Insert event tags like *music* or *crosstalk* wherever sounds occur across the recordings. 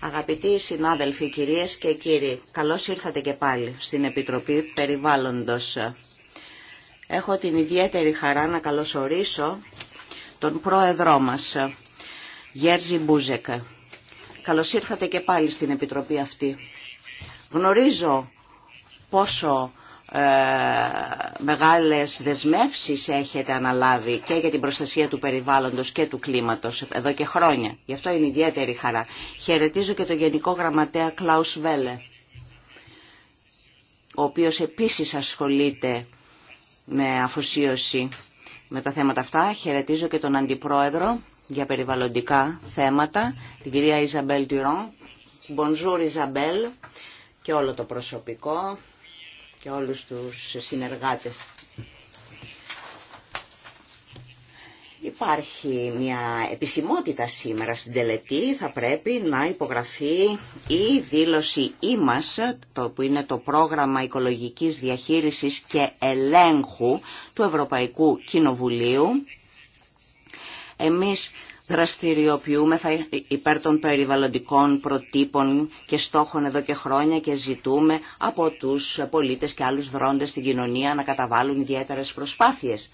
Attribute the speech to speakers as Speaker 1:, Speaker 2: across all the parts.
Speaker 1: Αγαπητοί συνάδελφοι, κυρίες και κύριοι, καλώς ήρθατε και πάλι στην Επιτροπή Περιβάλλοντος. Έχω την ιδιαίτερη χαρά να καλωσορίσω τον πρόεδρό μας, Γέρζι Μπούζεκ. Καλώς ήρθατε και πάλι στην Επιτροπή αυτή. Γνωρίζω πόσο ε, μεγάλες δεσμεύσεις έχετε αναλάβει και για την προστασία του περιβάλλοντος και του κλίματος εδώ και χρόνια. Γι' αυτό είναι ιδιαίτερη χαρά. Χαιρετίζω και τον Γενικό Γραμματέα Κλάους Βέλε, ο οποίος επίσης ασχολείται με αφοσίωση με τα θέματα αυτά. Χαιρετίζω και τον Αντιπρόεδρο για περιβαλλοντικά θέματα, την κυρία Ιζαμπέλ Τυρόν. Bonjour Ιζαμπέλ και όλο το προσωπικό και όλους τους συνεργάτες. Υπάρχει μια επισημότητα σήμερα στην τελετή, θα πρέπει να υπογραφεί η δήλωση «Ήμας», το που είναι το πρόγραμμα οικολογικής διαχείρισης και ελέγχου του Ευρωπαϊκού Κοινοβουλίου. Εμείς δραστηριοποιούμε υπέρ των περιβαλλοντικών προτύπων και στόχων εδώ και χρόνια και ζητούμε από τους πολίτες και άλλους δρόντες στην κοινωνία να καταβάλουν ιδιαίτερες προσπάθειες.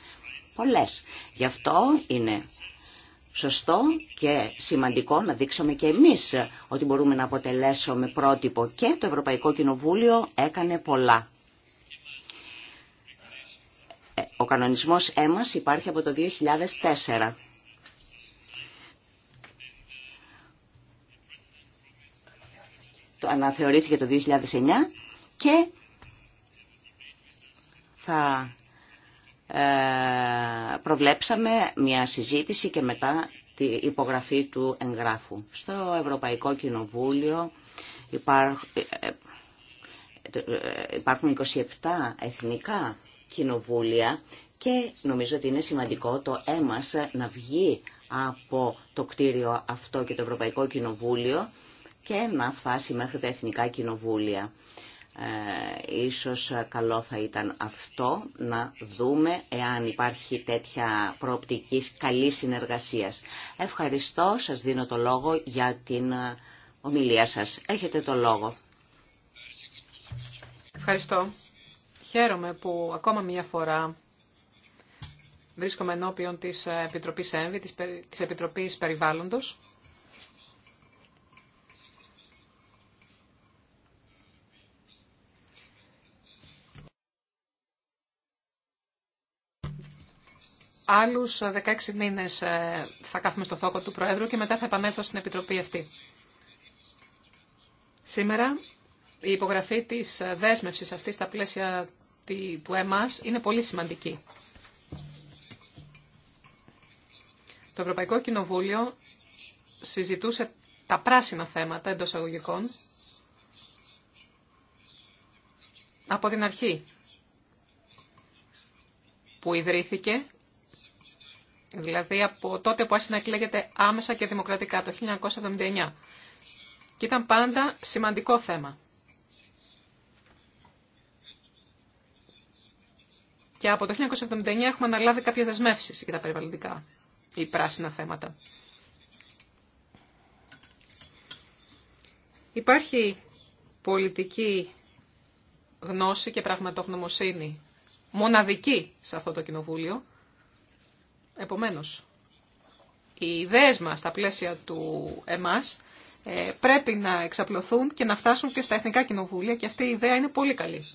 Speaker 1: Πολλές. Γι' αυτό είναι σωστό και σημαντικό να δείξουμε και εμείς ότι μπορούμε να αποτελέσουμε πρότυπο και το Ευρωπαϊκό Κοινοβούλιο έκανε πολλά. Ε, ο κανονισμός έμας υπάρχει από το 2004 το αναθεωρήθηκε το 2009 και θα ε, προβλέψαμε μια συζήτηση και μετά τη υπογραφή του εγγράφου. Στο Ευρωπαϊκό Κοινοβούλιο ε, ε, υπάρχουν 27 εθνικά κοινοβούλια και νομίζω ότι είναι σημαντικό το έμας να βγει από το κτίριο αυτό και το Ευρωπαϊκό Κοινοβούλιο και να φτάσει μέχρι τα εθνικά κοινοβούλια. Ε, ίσως ε, καλό θα ήταν αυτό να δούμε εάν υπάρχει τέτοια προοπτική καλή συνεργασίας. Ευχαριστώ, σας δίνω το λόγο για την ε, ομιλία σας. Έχετε το λόγο.
Speaker 2: Ευχαριστώ. Χαίρομαι που ακόμα μια φορά βρίσκομαι ενώπιον της Επιτροπής ΕΜΒΗ, της Επιτροπής Περιβάλλοντος Άλλους 16 ε, μήνες ε, θα κάθουμε στο θόκο του Προέδρου και μετά θα επανέλθω στην Επιτροπή αυτή. Σήμερα η υπογραφή της ε, δέσμευσης αυτή στα πλαίσια του ΕΜΑΣ είναι πολύ σημαντική. Το Ευρωπαϊκό Κοινοβούλιο συζητούσε τα πράσινα θέματα εντό αγωγικών από την αρχή που ιδρύθηκε δηλαδή από τότε που άρχισε να εκλέγεται άμεσα και δημοκρατικά, το 1979. Και ήταν πάντα σημαντικό θέμα. Και από το 1979 έχουμε αναλάβει κάποιες δεσμεύσεις για τα περιβαλλοντικά ή πράσινα θέματα. Υπάρχει πολιτική γνώση και πραγματογνωμοσύνη μοναδική σε αυτό το κοινοβούλιο Επομένως, οι ιδέες μας στα πλαίσια του εμάς ε, πρέπει να εξαπλωθούν και να φτάσουν και στα εθνικά κοινοβούλια και αυτή η ιδέα είναι πολύ καλή.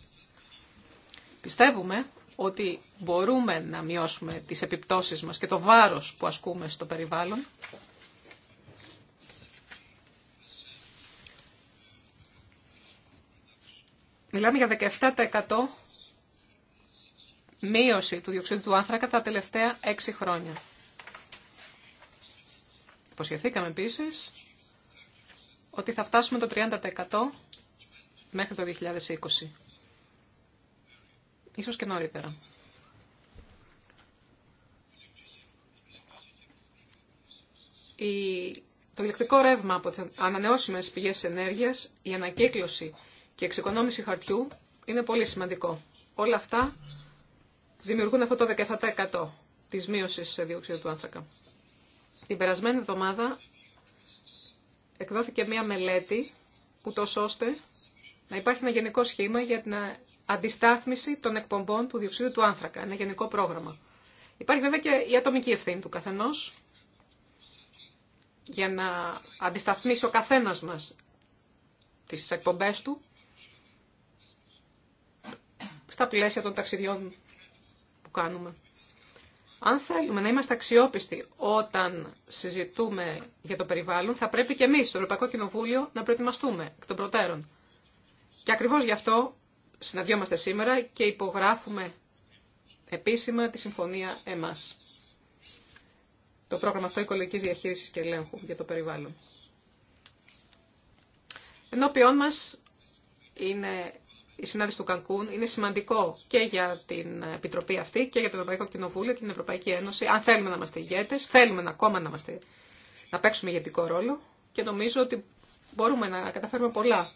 Speaker 2: Πιστεύουμε ότι μπορούμε να μειώσουμε τις επιπτώσεις μας και το βάρος που ασκούμε στο περιβάλλον. Μιλάμε για 17% μείωση του διοξύντου του άνθρακα τα τελευταία έξι χρόνια. Υποσχεθήκαμε επίση ότι θα φτάσουμε το 30% μέχρι το 2020. Ίσως και νωρίτερα. Η... Το ηλεκτρικό ρεύμα από τις ανανεώσιμες πηγές ενέργειας, η ανακύκλωση και η εξοικονόμηση χαρτιού είναι πολύ σημαντικό. Όλα αυτά δημιουργούν αυτό το 17% της μείωσης διοξείδιο του άνθρακα. Την περασμένη εβδομάδα εκδόθηκε μία μελέτη τόσο ώστε να υπάρχει ένα γενικό σχήμα για την αντιστάθμιση των εκπομπών του διοξύδιου του άνθρακα, ένα γενικό πρόγραμμα. Υπάρχει βέβαια και η ατομική ευθύνη του καθενός για να αντισταθμίσει ο καθένας μας τις εκπομπές του στα πλαίσια των ταξιδιών κάνουμε. Αν θέλουμε να είμαστε αξιόπιστοι όταν συζητούμε για το περιβάλλον, θα πρέπει και εμείς στο Ευρωπαϊκό Κοινοβούλιο να προετοιμαστούμε εκ των προτέρων. Και ακριβώς γι' αυτό συναντιόμαστε σήμερα και υπογράφουμε επίσημα τη συμφωνία εμάς. Το πρόγραμμα αυτό οικολογικής διαχείρισης και ελέγχου για το περιβάλλον. Ενώπιόν μας είναι η συνάντηση του Κανκούν είναι σημαντικό και για την Επιτροπή αυτή και για το Ευρωπαϊκό Κοινοβούλιο και την Ευρωπαϊκή Ένωση. Αν θέλουμε να είμαστε ηγέτε, θέλουμε ακόμα να, είμαστε, να παίξουμε ηγετικό ρόλο και νομίζω ότι μπορούμε να καταφέρουμε πολλά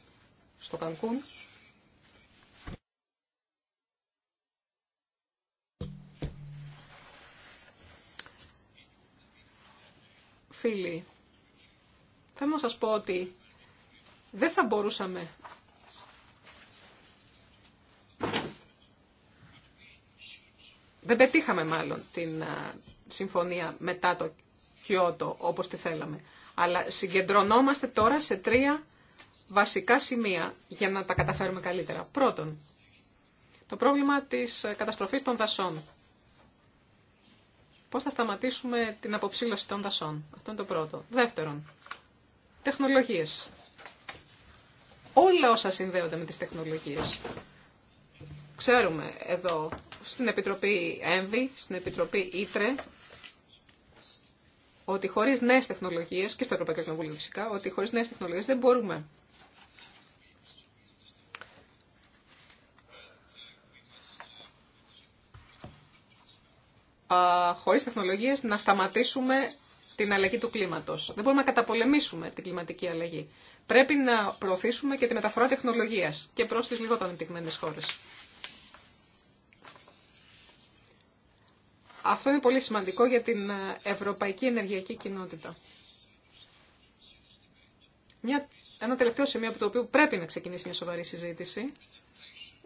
Speaker 2: στο Κανκούν. Φίλοι, θέλω να σας πω ότι δεν θα μπορούσαμε δεν πετύχαμε μάλλον την συμφωνία μετά το Κιώτο όπως τη θέλαμε. Αλλά συγκεντρωνόμαστε τώρα σε τρία βασικά σημεία για να τα καταφέρουμε καλύτερα. Πρώτον, το πρόβλημα της ε, καταστροφής των δασών. Πώς θα σταματήσουμε την αποψήλωση των δασών. Αυτό είναι το πρώτο. Δεύτερον, τεχνολογίες. Όλα όσα συνδέονται με τις τεχνολογίες. Ξέρουμε εδώ στην Επιτροπή ΕΜΒΗ, στην Επιτροπή ΉΤΡΕ ότι χωρί νέε τεχνολογίε, και στο Ευρωπαϊκό Κοινοβούλιο φυσικά, ότι χωρί νέε τεχνολογίε δεν μπορούμε χωρίς τεχνολογίες να σταματήσουμε την αλλαγή του κλίματος. Δεν μπορούμε να καταπολεμήσουμε την κλιματική αλλαγή. Πρέπει να προωθήσουμε και τη μεταφορά τεχνολογίας και προς τις λιγότερο ανεπτυγμένες χώρες. Αυτό είναι πολύ σημαντικό για την ε, ευρωπαϊκή ενεργειακή κοινότητα. Μια, ένα τελευταίο σημείο από το οποίο πρέπει να ξεκινήσει μια σοβαρή συζήτηση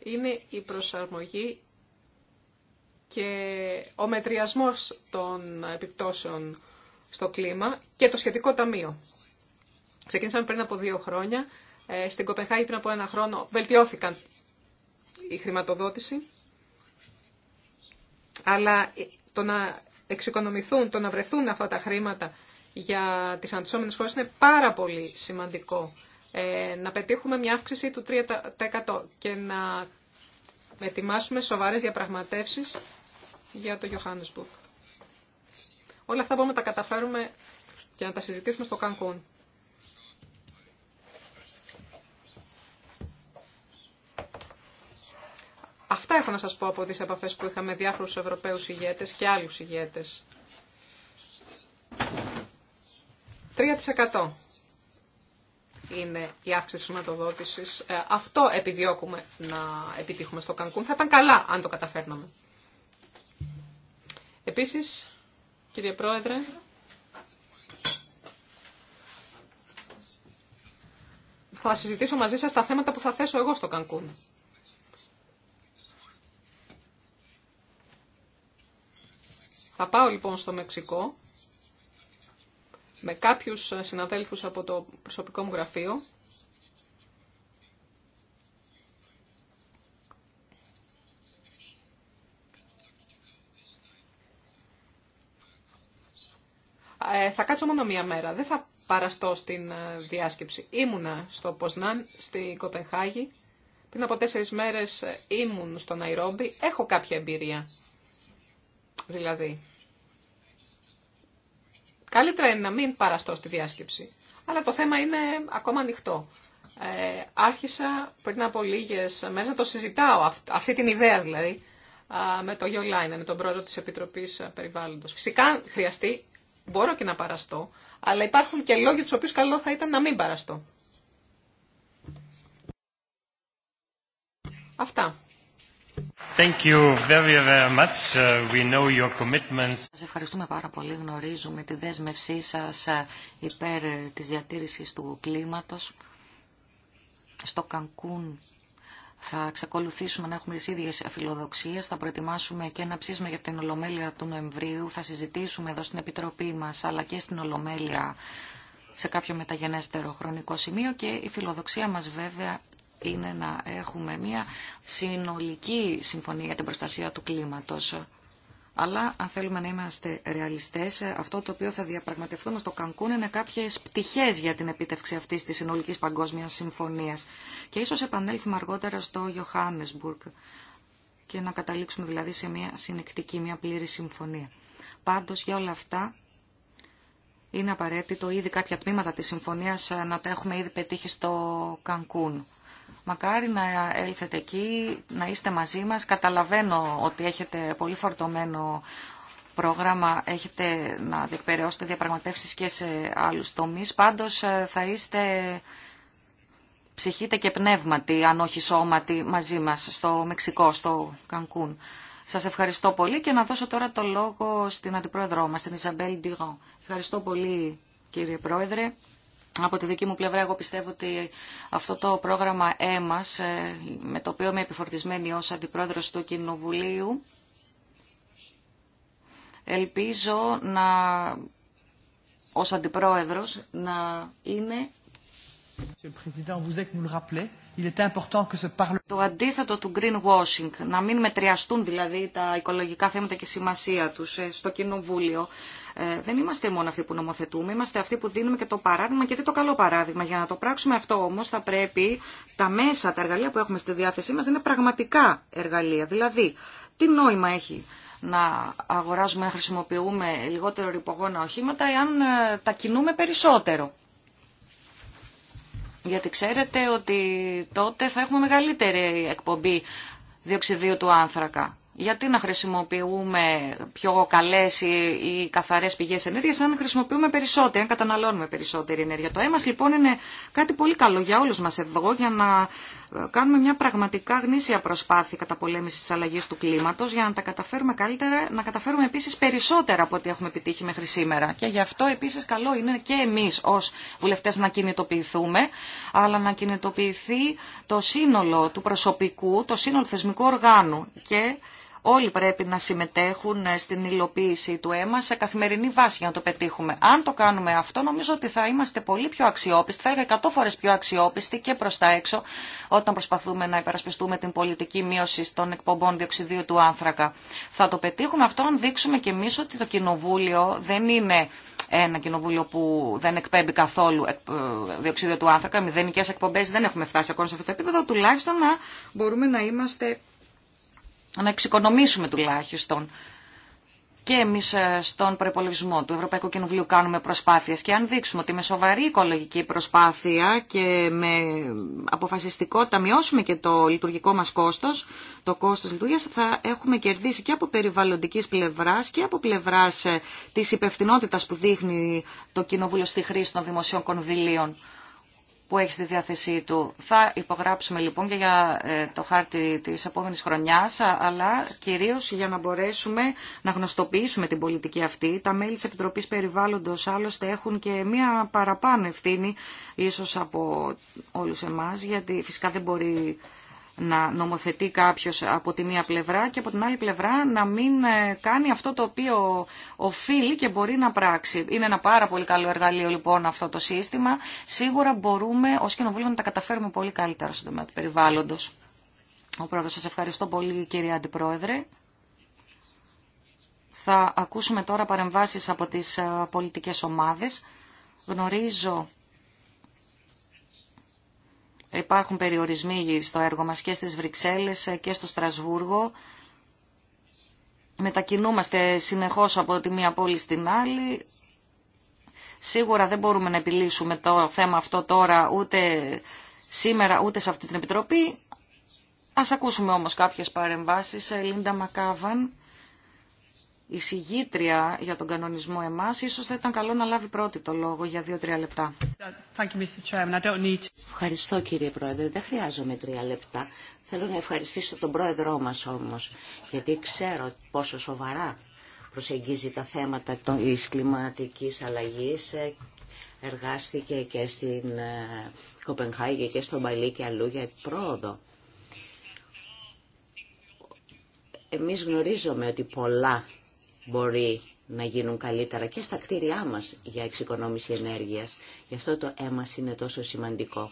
Speaker 2: είναι η προσαρμογή και ο μετριασμός των επιπτώσεων στο κλίμα και το σχετικό ταμείο. Ξεκίνησαμε πριν από δύο χρόνια. Ε, στην Κοπεχάη πριν από ένα χρόνο βελτιώθηκαν η χρηματοδότηση. Αλλά το να εξοικονομηθούν, το να βρεθούν αυτά τα χρήματα για τις αντισώμενες χώρες είναι πάρα πολύ σημαντικό. Ε, να πετύχουμε μια αύξηση του 3% και να ετοιμάσουμε σοβαρές διαπραγματεύσεις για το Johannesburg. Όλα αυτά μπορούμε να τα καταφέρουμε και να τα συζητήσουμε στο Cancun. Αυτά έχω να σας πω από τις επαφές που είχαμε διάφορους Ευρωπαίους ηγέτες και άλλους ηγέτες. 3% είναι η αύξηση χρηματοδότηση. Ε, αυτό επιδιώκουμε να επιτύχουμε στο Κανκούν. Θα ήταν καλά αν το καταφέρναμε. Επίσης, κύριε Πρόεδρε, θα συζητήσω μαζί σας τα θέματα που θα θέσω εγώ στο Κανκούν. Θα πάω λοιπόν στο Μεξικό με κάποιους συναδέλφους από το προσωπικό μου γραφείο ε, θα κάτσω μόνο μία μέρα. Δεν θα παραστώ στην ε, διάσκεψη. Ήμουνα στο Ποσνάν, στη Κοπεχάγη. Πριν από τέσσερις μέρες ε, ήμουν στο Ναϊρόμπι. Έχω κάποια εμπειρία. Δηλαδή, Καλύτερα είναι να μην παραστώ στη διάσκεψη. Αλλά το θέμα είναι ακόμα ανοιχτό. Ε, άρχισα πριν από λίγε μέρε να το συζητάω, αυτή την ιδέα δηλαδή, με τον Γιώργο με τον πρόεδρο τη Επιτροπή Περιβάλλοντο. Φυσικά χρειαστεί, μπορώ και να παραστώ, αλλά υπάρχουν και λόγοι του οποίου καλό θα ήταν να μην παραστώ. Αυτά.
Speaker 3: Uh, σας
Speaker 4: ευχαριστούμε πάρα πολύ. Γνωρίζουμε τη δέσμευσή σας ε, υπέρ ε, της διατήρησης του κλίματος. Στο Κανκούν θα ξεκολουθήσουμε να έχουμε τις ίδιες φιλοδοξίες, θα προετοιμάσουμε και ένα ψήσμα για την Ολομέλεια του Νοεμβρίου, θα συζητήσουμε εδώ στην Επιτροπή μας αλλά και στην Ολομέλεια σε κάποιο μεταγενέστερο χρονικό σημείο και η φιλοδοξία μας βέβαια είναι να έχουμε μια συνολική συμφωνία για την προστασία του κλίματος. Αλλά αν θέλουμε να είμαστε ρεαλιστές, αυτό το οποίο θα διαπραγματευτούμε στο Κανκούν είναι κάποιες πτυχές για την επίτευξη αυτής της συνολικής παγκόσμιας συμφωνίας. Και ίσως επανέλθουμε αργότερα στο Ιωάννεσμπουργκ και να καταλήξουμε δηλαδή σε μια συνεκτική, μια πλήρη συμφωνία. Πάντως για όλα αυτά είναι απαραίτητο ήδη κάποια τμήματα της συμφωνίας να τα έχουμε ήδη πετύχει στο Κανκούν. Μακάρι να έλθετε εκεί, να είστε μαζί μας. Καταλαβαίνω ότι έχετε πολύ φορτωμένο πρόγραμμα, έχετε να διεκπαιρεώσετε διαπραγματεύσεις και σε άλλους τομείς. Πάντως ε, θα είστε ψυχήτε και πνεύματι, αν όχι σώματι, μαζί μας στο Μεξικό, στο Κανκούν. Σας ευχαριστώ πολύ και να δώσω τώρα το λόγο στην Αντιπρόεδρό μας, την Ιζαμπέλ Ντιγόν. Ευχαριστώ πολύ κύριε Πρόεδρε από τη δική μου πλευρά, εγώ πιστεύω ότι αυτό το πρόγραμμα ΕΜΑΣ, ε, με το οποίο είμαι επιφορτισμένη ως αντιπρόεδρος του Κοινοβουλίου, ελπίζω να, ως αντιπρόεδρος να είναι το αντίθετο του greenwashing, να μην μετριαστούν δηλαδή τα οικολογικά θέματα και σημασία τους ε, στο Κοινοβούλιο. Ε, δεν είμαστε μόνο αυτοί που νομοθετούμε, είμαστε αυτοί που δίνουμε και το παράδειγμα και το καλό παράδειγμα. Για να το πράξουμε αυτό όμως θα πρέπει τα μέσα, τα εργαλεία που έχουμε στη διάθεσή μας να είναι πραγματικά εργαλεία. Δηλαδή, τι νόημα έχει να αγοράζουμε, να χρησιμοποιούμε λιγότερο ρηπογόνα οχήματα εάν ε, τα κινούμε περισσότερο. Γιατί ξέρετε ότι τότε θα έχουμε μεγαλύτερη εκπομπή διοξιδίου του άνθρακα. Γιατί να χρησιμοποιούμε πιο καλέ ή καθαρέ πηγέ ενέργεια, αν χρησιμοποιούμε περισσότερη, αν καταναλώνουμε περισσότερη ενέργεια. Το έμας λοιπόν είναι κάτι πολύ καλό για όλου μα εδώ για να ε, κάνουμε μια πραγματικά γνήσια προσπάθεια πολέμηση τη αλλαγή του κλίματο για να τα καταφέρουμε καλύτερα, να καταφέρουμε επίση περισσότερα από ό,τι έχουμε επιτύχει μέχρι σήμερα. Και γι' αυτό επίση καλό είναι και εμεί ω βουλευτέ να κινητοποιηθούμε, αλλά να κινητοποιηθεί το σύνολο του προσωπικού, το σύνολο θεσμικού οργάνου και Όλοι πρέπει να συμμετέχουν ε, στην υλοποίηση του αίμα σε καθημερινή βάση για να το πετύχουμε. Αν το κάνουμε αυτό, νομίζω ότι θα είμαστε πολύ πιο αξιόπιστοι, θα έλεγα 100 φορέ πιο αξιόπιστοι και προ τα έξω, όταν προσπαθούμε να υπερασπιστούμε την πολιτική μείωση των εκπομπών διοξιδίου του άνθρακα. Θα το πετύχουμε αυτό αν δείξουμε και εμεί ότι το Κοινοβούλιο δεν είναι ένα κοινοβούλιο που δεν εκπέμπει καθόλου ε, διοξίδιο του άνθρακα, μηδενικέ εκπομπέ, δεν έχουμε φτάσει ακόμα σε αυτό το επίπεδο, τουλάχιστον να μπορούμε να είμαστε να εξοικονομήσουμε τουλάχιστον. Και εμεί ε, στον προπολογισμό του Ευρωπαϊκού Κοινοβουλίου κάνουμε προσπάθειες και αν δείξουμε ότι με σοβαρή οικολογική προσπάθεια και με αποφασιστικότητα μειώσουμε και το λειτουργικό μας κόστος, το κόστος λειτουργία, θα έχουμε κερδίσει και από περιβαλλοντική πλευράς και από πλευρά ε, τη υπευθυνότητα που δείχνει το Κοινοβούλιο στη χρήση των δημοσίων κονδυλίων που έχει στη διάθεσή του. Θα υπογράψουμε λοιπόν και για ε, το χάρτη της επόμενης χρονιάς, αλλά κυρίως για να μπορέσουμε να γνωστοποιήσουμε την πολιτική αυτή. Τα μέλη της Επιτροπής Περιβάλλοντος άλλωστε έχουν και μία παραπάνω ευθύνη, ίσως από όλους εμάς, γιατί φυσικά δεν μπορεί να νομοθετεί κάποιος από τη μία πλευρά και από την άλλη πλευρά να μην ε, κάνει αυτό το οποίο οφείλει και μπορεί να πράξει. Είναι ένα πάρα πολύ καλό εργαλείο λοιπόν αυτό το σύστημα. Σίγουρα μπορούμε ως κοινοβούλιο να τα καταφέρουμε πολύ καλύτερα στον τομέα του περιβάλλοντος. Ο πρόεδρος, σας ευχαριστώ πολύ κύριε Αντιπρόεδρε. Θα ακούσουμε τώρα παρεμβάσεις από τις ε, πολιτικές ομάδες. Γνωρίζω Υπάρχουν περιορισμοί στο έργο μας και στις Βρυξέλλες και στο Στρασβούργο. Μετακινούμαστε συνεχώς από τη μία πόλη στην άλλη. Σίγουρα δεν μπορούμε να επιλύσουμε το θέμα αυτό τώρα ούτε σήμερα ούτε σε αυτή την Επιτροπή. Ας ακούσουμε όμως κάποιες παρεμβάσεις. Λίντα Μακάβαν η συγγήτρια για τον κανονισμό εμάς, ίσως θα ήταν καλό να λάβει πρώτη το λόγο για δύο-τρία λεπτά.
Speaker 1: you, need... Ευχαριστώ κύριε Πρόεδρε, δεν χρειάζομαι τρία λεπτά. Θέλω να ευχαριστήσω τον Πρόεδρό μας όμως, γιατί ξέρω πόσο σοβαρά προσεγγίζει τα θέματα της κλιματικής αλλαγής εργάστηκε και στην ε, Κοπενχάγη και στο Μπαλί και αλλού για πρόοδο. Εμείς γνωρίζουμε ότι πολλά μπορεί να γίνουν καλύτερα και στα κτίρια μας για εξοικονόμηση ενέργειας. Γι' αυτό το έμας είναι τόσο σημαντικό.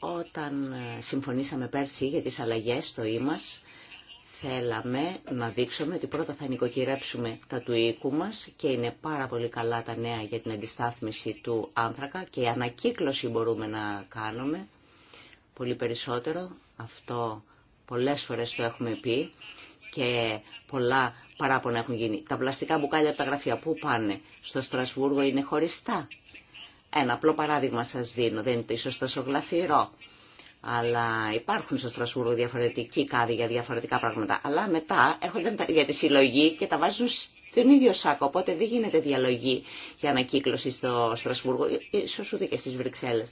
Speaker 1: Όταν ε, συμφωνήσαμε πέρσι για τις αλλαγές στο ΙΜΑΣ, θέλαμε να δείξουμε ότι πρώτα θα νοικοκυρέψουμε τα του οίκου μας και είναι πάρα πολύ καλά τα νέα για την αντιστάθμιση του άνθρακα και η ανακύκλωση μπορούμε να κάνουμε πολύ περισσότερο. Αυτό πολλές φορές το έχουμε πει και πολλά παράπονα έχουν γίνει. Τα πλαστικά μπουκάλια από τα γραφεία πού πάνε, στο Στρασβούργο είναι χωριστά. Ένα απλό παράδειγμα σας δίνω, δεν είναι το ίσως τόσο γλαφυρό. Αλλά υπάρχουν στο Στρασβούργο διαφορετικοί κάδοι για διαφορετικά πράγματα. Αλλά μετά έρχονται για τη συλλογή και τα βάζουν στον ίδιο σάκο. Οπότε δεν γίνεται διαλογή για ανακύκλωση στο Στρασβούργο, ίσως ούτε και στις Βρυξέλλες.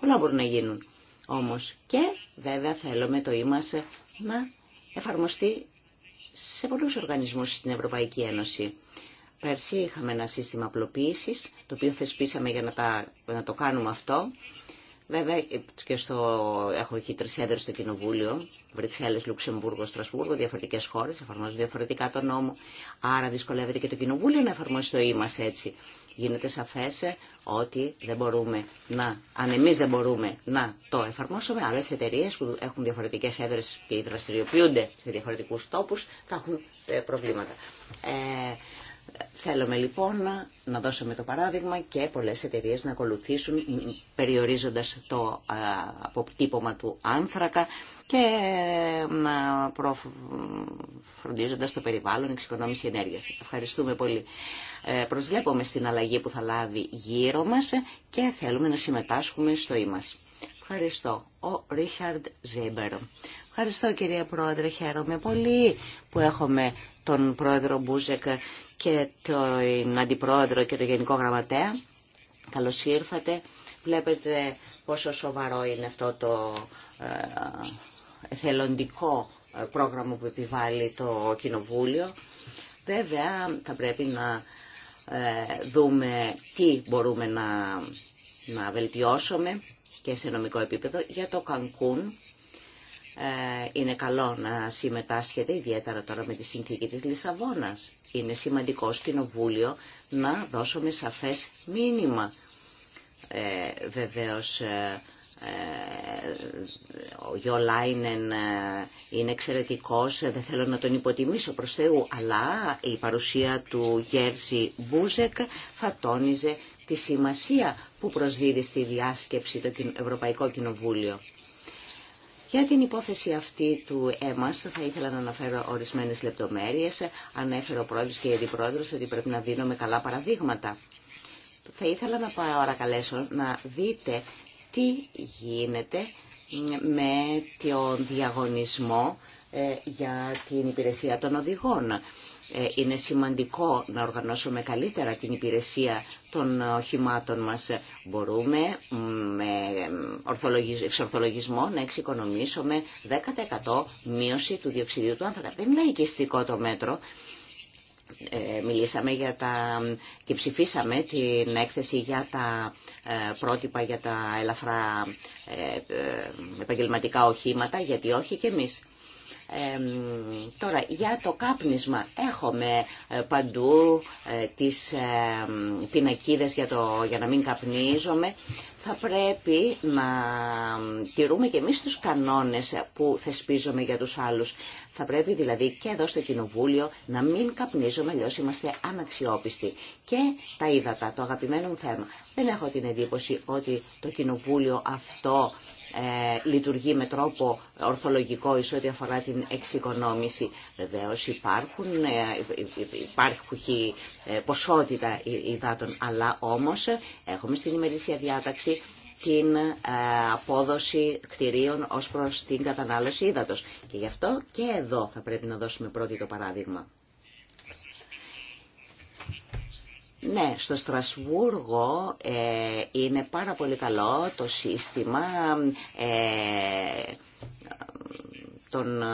Speaker 1: Πολλά μπορούν να γίνουν όμως. Και βέβαια θέλουμε το είμαστε να εφαρμοστεί σε πολλούς οργανισμούς στην Ευρωπαϊκή Ένωση. Πέρσι είχαμε ένα σύστημα απλοποίησης, το οποίο θεσπίσαμε για να, να το κάνουμε αυτό. Βέβαια και στο, έχω εκεί τρει έδρε στο Κοινοβούλιο, Βρυξέλλε, Λουξεμβούργο, Στρασβούργο, διαφορετικέ χώρε, εφαρμόζουν διαφορετικά τον νόμο. Άρα δυσκολεύεται και το Κοινοβούλιο να εφαρμόσει το «ή» μα έτσι. Γίνεται σαφέ ε, ότι δεν μπορούμε να, αν εμεί δεν μπορούμε να το εφαρμόσουμε, άλλε εταιρείε που έχουν διαφορετικέ έδρε και δραστηριοποιούνται σε διαφορετικού τόπου, θα έχουν ε, προβλήματα. Ε, Θέλουμε λοιπόν να δώσουμε το παράδειγμα και πολλές εταιρείες να ακολουθήσουν περιορίζοντας το αποτύπωμα του άνθρακα και φροντίζοντας το περιβάλλον εξοικονόμηση ενέργειας. Ευχαριστούμε πολύ. Ε, προσβλέπουμε στην αλλαγή που θα λάβει γύρω μας και θέλουμε να συμμετάσχουμε στο «Ήμας». Ευχαριστώ. Ο Ρίχαρντ Ζέμπερ. Ευχαριστώ κυρία Πρόεδρε, χαίρομαι πολύ που έχουμε τον Πρόεδρο Μπούζεκ και τον Αντιπρόεδρο και τον Γενικό Γραμματέα. Καλώς ήρθατε. Βλέπετε πόσο σοβαρό είναι αυτό το ε, εθέλοντικό ε, πρόγραμμα που επιβάλλει το Κοινοβούλιο. Βέβαια θα πρέπει να ε, δούμε τι μπορούμε να, να βελτιώσουμε και σε νομικό επίπεδο για το Κανκούν ε, είναι καλό να συμμετάσχετε, ιδιαίτερα τώρα με τη συνθήκη της Λισαβόνας. Είναι σημαντικό στο Κοινοβούλιο να δώσουμε σαφές μήνυμα. Ε, βεβαίως, ε, ε, ο Γιώ είναι εξαιρετικός, δεν θέλω να τον υποτιμήσω προς Θεού, αλλά η παρουσία του Γέρση Μπούζεκ θα τόνιζε τη σημασία που προσδίδει στη διάσκεψη το Ευρωπαϊκό Κοινοβούλιο. Για την υπόθεση αυτή του ΕΜΑΣ θα ήθελα να αναφέρω ορισμένες λεπτομέρειες. Ανέφερε ο πρόεδρος και η αντιπρόεδρος ότι πρέπει να δίνουμε καλά παραδείγματα. Θα ήθελα να παρακαλέσω να δείτε τι γίνεται με τον διαγωνισμό ε, για την υπηρεσία των οδηγών. Ε, είναι σημαντικό να οργανώσουμε καλύτερα την υπηρεσία των οχημάτων μας. Μπορούμε με εξορθολογισμό να εξοικονομήσουμε 10% μείωση του διοξιδίου του άνθρακα. Δεν είναι οικιστικό το μέτρο. Ε, μιλήσαμε για τα... και ψηφίσαμε την έκθεση για τα ε, πρότυπα για τα ελαφρά επαγγελματικά οχήματα, γιατί όχι και εμείς τώρα, για το κάπνισμα έχουμε ε, παντού ε, τις πινακίδες για, το, για να μην καπνίζομαι. Θα πρέπει να τηρούμε και εμείς τους κανόνες που θεσπίζουμε για τους άλλους. Θα πρέπει δηλαδή και εδώ στο Κοινοβούλιο να μην καπνίζομαι, αλλιώς είμαστε αναξιόπιστοι. Και τα ύδατα, το αγαπημένο μου θέμα. Δεν έχω την εντύπωση ότι το Κοινοβούλιο αυτό ε, λειτουργεί με τρόπο ορθολογικό εις ό,τι αφορά την εξοικονόμηση. Βεβαίω, υπάρχουν, ε, υπάρχει ε, ποσότητα υδάτων, αλλά όμως έχουμε στην ημερήσια διάταξη την απόδοση κτηρίων ως προς την κατανάλωση ύδατος. Και γι' αυτό και εδώ θα πρέπει να δώσουμε πρώτη το παράδειγμα. Ναι, στο Στρασβούργο ε, είναι πάρα πολύ καλό το σύστημα ε, τον, ε,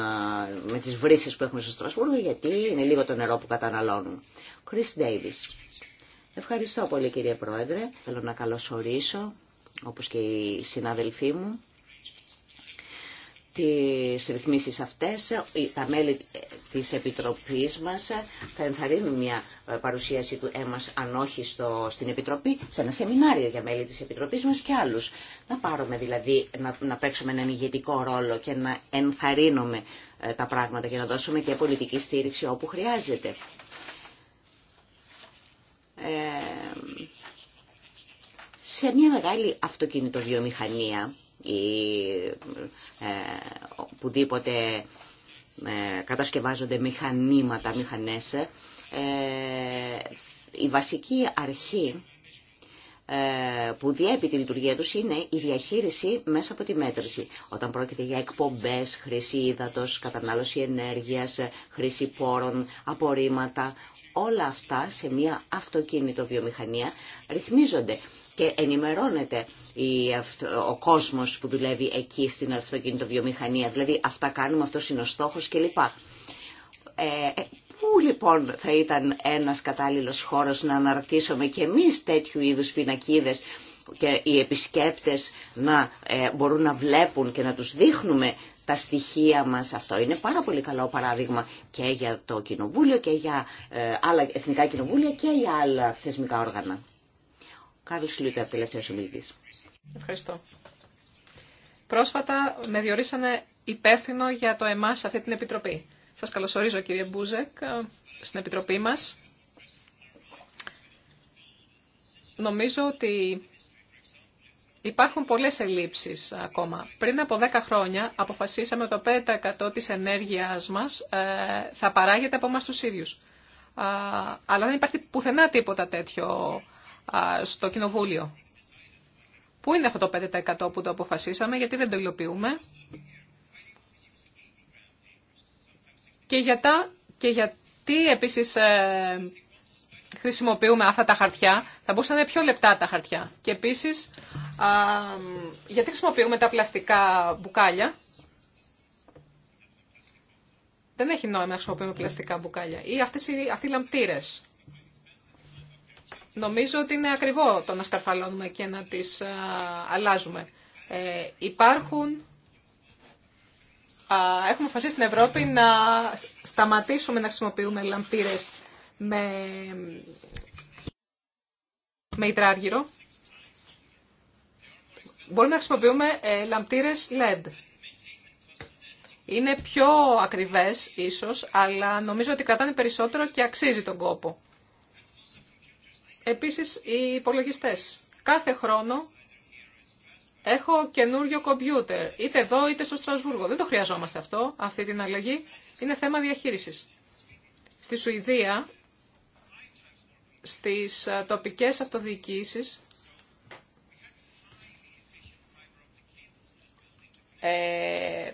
Speaker 1: με τις βρύσεις που έχουμε στο Στρασβούργο γιατί είναι λίγο το νερό που καταναλώνουν. Chris Davis. Ευχαριστώ πολύ κύριε Πρόεδρε. Θέλω να καλωσορίσω όπως και οι συναδελφοί μου τις ρυθμίσεις αυτές. Τα μέλη της Επιτροπής μας θα ενθαρρύνουν μια παρουσίαση του έμας, αν όχι στο, στην Επιτροπή, σε ένα σεμινάριο για μέλη της Επιτροπής μας και άλλους. Να πάρουμε δηλαδή, να, να παίξουμε έναν ηγετικό ρόλο και να ενθαρρύνουμε ε, τα πράγματα και να δώσουμε και πολιτική στήριξη όπου χρειάζεται. Ε, σε μια μεγάλη αυτοκινητοβιομηχανία, ή ε, οπουδήποτε ε, κατασκευάζονται μηχανήματα, μηχανές, ε, η βασική αρχή που διέπει τη λειτουργία τους είναι η διαχείριση μέσα από τη μέτρηση. Όταν πρόκειται για εκπομπές, χρήση ύδατος, κατανάλωση ενέργειας, χρήση πόρων, απορρίμματα, όλα αυτά σε μια αυτοκίνητο βιομηχανία ρυθμίζονται και ενημερώνεται ο κόσμος που δουλεύει εκεί στην αυτοκίνητο βιομηχανία. Δηλαδή αυτά κάνουμε, αυτό είναι ο στόχος κλπ. Ε, ε, Πού λοιπόν θα ήταν ένας κατάλληλος χώρος να αναρτήσουμε και εμείς τέτοιου είδους πινακίδες και οι επισκέπτες να ε, μπορούν να βλέπουν και να τους δείχνουμε τα στοιχεία μας. Αυτό είναι πάρα πολύ καλό παράδειγμα και για το Κοινοβούλιο και για ε, άλλα εθνικά κοινοβούλια και για άλλα θεσμικά όργανα. Κάρλος Σλούκα, τελευταίος ομιλητής.
Speaker 2: Ευχαριστώ. Πρόσφατα με διορίσανε υπεύθυνο για το ΕΜΑ σε αυτή την Επιτροπή. Σας καλωσορίζω κύριε Μπούζεκ ε, στην Επιτροπή μας. Νομίζω ότι Υπάρχουν πολλές ελλείψεις ακόμα. Πριν από 10 χρόνια αποφασίσαμε ότι το 5% της ενέργειάς μας ε, θα παράγεται από εμά του ίδιους. Αλλά δεν υπάρχει πουθενά τίποτα τέτοιο στο Κοινοβούλιο. Πού είναι αυτό το 5% που το αποφασίσαμε, γιατί δεν το υλοποιούμε. Και, για και γιατί επίσης ε, χρησιμοποιούμε αυτά τα χαρτιά, θα μπορούσαν να είναι πιο λεπτά τα χαρτιά. Και επίσης γιατί χρησιμοποιούμε τα πλαστικά μπουκάλια. Δεν έχει νόημα να χρησιμοποιούμε πλαστικά μπουκάλια. Ή αυτές οι, αυτοί οι λαμπτήρες. Νομίζω ότι είναι ακριβό το να σκαρφαλώνουμε και να τις αλλάζουμε. Ε, υπάρχουν... έχουμε αποφασίσει στην Ευρώπη να σταματήσουμε να χρησιμοποιούμε λαμπτήρες με, με υδράργυρο. Μπορούμε να χρησιμοποιούμε ε, λαμπτήρες LED. Είναι πιο ακριβές ίσως, αλλά νομίζω ότι κρατάνε περισσότερο και αξίζει τον κόπο. Επίσης, οι υπολογιστές. Κάθε χρόνο έχω καινούριο κομπιούτερ, είτε εδώ είτε στο Στρασβούργο. Δεν το χρειαζόμαστε αυτό, αυτή την αλλαγή. Είναι θέμα διαχείρισης. Στη Σουηδία, στις ε, τοπικές αυτοδιοικήσεις, Ε,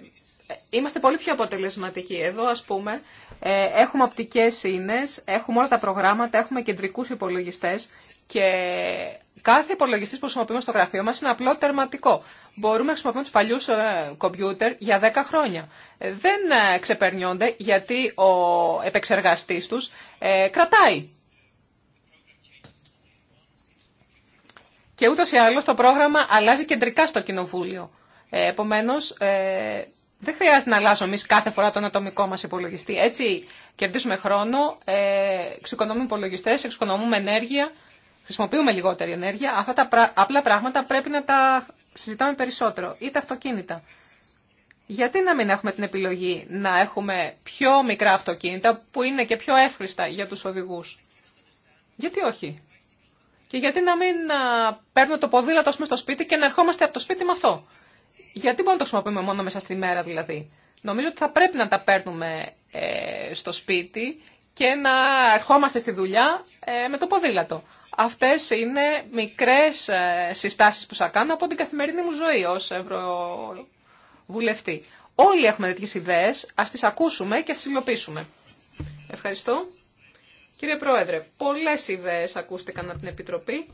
Speaker 2: είμαστε πολύ πιο αποτελεσματικοί. Εδώ, ας πούμε, ε, έχουμε οπτικές ίνες, έχουμε όλα τα προγράμματα, έχουμε κεντρικούς υπολογιστές και κάθε υπολογιστής που χρησιμοποιούμε στο γραφείο μας είναι απλό τερματικό. Μπορούμε να χρησιμοποιούμε τους παλιούς ε, κομπιούτερ για 10 χρόνια. Δεν ξεπερνιόνται γιατί ο επεξεργαστής τους κρατάει. Και ούτως ή άλλως το πρόγραμμα αλλάζει κεντρικά στο κοινοβούλιο. Ε, επομένως, ε, δεν χρειάζεται να αλλάζουμε εμεί κάθε φορά τον ατομικό μα υπολογιστή. Έτσι κερδίζουμε χρόνο, ε, εξοικονομούμε υπολογιστέ, εξοικονομούμε ενέργεια, χρησιμοποιούμε λιγότερη ενέργεια. Αυτά τα απλά πράγματα πρέπει να τα συζητάμε περισσότερο. Ή τα αυτοκίνητα. Γιατί να μην έχουμε την επιλογή να έχουμε πιο μικρά αυτοκίνητα που είναι και πιο εύχριστα για του οδηγού. Γιατί όχι. Και γιατί να μην παίρνουμε το ποδήλατο στο σπίτι και να ερχόμαστε από το σπίτι με αυτό. Γιατί μπορούμε να το χρησιμοποιούμε μόνο μέσα στη μέρα δηλαδή. Νομίζω ότι θα πρέπει να τα παίρνουμε ε, στο σπίτι και να ερχόμαστε στη δουλειά ε, με το ποδήλατο. Αυτές είναι μικρές ε, συστάσεις που θα κάνω από την καθημερινή μου ζωή ως ευρωβουλευτή. Όλοι έχουμε τέτοιε ιδέες, ας τις ακούσουμε και ας τις υλοποιήσουμε. Ευχαριστώ. Κύριε Πρόεδρε, πολλές ιδέες ακούστηκαν από την Επιτροπή.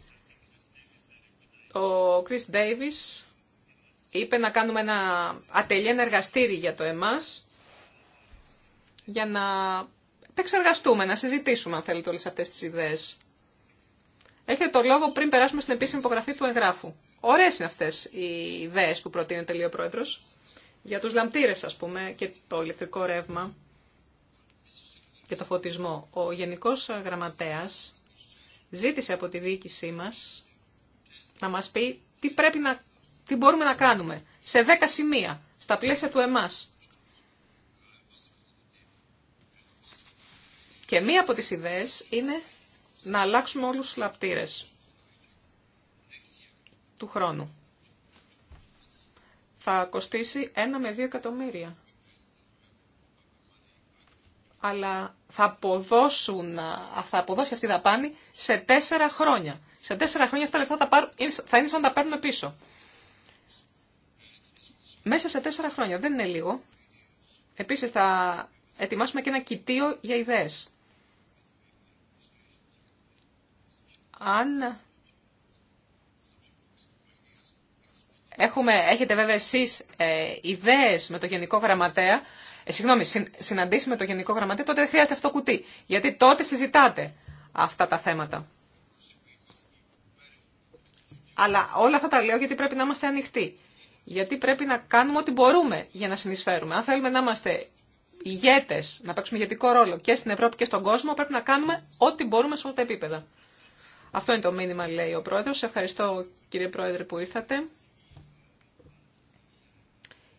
Speaker 2: Ο Chris Davis είπε να κάνουμε ένα ατελείο, ένα εργαστήρι για το εμάς, για να επεξεργαστούμε, να συζητήσουμε αν θέλετε όλες αυτές τις ιδέες. Έχετε το λόγο πριν περάσουμε στην επίσημη υπογραφή του εγγράφου. Ωραίες είναι αυτές οι ιδέες που προτείνει ο τελείο Για τους λαμπτήρες ας πούμε και το ηλεκτρικό ρεύμα και το φωτισμό. Ο Γενικός Γραμματέας ζήτησε από τη διοίκησή μας να μας πει τι πρέπει να τι μπορούμε να κάνουμε σε 10 σημεία, στα πλαίσια του εμάς. Και μία από τις ιδέες είναι να αλλάξουμε όλους τους λαπτήρες του χρόνου. Θα κοστίσει ένα με 2 εκατομμύρια. Αλλά θα, αποδώσουν, θα αποδώσει αυτή η δαπάνη σε 4 χρόνια. Σε 4 χρόνια αυτά τα λεφτά θα είναι σαν να τα παίρνουμε πίσω. Μέσα σε τέσσερα χρόνια, δεν είναι λίγο. Επίση θα ετοιμάσουμε και ένα κοιτίο για ιδέες. Αν Έχουμε, έχετε βέβαια εσεί ε, ιδέε με το Γενικό Γραμματέα, ε, συγγνώμη, συναντήσει με το Γενικό Γραμματέα, τότε δεν χρειάζεται αυτό κουτί. Γιατί τότε συζητάτε αυτά τα θέματα. Αλλά όλα αυτά τα λέω γιατί πρέπει να είμαστε ανοιχτοί γιατί πρέπει να κάνουμε ό,τι μπορούμε για να συνεισφέρουμε. Αν θέλουμε να είμαστε ηγέτε, να παίξουμε ηγετικό ρόλο και στην Ευρώπη και στον κόσμο, πρέπει να κάνουμε ό,τι μπορούμε σε όλα τα επίπεδα. Αυτό είναι το μήνυμα, λέει ο Πρόεδρο. ευχαριστώ, κύριε Πρόεδρε, που ήρθατε.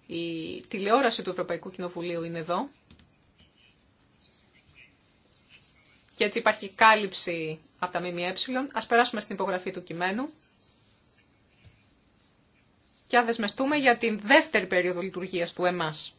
Speaker 2: Η τηλεόραση του Ευρωπαϊκού Κοινοβουλίου είναι εδώ. Και έτσι υπάρχει κάλυψη από τα ΜΜΕ. Ας περάσουμε στην υπογραφή του κειμένου και αδεσμευτούμε για την δεύτερη περίοδο λειτουργίας του ΕΜΑΣ.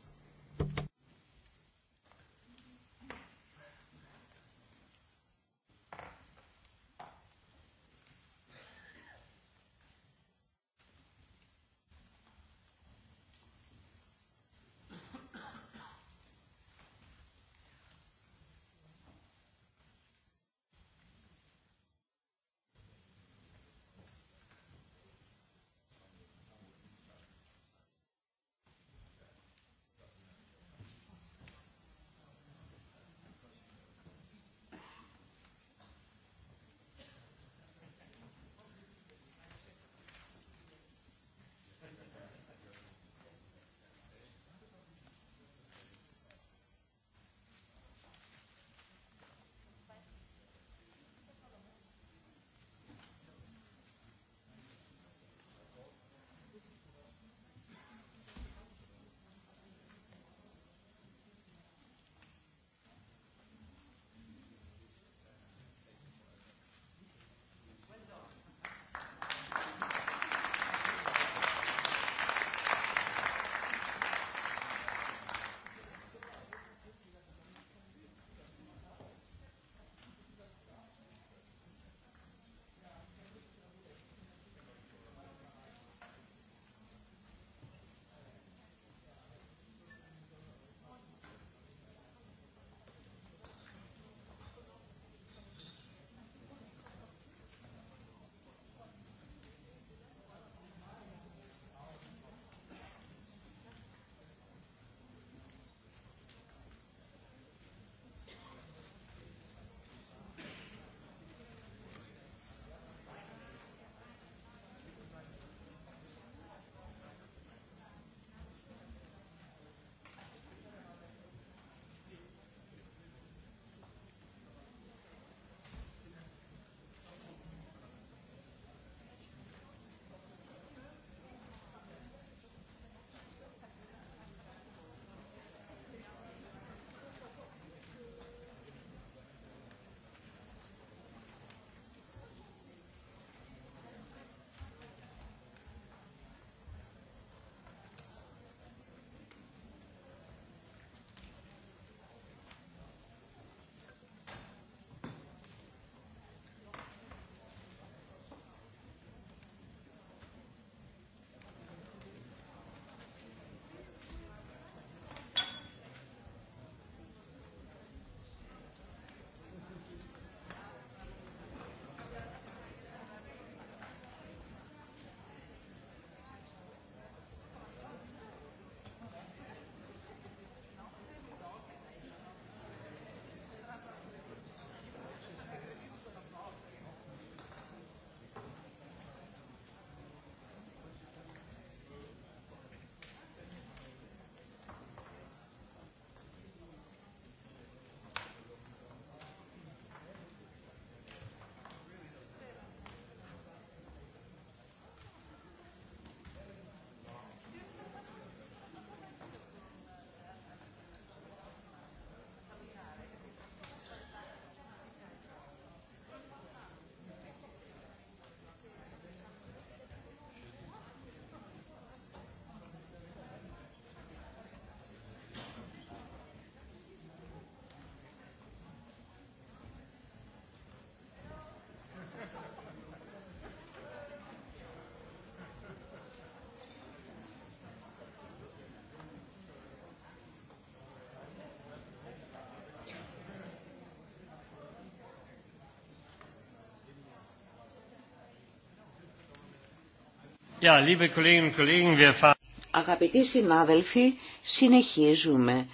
Speaker 1: Αγαπητοί συνάδελφοι, συνεχίζουμε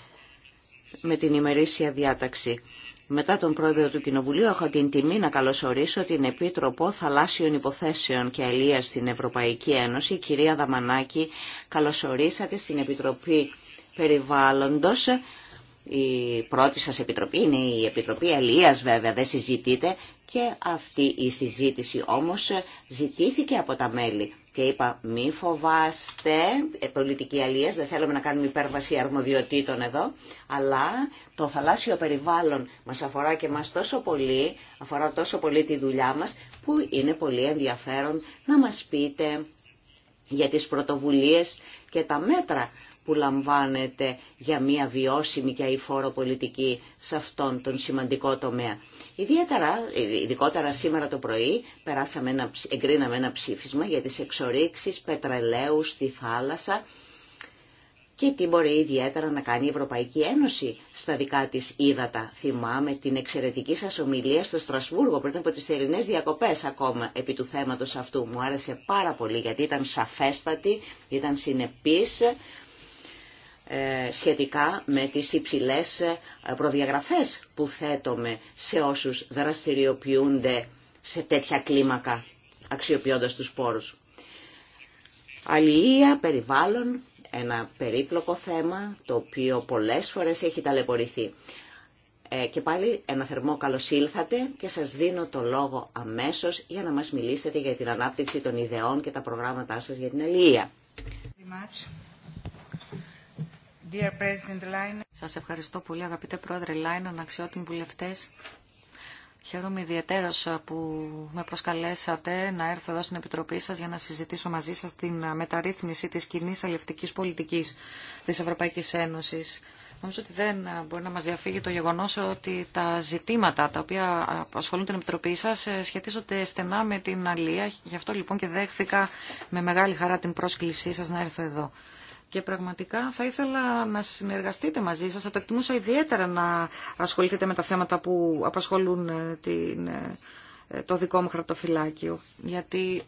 Speaker 1: με την ημερήσια διάταξη. Μετά τον πρόεδρο του Κοινοβουλίου έχω την τιμή να καλωσορίσω την Επίτροπο Θαλάσσιων Υποθέσεων και Αλία στην Ευρωπαϊκή Ένωση, κυρία Δαμανάκη. Καλωσορίσατε στην Επιτροπή Περιβάλλοντος η πρώτη σας επιτροπή είναι η Επιτροπή Αλίας βέβαια, δεν συζητείτε και αυτή η συζήτηση όμως ζητήθηκε από τα μέλη και είπα μη φοβάστε ε, πολιτική αλίας, δεν θέλουμε να κάνουμε υπέρβαση αρμοδιοτήτων εδώ, αλλά το θαλάσσιο περιβάλλον μας αφορά και μας τόσο πολύ, αφορά τόσο πολύ τη δουλειά μας, που είναι πολύ ενδιαφέρον να μας πείτε για τις πρωτοβουλίες και τα μέτρα που λαμβάνεται για μια βιώσιμη και αηφόρο πολιτική σε αυτόν τον σημαντικό τομέα. Ιδιαίτερα, ειδικότερα σήμερα το πρωί, περάσαμε ένα, εγκρίναμε ένα ψήφισμα για τις εξορίξεις πετρελαίου στη θάλασσα και τι μπορεί ιδιαίτερα να κάνει η Ευρωπαϊκή Ένωση στα δικά της ύδατα. Θυμάμαι την εξαιρετική σας ομιλία στο Στρασβούργο πριν από τις θερινές διακοπές ακόμα επί του θέματος αυτού. Μου άρεσε πάρα πολύ γιατί ήταν σαφέστατη, ήταν συνεπής ε, σχετικά με τις υψηλές ε, προδιαγραφές που θέτομε σε όσους δραστηριοποιούνται σε τέτοια κλίμακα αξιοποιώντας τους πόρους. Αλληλεία, περιβάλλον, ένα περίπλοκο θέμα το οποίο πολλές φορές έχει ταλαιπωρηθεί. Ε, και πάλι ένα θερμό καλώς ήλθατε και σας δίνω το λόγο αμέσως για να μας μιλήσετε για την ανάπτυξη των ιδεών και τα προγράμματά σας για την αλληλεία.
Speaker 4: Dear Σας ευχαριστώ πολύ αγαπητέ Πρόεδρε Λάινον, αξιότιμοι βουλευτές. Χαίρομαι ιδιαίτερα που με προσκαλέσατε να έρθω εδώ στην Επιτροπή σας για να συζητήσω μαζί σας την μεταρρύθμιση της κοινή αλληλευτικής πολιτικής της Ευρωπαϊκής Ένωσης. Νομίζω ότι δεν μπορεί να μας διαφύγει το γεγονός ότι τα ζητήματα τα οποία ασχολούν την Επιτροπή σας ε, σχετίζονται στενά με την αλία. Γι' αυτό λοιπόν και δέχθηκα με μεγάλη χαρά την πρόσκλησή σας να έρθω εδώ και πραγματικά θα ήθελα να συνεργαστείτε μαζί σας. Θα το εκτιμούσα ιδιαίτερα να ασχοληθείτε με τα θέματα που απασχολούν ε, την, ε, ε, το δικό μου χαρτοφυλάκιο. Γιατί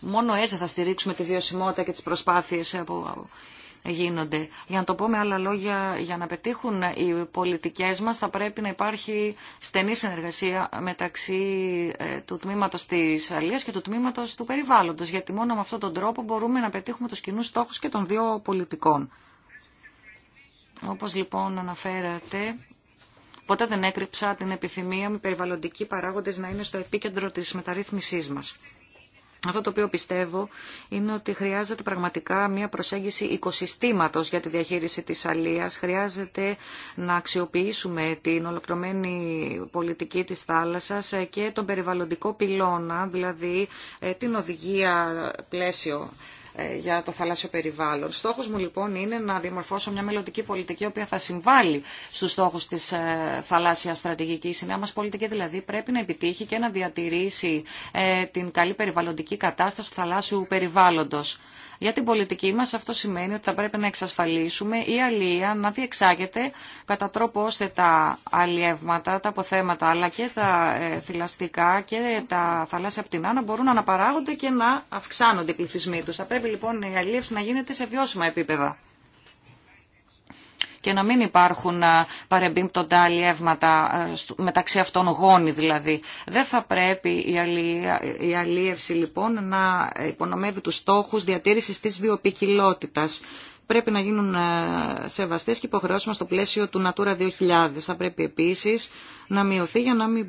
Speaker 4: μόνο έτσι θα στηρίξουμε τη βιωσιμότητα και τις προσπάθειες από γίνονται. Για να το πω με άλλα λόγια, για να πετύχουν οι πολιτικές μας θα πρέπει να υπάρχει στενή συνεργασία μεταξύ ε, του τμήματος της αλίας και του τμήματος του περιβάλλοντος, γιατί μόνο με αυτόν τον τρόπο μπορούμε να πετύχουμε τους κοινούς στόχους και των δύο πολιτικών. Όπως λοιπόν αναφέρατε, ποτέ δεν έκρυψα την επιθυμία μου περιβαλλοντικοί παράγοντες να είναι στο επίκεντρο της μεταρρύθμισής μας. Αυτό το οποίο πιστεύω είναι ότι χρειάζεται πραγματικά μια προσέγγιση οικοσυστήματος για τη διαχείριση της αλίας. Χρειάζεται να αξιοποιήσουμε την ολοκληρωμένη πολιτική της θάλασσας και τον περιβαλλοντικό πυλώνα, δηλαδή ε, την οδηγία πλαίσιο ε, για το θαλάσσιο περιβάλλον. Στόχος μου λοιπόν είναι να διαμορφώσω μια μελλοντική πολιτική η οποία θα συμβάλλει στους στόχους της ε, θαλάσσιας στρατηγικής. Η νέα μας πολιτική δηλαδή πρέπει να επιτύχει και να διατηρήσει ε, την καλή περιβαλλοντική κατάσταση του θαλάσσιου περιβάλλοντος. Για την πολιτική μα αυτό σημαίνει ότι θα πρέπει να εξασφαλίσουμε η αλληλεία να διεξάγεται κατά τρόπο ώστε τα αλλιεύματα, τα αποθέματα αλλά και τα ε, θηλαστικά και τα θαλάσσια πτηνά να μπορούν να αναπαράγονται και να αυξάνονται οι πληθυσμοί του. Θα πρέπει λοιπόν η αλίευση να γίνεται σε βιώσιμα επίπεδα και να μην υπάρχουν παρεμπίπτοντα αλλιεύματα μεταξύ αυτών γόνι δηλαδή. Δεν θα πρέπει η αλλίευση λοιπόν να υπονομεύει τους στόχους διατήρησης της βιοποικιλότητας πρέπει να γίνουν σεβαστές και υποχρεώσουμε στο πλαίσιο του Natura 2000. Θα πρέπει επίσης να μειωθεί για να μην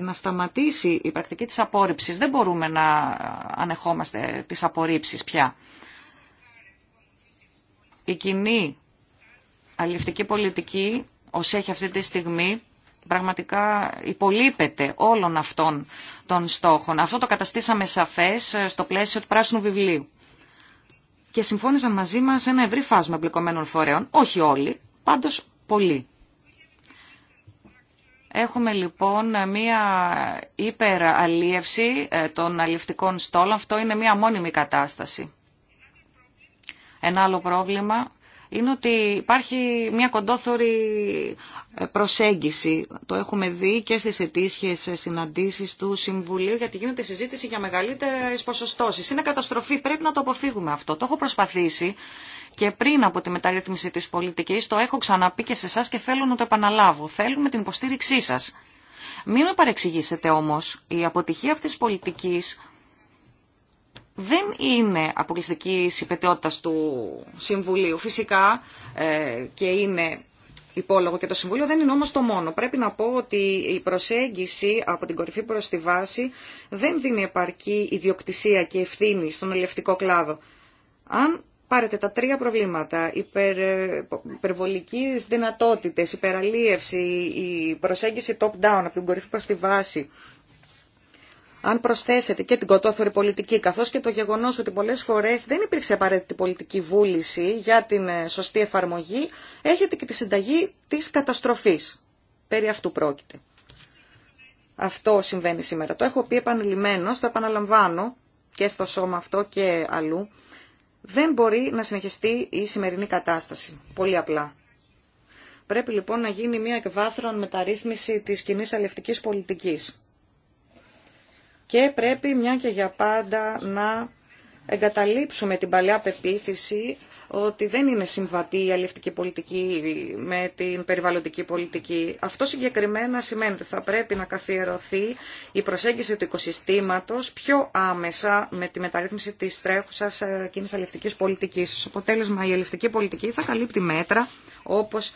Speaker 4: να σταματήσει η πρακτική της απόρριψης. Δεν μπορούμε να ανεχόμαστε τις απορρίψεις πια. Η κοινή αλληλευτική πολιτική, ως έχει αυτή τη στιγμή, πραγματικά υπολείπεται όλων αυτών των στόχων. Αυτό το καταστήσαμε σαφές ε, στο πλαίσιο του πράσινου βιβλίου. Και συμφώνησαν μαζί μας ένα ευρύ φάσμα εμπλεκομένων φορέων, όχι όλοι, πάντως πολλοί. Έχουμε λοιπόν μία υπεραλίευση ε, των αλληλευτικών στόλων. Αυτό είναι μία μόνιμη κατάσταση. Ένα άλλο πρόβλημα είναι ότι υπάρχει μια κοντόθωρη ε, προσέγγιση. Το έχουμε δει και στις ετήσιες ε, συναντήσεις του Συμβουλίου γιατί γίνεται συζήτηση για μεγαλύτερες ποσοστώσεις. Είναι καταστροφή, πρέπει να το αποφύγουμε αυτό. Το έχω προσπαθήσει και πριν από τη μεταρρύθμιση της πολιτικής το έχω ξαναπεί και σε εσά και θέλω να το επαναλάβω. Θέλουμε την υποστήριξή σας. Μην με παρεξηγήσετε όμως, η αποτυχία αυτής της πολιτικής δεν είναι αποκλειστική υπετιότητα του Συμβουλίου. Φυσικά ε, και είναι υπόλογο και το Συμβούλιο, δεν είναι όμως το μόνο. Πρέπει να πω ότι η προσέγγιση από την κορυφή προς τη βάση δεν δίνει επαρκή ιδιοκτησία και ευθύνη στον ελευτικό κλάδο. Αν πάρετε τα τρία προβλήματα, υπερ, ε, υπερβολικές δυνατότητες, υπεραλίευση, η προσέγγιση top-down από την κορυφή προς τη βάση αν προσθέσετε και την κοτόθωρη πολιτική, καθώ και το γεγονό ότι πολλέ φορέ δεν υπήρξε απαραίτητη πολιτική βούληση για την ε, σωστή εφαρμογή, έχετε και τη συνταγή τη καταστροφή. Περί αυτού πρόκειται. Αυτό συμβαίνει σήμερα. Το έχω πει επανειλημμένο, το επαναλαμβάνω και στο σώμα αυτό και αλλού. Δεν μπορεί να συνεχιστεί η σημερινή κατάσταση. Πολύ απλά. Πρέπει λοιπόν να γίνει μια εκβάθρον μεταρρύθμιση της κοινή αλληλευτικής πολιτικής και πρέπει μια και για πάντα να εγκαταλείψουμε την παλιά πεποίθηση ότι δεν είναι συμβατή η αλληλευτική πολιτική με την περιβαλλοντική πολιτική. Αυτό συγκεκριμένα σημαίνει ότι θα πρέπει να καθιερωθεί η προσέγγιση του οικοσυστήματος πιο άμεσα με τη μεταρρύθμιση της τρέχουσας ε, κοινής αλληλευτικής πολιτικής. Στο αποτέλεσμα η αλληλευτική πολιτική θα καλύπτει μέτρα όπως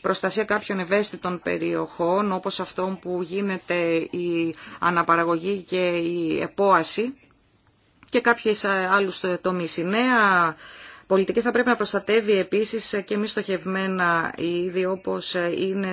Speaker 4: προστασία κάποιων ευαίσθητων περιοχών, όπως αυτό που γίνεται η αναπαραγωγή και η επόαση και κάποιες άλλους τομείς. Η νέα πολιτική θα πρέπει να προστατεύει επίσης και μη στοχευμένα είδη όπως είναι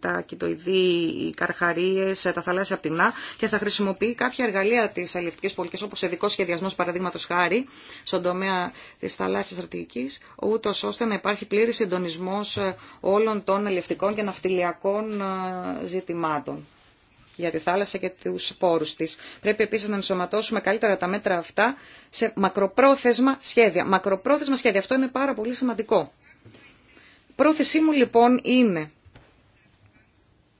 Speaker 4: τα κοιτοειδή, οι καρχαρίες, τα θαλάσσια πτηνά και θα χρησιμοποιεί κάποια εργαλεία της αλληλευτικής πολιτικής όπως ειδικό σχεδιασμός παραδείγματο χάρη στον τομέα της θαλάσσιας στρατηγικής ούτως ώστε να υπάρχει πλήρη συντονισμός όλων των αλληλευτικών και ναυτιλιακών ε, ζητημάτων για τη θάλασσα και του πόρου τη. Πρέπει επίσης να ενσωματώσουμε καλύτερα τα μέτρα αυτά σε μακροπρόθεσμα σχέδια. Μακροπρόθεσμα σχέδια, αυτό είναι πάρα πολύ σημαντικό. Πρόθεσή μου λοιπόν είναι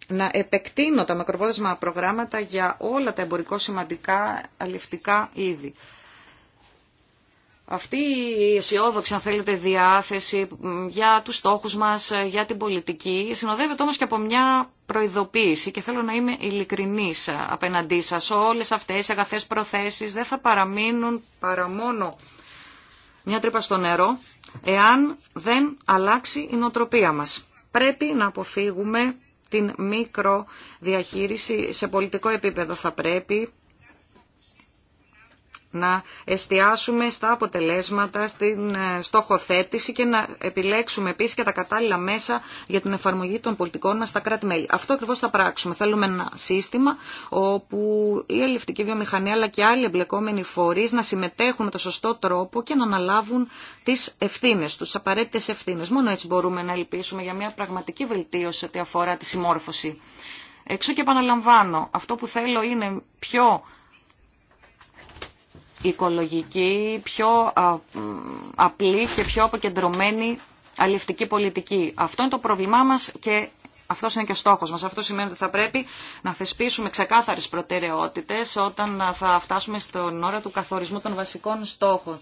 Speaker 4: να επεκτείνω τα μακροπρόθεσμα προγράμματα για όλα τα εμπορικό σημαντικά αληφτικά είδη αυτή η αισιόδοξη, αν θέλετε, διάθεση για τους στόχους μας, ε, για την πολιτική, συνοδεύεται όμως και από μια προειδοποίηση και θέλω να είμαι ειλικρινής ε, απέναντί σας. Όλες αυτές οι αγαθές προθέσεις δεν θα παραμείνουν παρά μόνο μια τρύπα στο νερό, εάν δεν αλλάξει η νοοτροπία μας. Πρέπει να αποφύγουμε την μικροδιαχείριση σε πολιτικό επίπεδο θα πρέπει να εστιάσουμε στα αποτελέσματα, στην ε, στόχοθέτηση και να επιλέξουμε επίσης και τα κατάλληλα μέσα για την εφαρμογή των πολιτικών μας στα κράτη-μέλη. Αυτό ακριβώς θα πράξουμε. Θέλουμε ένα σύστημα όπου η ελληνική βιομηχανία αλλά και άλλοι εμπλεκόμενοι φορείς να συμμετέχουν με το σωστό τρόπο και να αναλάβουν τις ευθύνες τους, τις απαραίτητες ευθύνες. Μόνο έτσι μπορούμε να ελπίσουμε για μια πραγματική βελτίωση ό,τι αφορά τη συμμόρφωση. Εξού και επαναλαμβάνω, αυτό που θέλω είναι πιο οικολογική, πιο απλή και πιο αποκεντρωμένη αλληλευτική πολιτική. Αυτό είναι το πρόβλημά μας και αυτό είναι και ο στόχο μα. Αυτό σημαίνει ότι θα πρέπει να θεσπίσουμε ξεκάθαρες προτεραιότητες όταν θα φτάσουμε στον ώρα του καθορισμού των βασικών στόχων.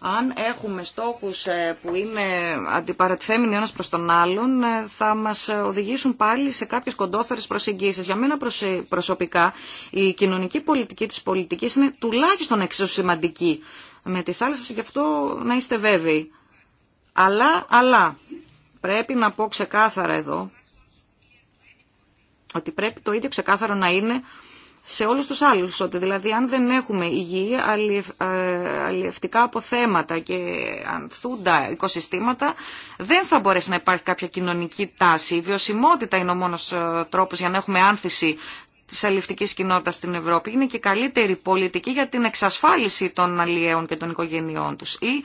Speaker 4: Αν έχουμε στόχους ε, που είναι αντιπαρατηθέμενοι ένας προς τον άλλον, ε, θα μας οδηγήσουν πάλι σε κάποιες κοντόφερες προσεγγίσεις. Για μένα προσωπικά η κοινωνική πολιτική της πολιτικής είναι τουλάχιστον εξίσου σημαντική με τις άλλες, σας, γι' αυτό να είστε βέβαιοι. Αλλά, αλλά, πρέπει να πω ξεκάθαρα εδώ, ότι πρέπει το ίδιο ξεκάθαρο να είναι σε όλους τους άλλους. Ότι δηλαδή αν δεν έχουμε υγιή ε, αλλιευτικά αποθέματα και ανθούντα οικοσυστήματα, δεν θα μπορέσει να υπάρχει κάποια κοινωνική τάση. Η βιωσιμότητα είναι ο μόνος ε, τρόπος για να έχουμε άνθηση της αλληλευτικής κοινότητας στην Ευρώπη. Είναι και καλύτερη πολιτική για την εξασφάλιση των αλλιέων και των οικογενειών τους. Η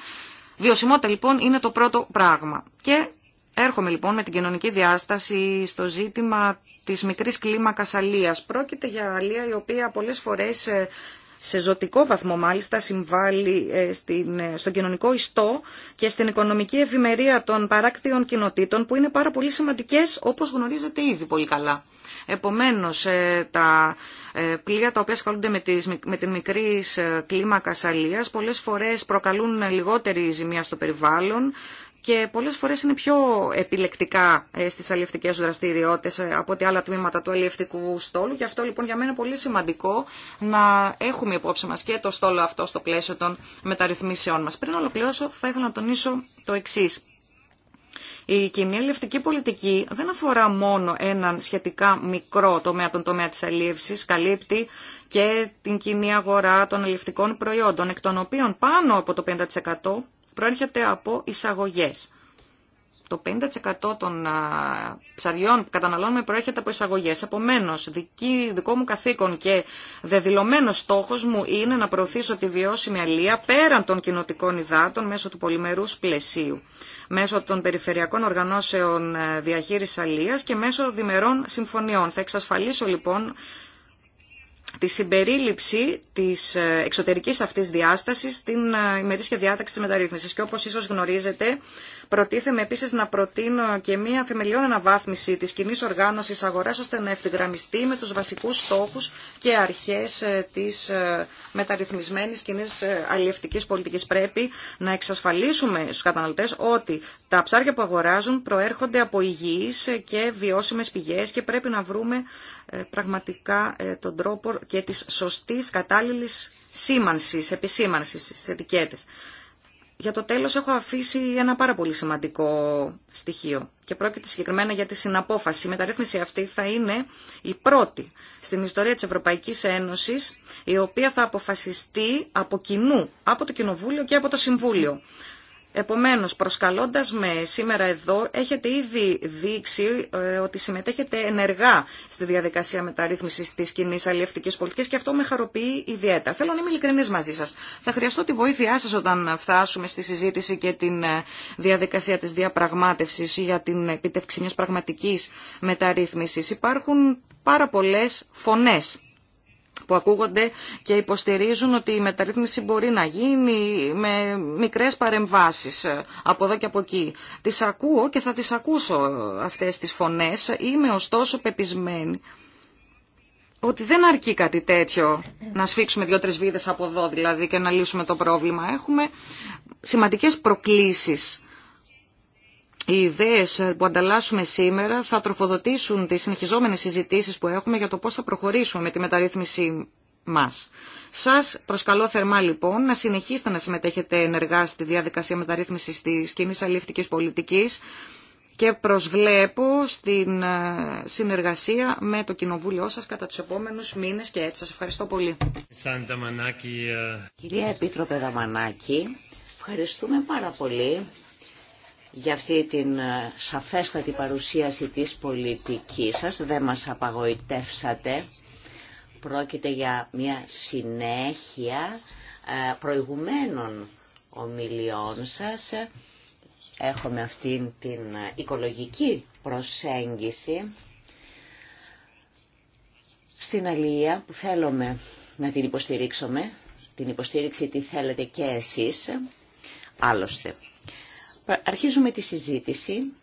Speaker 4: βιωσιμότητα λοιπόν είναι το πρώτο πράγμα. Και Έρχομαι λοιπόν με την κοινωνική διάσταση στο ζήτημα της μικρής κλίμακας αλίας. Πρόκειται για αλία η οποία πολλές φορές ε, σε ζωτικό βαθμό μάλιστα συμβάλλει ε, στην, ε, στον κοινωνικό ιστό και στην οικονομική ευημερία των παράκτιων κοινοτήτων που είναι πάρα πολύ σημαντικές όπως γνωρίζετε ήδη πολύ καλά. Επομένως τα πλοία τα οποία ασχολούνται με, με την μικρή κλίμακα αλίας πολλές φορές προκαλούν λιγότερη ζημία στο περιβάλλον και πολλές φορές είναι πιο επιλεκτικά ε, στις αλληλευτικές δραστηριότητες ε, από ότι άλλα τμήματα του αλληλευτικού στόλου. Γι' αυτό λοιπόν για μένα είναι πολύ σημαντικό να έχουμε υπόψη μας και το στόλο αυτό στο πλαίσιο των μεταρρυθμίσεών μας. Πριν ολοκληρώσω θα ήθελα να τονίσω το εξή. Η κοινή αλληλευτική πολιτική δεν αφορά μόνο έναν σχετικά μικρό τομέα, τον τομέα της αλλήλευσης, καλύπτει και την κοινή αγορά των αλληλευτικών προϊόντων, εκ των οποίων πάνω από το 50% προέρχεται από εισαγωγέ. Το 50% των ψαριών που καταναλώνουμε προέρχεται από εισαγωγέ. Επομένω, δικό μου καθήκον και δεδηλωμένο στόχος μου είναι να προωθήσω τη βιώσιμη αλία πέραν των κοινοτικών υδάτων μέσω του πολυμερούς πλαισίου, μέσω των περιφερειακών οργανώσεων ε, διαχείρισης αλίας και μέσω διμερών συμφωνιών. Θα εξασφαλίσω λοιπόν τη συμπερίληψη της ε, εξωτερικής αυτής διάστασης στην ε, ημερήσια διάταξη της μεταρρύθμισης. Και όπως ίσως γνωρίζετε, Προτίθεμαι επίσης να προτείνω και μια θεμελιώδη αναβάθμιση της κοινή οργάνωσης αγοράς ώστε να ευθυγραμμιστεί με τους βασικούς στόχους και αρχές ε, της ε, μεταρρυθμισμένης κοινή ε, αλλιευτικής πολιτικής. Πρέπει να εξασφαλίσουμε στους καταναλωτές ότι τα ψάρια που αγοράζουν προέρχονται από υγιείς και βιώσιμε πηγέ και πρέπει να βρούμε πραγματικά τον τρόπο και τη σωστή κατάλληλη σήμανση, επισήμανσης στι ετικέτες για το τέλος έχω αφήσει ένα πάρα πολύ σημαντικό στοιχείο και πρόκειται συγκεκριμένα για τη συναπόφαση. Η μεταρρύθμιση αυτή θα είναι η πρώτη στην ιστορία της Ευρωπαϊκής Ένωσης η οποία θα αποφασιστεί από κοινού, από το Κοινοβούλιο και από το Συμβούλιο. Επομένως, προσκαλώντας με σήμερα εδώ, έχετε ήδη δείξει ε, ότι συμμετέχετε ενεργά στη διαδικασία μεταρρύθμισης της κοινή αλληλευτικής πολιτικής και αυτό με χαροποιεί ιδιαίτερα. Θέλω να είμαι ειλικρινής μαζί σας. Θα χρειαστώ τη βοήθειά σας όταν φτάσουμε στη συζήτηση και την ε, διαδικασία της διαπραγμάτευσης για την επιτευξη μια πραγματικής μεταρρύθμισης. Υπάρχουν πάρα πολλές φωνές που ακούγονται και υποστηρίζουν ότι η μεταρρύθμιση μπορεί να γίνει με μικρές παρεμβάσεις ε, από εδώ και από εκεί. Τις ακούω και θα τις ακούσω αυτές τις φωνές. Είμαι ωστόσο πεπισμένη ότι δεν αρκεί κάτι τέτοιο να σφίξουμε δύο-τρεις βίδες από εδώ δηλαδή και να λύσουμε το πρόβλημα. Έχουμε σημαντικές προκλήσεις οι ιδέες που ανταλλάσσουμε σήμερα θα τροφοδοτήσουν τις συνεχιζόμενες συζητήσεις που έχουμε για το πώς θα προχωρήσουμε με τη μεταρρύθμιση μας. Σας προσκαλώ θερμά λοιπόν να συνεχίσετε να συμμετέχετε ενεργά στη διαδικασία μεταρρύθμισης της κοινή αλληλευτικής πολιτικής και προσβλέπω στην ε, συνεργασία με το Κοινοβούλιο σας κατά τους επόμενους μήνες και έτσι. Σας ευχαριστώ πολύ.
Speaker 3: Ε, Κυρία
Speaker 1: Επίτροπε Δαμανάκη, ευχαριστούμε πάρα πολύ για αυτή την ε, σαφέστατη παρουσίαση της πολιτικής σας. Δεν μας απαγοητεύσατε. Πρόκειται για μια συνέχεια ε, προηγουμένων ομιλιών σας. Έχουμε αυτή την ε, οικολογική προσέγγιση στην αλληλεία που θέλουμε να την υποστηρίξουμε. Την υποστήριξη τη θέλετε και εσείς. Άλλωστε, Αρχίζουμε τη συζήτηση.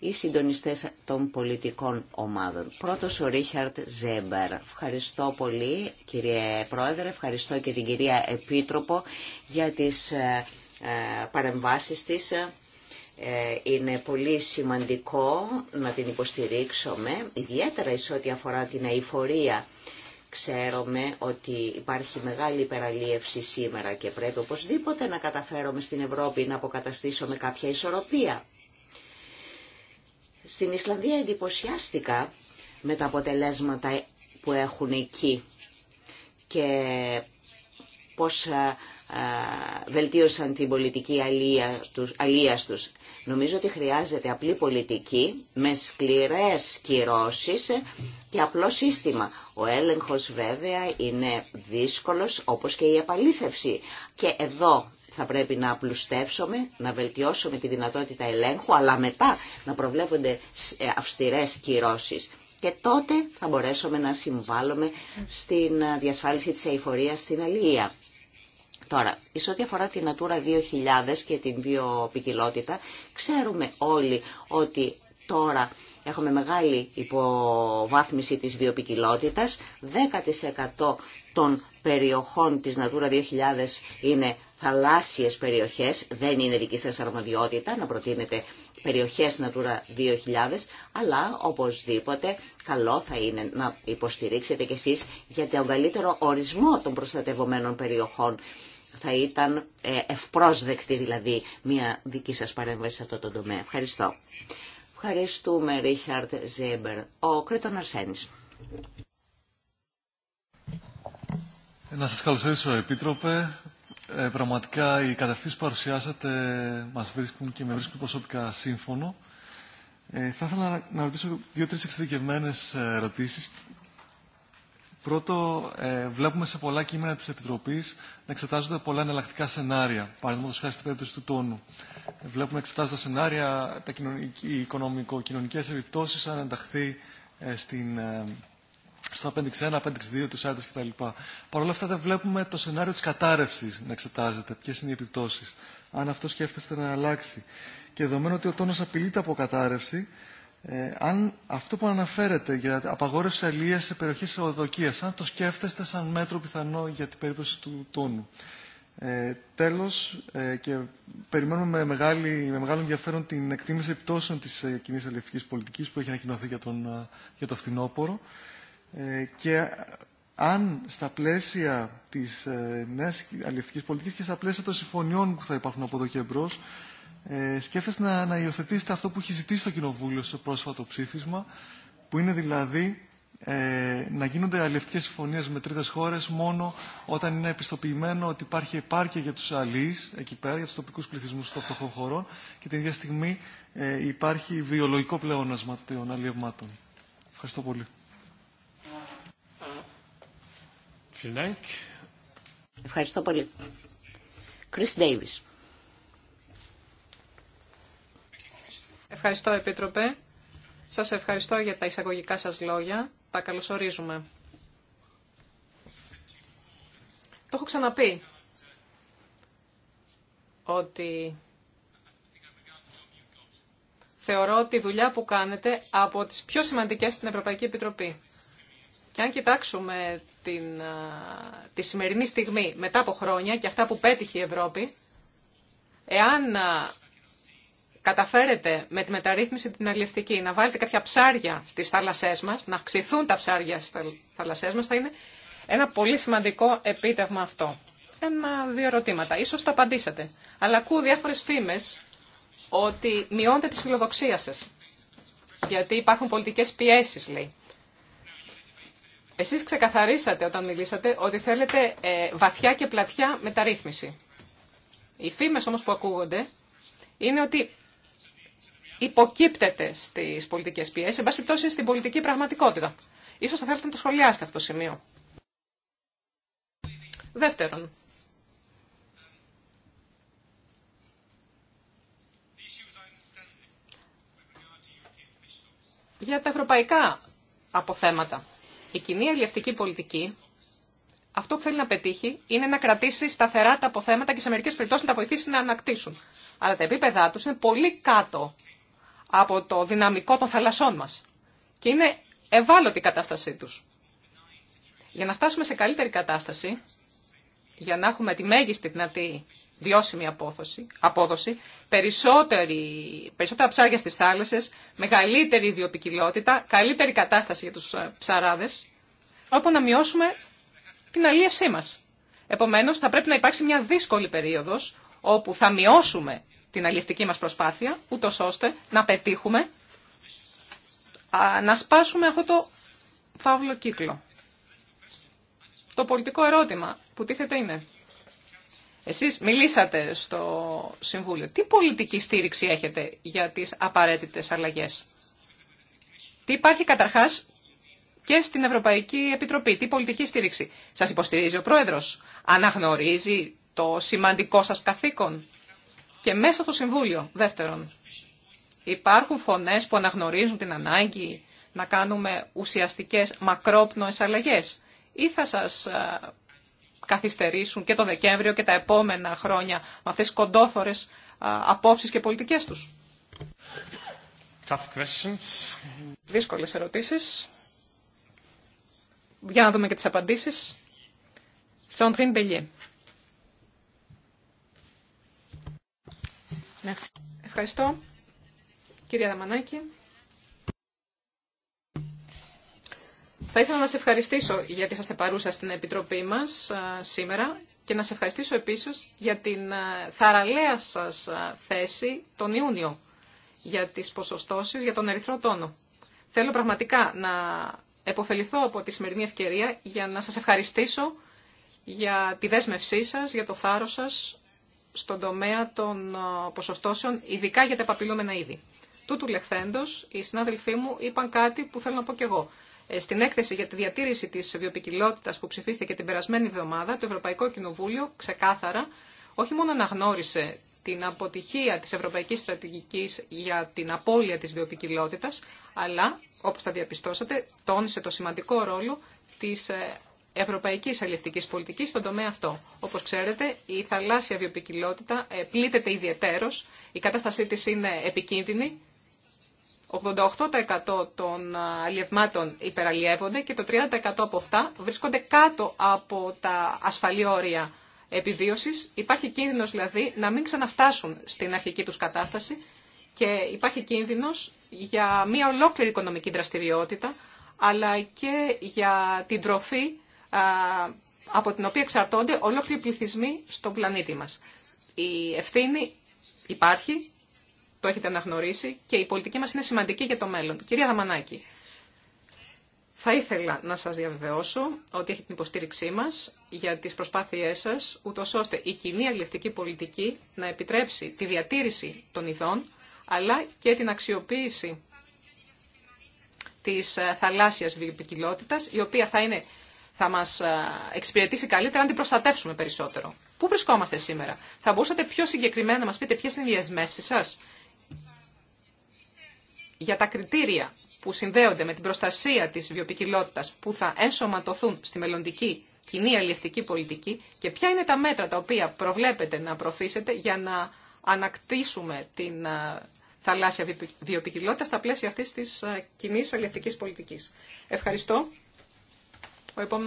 Speaker 1: Οι συντονιστές των πολιτικών ομάδων. Πρώτος ο Ρίχαρτ Ζέμπερ. Ευχαριστώ πολύ κύριε Πρόεδρε, ευχαριστώ και την κυρία Επίτροπο για τις ε, ε, παρεμβάσεις της. Ε, είναι πολύ σημαντικό να την υποστηρίξουμε, ιδιαίτερα σε ό,τι αφορά την αηφορία Ξέρουμε ότι υπάρχει μεγάλη υπεραλίευση σήμερα και πρέπει οπωσδήποτε να καταφέρουμε στην Ευρώπη να αποκαταστήσουμε κάποια ισορροπία. Στην Ισλανδία εντυπωσιάστηκα με τα αποτελέσματα που έχουν εκεί και πώς ε, βελτίωσαν την πολιτική αλίας τους. Νομίζω ότι χρειάζεται απλή πολιτική με σκληρές κυρώσεις και απλό σύστημα. Ο έλεγχος βέβαια είναι δύσκολος όπως και η επαλήθευση. Και εδώ θα πρέπει να απλουστεύσουμε, να βελτιώσουμε τη δυνατότητα ελέγχου, αλλά μετά να προβλέπονται ε, αυστηρές κυρώσεις. Και τότε θα μπορέσουμε να συμβάλλουμε στην ε, διασφάλιση της αηφορίας στην αλληλεία. Τώρα, σε ό,τι αφορά την Natura 2000 και την βιοπικιλότητα, ξέρουμε όλοι ότι τώρα έχουμε μεγάλη υποβάθμιση της βιοπικιλότητας. 10% των περιοχών της Natura 2000 είναι θαλάσσιες περιοχές, δεν είναι δική σας αρμοδιότητα να προτείνετε περιοχές Natura 2000, αλλά οπωσδήποτε καλό θα είναι να υποστηρίξετε κι εσείς για τον καλύτερο ορισμό των προστατευομένων περιοχών θα ήταν ε, ευπρόσδεκτη δηλαδή μια δική σας παρέμβαση σε αυτό το τομέα. Ευχαριστώ. Ευχαριστούμε Ρίχαρτ Ζέμπερ. Ο Κρήτον Αρσένης.
Speaker 3: Ε, να σας καλωσορίσω Επίτροπε. Ε, πραγματικά οι κατευθύνσεις που παρουσιάσατε μας βρίσκουν και με βρίσκουν προσωπικά σύμφωνο. Ε, θα ήθελα να, να ρωτήσω δύο-τρεις εξειδικευμένες ερωτήσεις Πρώτο, ε, βλέπουμε σε πολλά κείμενα τη Επιτροπή να εξετάζονται πολλά εναλλακτικά σενάρια. Παραδείγματο χάρη στην περίπτωση του τόνου. Ε, βλέπουμε να εξετάζονται σενάρια, τα οικονομικο-κοινωνικέ επιπτώσει, αν ενταχθεί ε, στην, ε, στο Appendix 1, Appendix 2, του Άντε κτλ. Παρ' όλα αυτά δεν βλέπουμε το σενάριο τη κατάρρευση να εξετάζεται. Ποιε είναι οι επιπτώσει. Αν αυτό σκέφτεστε να αλλάξει. Και δεδομένου ότι ο τόνο απειλείται από κατάρρευση, ε, αν αυτό που αναφέρεται για απαγόρευση αλίας σε περιοχές εοδοκία, αν το σκέφτεστε σαν μέτρο πιθανό για την περίπτωση του τόνου. Ε, τέλος, ε, και περιμένουμε με, μεγάλη, με μεγάλο ενδιαφέρον την εκτίμηση επιπτώσεων της ε, κοινής αλληλευτικής πολιτικής που έχει ανακοινωθεί για, τον, ε, για το φθινόπωρο ε, και αν στα πλαίσια της ε, νέας αλληλευτικής πολιτικής και στα πλαίσια των συμφωνιών που θα υπάρχουν από εδώ και εμπρός ε, να, να υιοθετήσετε αυτό που έχει ζητήσει το Κοινοβούλιο σε πρόσφατο ψήφισμα, που είναι δηλαδή ε, να γίνονται αλληλευτικές συμφωνίες με τρίτες χώρες μόνο όταν είναι επιστοποιημένο ότι υπάρχει επάρκεια για τους αλείς εκεί πέρα, για τους τοπικούς πληθυσμούς των φτωχών χωρών και την ίδια στιγμή ε, υπάρχει βιολογικό πλεόνασμα των αλληλευμάτων. Ευχαριστώ πολύ.
Speaker 2: Ευχαριστώ πολύ.
Speaker 3: Chris Davis.
Speaker 2: Ευχαριστώ, Επίτροπε. Σας ευχαριστώ για τα εισαγωγικά σας λόγια. Τα καλωσορίζουμε. Το έχω ξαναπεί ότι θεωρώ τη δουλειά που κάνετε από τις πιο σημαντικές στην Ευρωπαϊκή Επιτροπή. Και αν κοιτάξουμε την, τη σημερινή στιγμή μετά από χρόνια και αυτά που πέτυχε η Ευρώπη, εάν καταφέρετε με τη μεταρρύθμιση την αλληλευτική να βάλετε κάποια ψάρια στις θάλασσές μας, να αυξηθούν τα ψάρια στις θάλασσές μας, θα είναι ένα πολύ σημαντικό επίτευγμα αυτό. Ένα-δύο ερωτήματα. Ίσως τα απαντήσατε. Αλλά ακούω διάφορες φήμες ότι μειώνετε τις φιλοδοξία σας. Γιατί υπάρχουν πολιτικές πιέσεις, λέει. Εσείς ξεκαθαρίσατε όταν μιλήσατε ότι θέλετε ε, βαθιά και πλατιά μεταρρύθμιση. Οι φήμε όμως που ακούγονται είναι ότι υποκύπτεται στις πολιτικές πιέσεις, εν πάση στην πολιτική πραγματικότητα. Ίσως θα θέλετε να το σχολιάσετε αυτό το σημείο. Δεύτερον, για τα ευρωπαϊκά αποθέματα. Η κοινή αλληλευτική πολιτική αυτό που θέλει να πετύχει είναι να κρατήσει σταθερά τα αποθέματα και σε μερικέ περιπτώσει να τα βοηθήσει να ανακτήσουν. Αλλά τα επίπεδά του είναι πολύ κάτω από το δυναμικό των θαλασσών μας. Και είναι ευάλωτη η κατάστασή τους. Για να φτάσουμε σε καλύτερη κατάσταση, για να έχουμε τη μέγιστη δυνατή βιώσιμη απόδοση, απόδοση περισσότερα ψάρια στις θάλασσες, μεγαλύτερη βιοπικιλότητα, καλύτερη κατάσταση για τους ε, ψαράδες, όπου να μειώσουμε την αλίευσή μας. Επομένως, θα πρέπει να υπάρξει μια δύσκολη περίοδος, όπου θα μειώσουμε την αλληλευτική μας προσπάθεια, ούτως ώστε να πετύχουμε να σπάσουμε αυτό το φαύλο κύκλο. Το πολιτικό ερώτημα που τίθεται είναι, εσείς μιλήσατε στο Συμβούλιο, τι πολιτική στήριξη έχετε για τις απαραίτητες αλλαγές. Τι υπάρχει καταρχάς και στην Ευρωπαϊκή Επιτροπή, τι πολιτική στήριξη. Σας υποστηρίζει ο Πρόεδρος, αναγνωρίζει το σημαντικό σας καθήκον και μέσα στο Συμβούλιο. Δεύτερον, υπάρχουν φωνές που αναγνωρίζουν την ανάγκη να κάνουμε ουσιαστικές μακρόπνοες αλλαγές ή θα σας καθυστερήσουν και το Δεκέμβριο και τα επόμενα χρόνια με αυτές τις κοντόθωρες απόψεις και πολιτικές τους. Tough Δύσκολες ερωτήσεις. Για να δούμε και τις απαντήσεις. Σαντρίν Μπελιέ. Ευχαριστώ. Κυρία Δαμανάκη. Θα ήθελα να σε ευχαριστήσω γιατί είσαστε παρούσα στην Επιτροπή μας σήμερα και να σε ευχαριστήσω επίσης για την θαραλέα σας θέση τον Ιούνιο για τις ποσοστώσεις για τον ερυθρό τόνο. Θέλω πραγματικά να επωφεληθώ από τη σημερινή ευκαιρία για να σας ευχαριστήσω για τη δέσμευσή σας, για το θάρρος σας στον τομέα των ποσοστώσεων, ειδικά για τα επαπειλούμενα είδη. Τούτου λεχθέντος, οι συνάδελφοί μου είπαν κάτι που θέλω να πω κι εγώ. Ε, στην έκθεση για τη διατήρηση τη βιοπικιλότητα που ψηφίστηκε την περασμένη εβδομάδα, το Ευρωπαϊκό Κοινοβούλιο ξεκάθαρα όχι μόνο αναγνώρισε την αποτυχία της Ευρωπαϊκής Στρατηγικής για την απώλεια της βιοπικιλότητας, αλλά, όπως θα διαπιστώσατε, τόνισε το σημαντικό ρόλο της ε, Ευρωπαϊκή αλληλευτική πολιτική στον τομέα αυτό. Όπως ξέρετε, η θαλάσσια βιοπικιλότητα ε, πλήττεται ιδιαιτέρω. η κατάστασή τη είναι επικίνδυνη, 88% των αλλιευμάτων υπεραλλιεύονται και το 30% από αυτά βρίσκονται κάτω από τα ασφαλή όρια επιβίωσης. Υπάρχει κίνδυνος δηλαδή να μην ξαναφτάσουν στην αρχική τους κατάσταση και υπάρχει κίνδυνος για μια ολόκληρη οικονομική δραστηριότητα αλλά και για την τροφή από την οποία εξαρτώνται ολόκληροι πληθυσμοί στον πλανήτη μας. Η ευθύνη υπάρχει, το έχετε αναγνωρίσει και η πολιτική μας είναι σημαντική για το μέλλον. Κυρία Δαμανάκη, θα ήθελα να σας διαβεβαιώσω ότι έχει την υποστήριξή μας για τις προσπάθειές σας, ούτω ώστε η κοινή αγγλευτική πολιτική να επιτρέψει τη διατήρηση των ειδών, αλλά και την αξιοποίηση της ε, θαλάσσιας βιοποικιλότητας, η οποία θα είναι θα μα ε, εξυπηρετήσει καλύτερα αν την προστατεύσουμε περισσότερο. Πού βρισκόμαστε σήμερα. Θα μπορούσατε πιο συγκεκριμένα να μα πείτε ποιε είναι οι διασμεύσει σα. για τα κριτήρια που συνδέονται με την προστασία τη βιοπικιλότητας που θα ενσωματωθούν στη μελλοντική κοινή αλληλευτική πολιτική και ποια είναι τα μέτρα τα οποία προβλέπετε να προωθήσετε για να ανακτήσουμε την ε, θαλάσσια βιοπικιλότητα στα πλαίσια αυτής της ε, κοινή αλληλευτικής πολιτική. Ευχαριστώ. Um,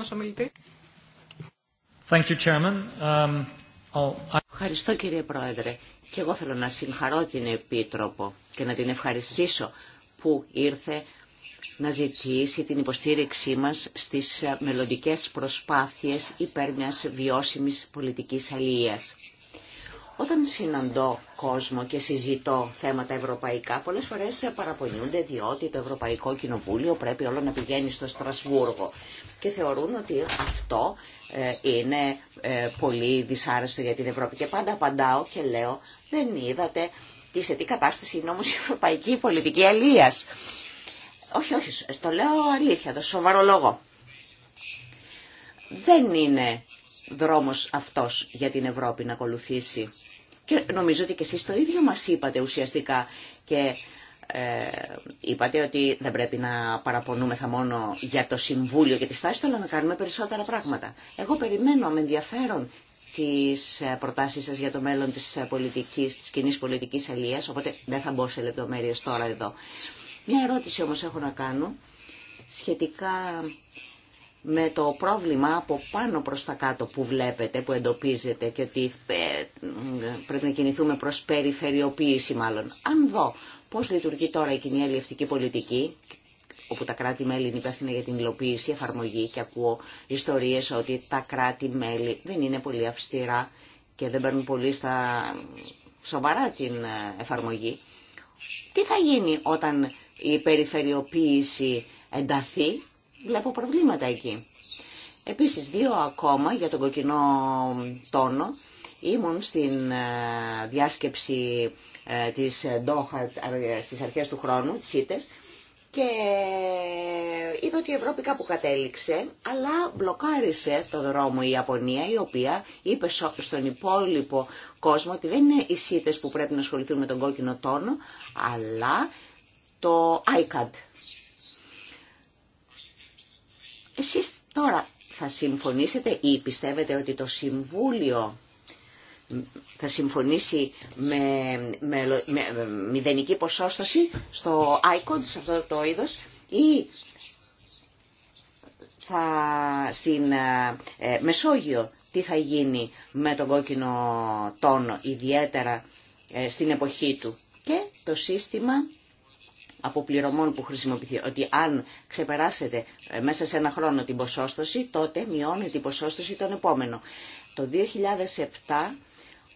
Speaker 1: Ευχαριστώ κύριε Πρόεδρε. Και εγώ θέλω να συγχαρώ την Επίτροπο και να την ευχαριστήσω που ήρθε να ζητήσει την υποστήριξή μας στις μελλοντικέ προσπάθειες υπέρ μιας βιώσιμης πολιτικής αλληλείας. Όταν συναντώ κόσμο και συζητώ θέματα ευρωπαϊκά, πολλές φορές παραπονιούνται διότι το Ευρωπαϊκό Κοινοβούλιο πρέπει όλο να πηγαίνει στο Στρασβούργο και θεωρούν ότι αυτό ε, είναι ε, πολύ δυσάρεστο για την Ευρώπη. Και πάντα απαντάω και λέω δεν είδατε τι σε τι κατάσταση είναι όμως η ευρωπαϊκή πολιτική αλίας. Όχι, όχι, το λέω αλήθεια, το σοβαρό λόγο. Δεν είναι δρόμος αυτός για την Ευρώπη να ακολουθήσει. Και νομίζω ότι και εσείς το ίδιο μας είπατε ουσιαστικά και ε, είπατε ότι δεν πρέπει να παραπονούμεθα μόνο για το Συμβούλιο και τη στάση του, αλλά να κάνουμε περισσότερα πράγματα. Εγώ περιμένω με ενδιαφέρον τις ε, προτάσεις σας για το μέλλον της, ε, πολιτικής, της κοινής πολιτικής οπότε δεν θα μπω σε λεπτομέρειες τώρα εδώ. Μια ερώτηση όμως έχω να κάνω σχετικά με το πρόβλημα από πάνω προς τα κάτω που βλέπετε, που εντοπίζετε και ότι ε, πρέπει να κινηθούμε προς περιφερειοποίηση μάλλον. Αν δω πώς λειτουργεί τώρα η κοινή αλληλευτική πολιτική, όπου τα κράτη-μέλη είναι υπεύθυνα για την υλοποίηση, εφαρμογή και ακούω ιστορίες ότι τα κράτη-μέλη δεν είναι πολύ αυστηρά και δεν παίρνουν πολύ στα σοβαρά την ε, εφαρμογή. Τι θα γίνει όταν η περιφερειοποίηση ενταθεί βλέπω προβλήματα εκεί. Επίσης, δύο ακόμα για τον κοκκινό τόνο. Ήμουν στην ε, διάσκεψη ε, της Ντόχα ε, στις αρχές του χρόνου, της ΣΥΤΕΣ, και είδα ότι η Ευρώπη κάπου κατέληξε, αλλά μπλοκάρισε το δρόμο η Ιαπωνία, η οποία είπε στον υπόλοιπο κόσμο ότι δεν είναι οι ΣΥΤΕΣ που πρέπει να ασχοληθούν με τον κόκκινο τόνο, αλλά το ICAD, εσείς τώρα θα συμφωνήσετε ή πιστεύετε ότι το Συμβούλιο θα συμφωνήσει με, με, με μηδενική ποσόστοση στο ICON, σε αυτό το είδος, ή θα, στην ε, ε, Μεσόγειο τι θα γίνει με τον κόκκινο τόνο, ιδιαίτερα ε, στην εποχή του. Και το σύστημα αποπληρωμών που χρησιμοποιηθεί, ότι αν ξεπεράσετε ε, μέσα σε ένα χρόνο την ποσόστοση, τότε μειώνει την ποσόστοση τον επόμενο. Το 2007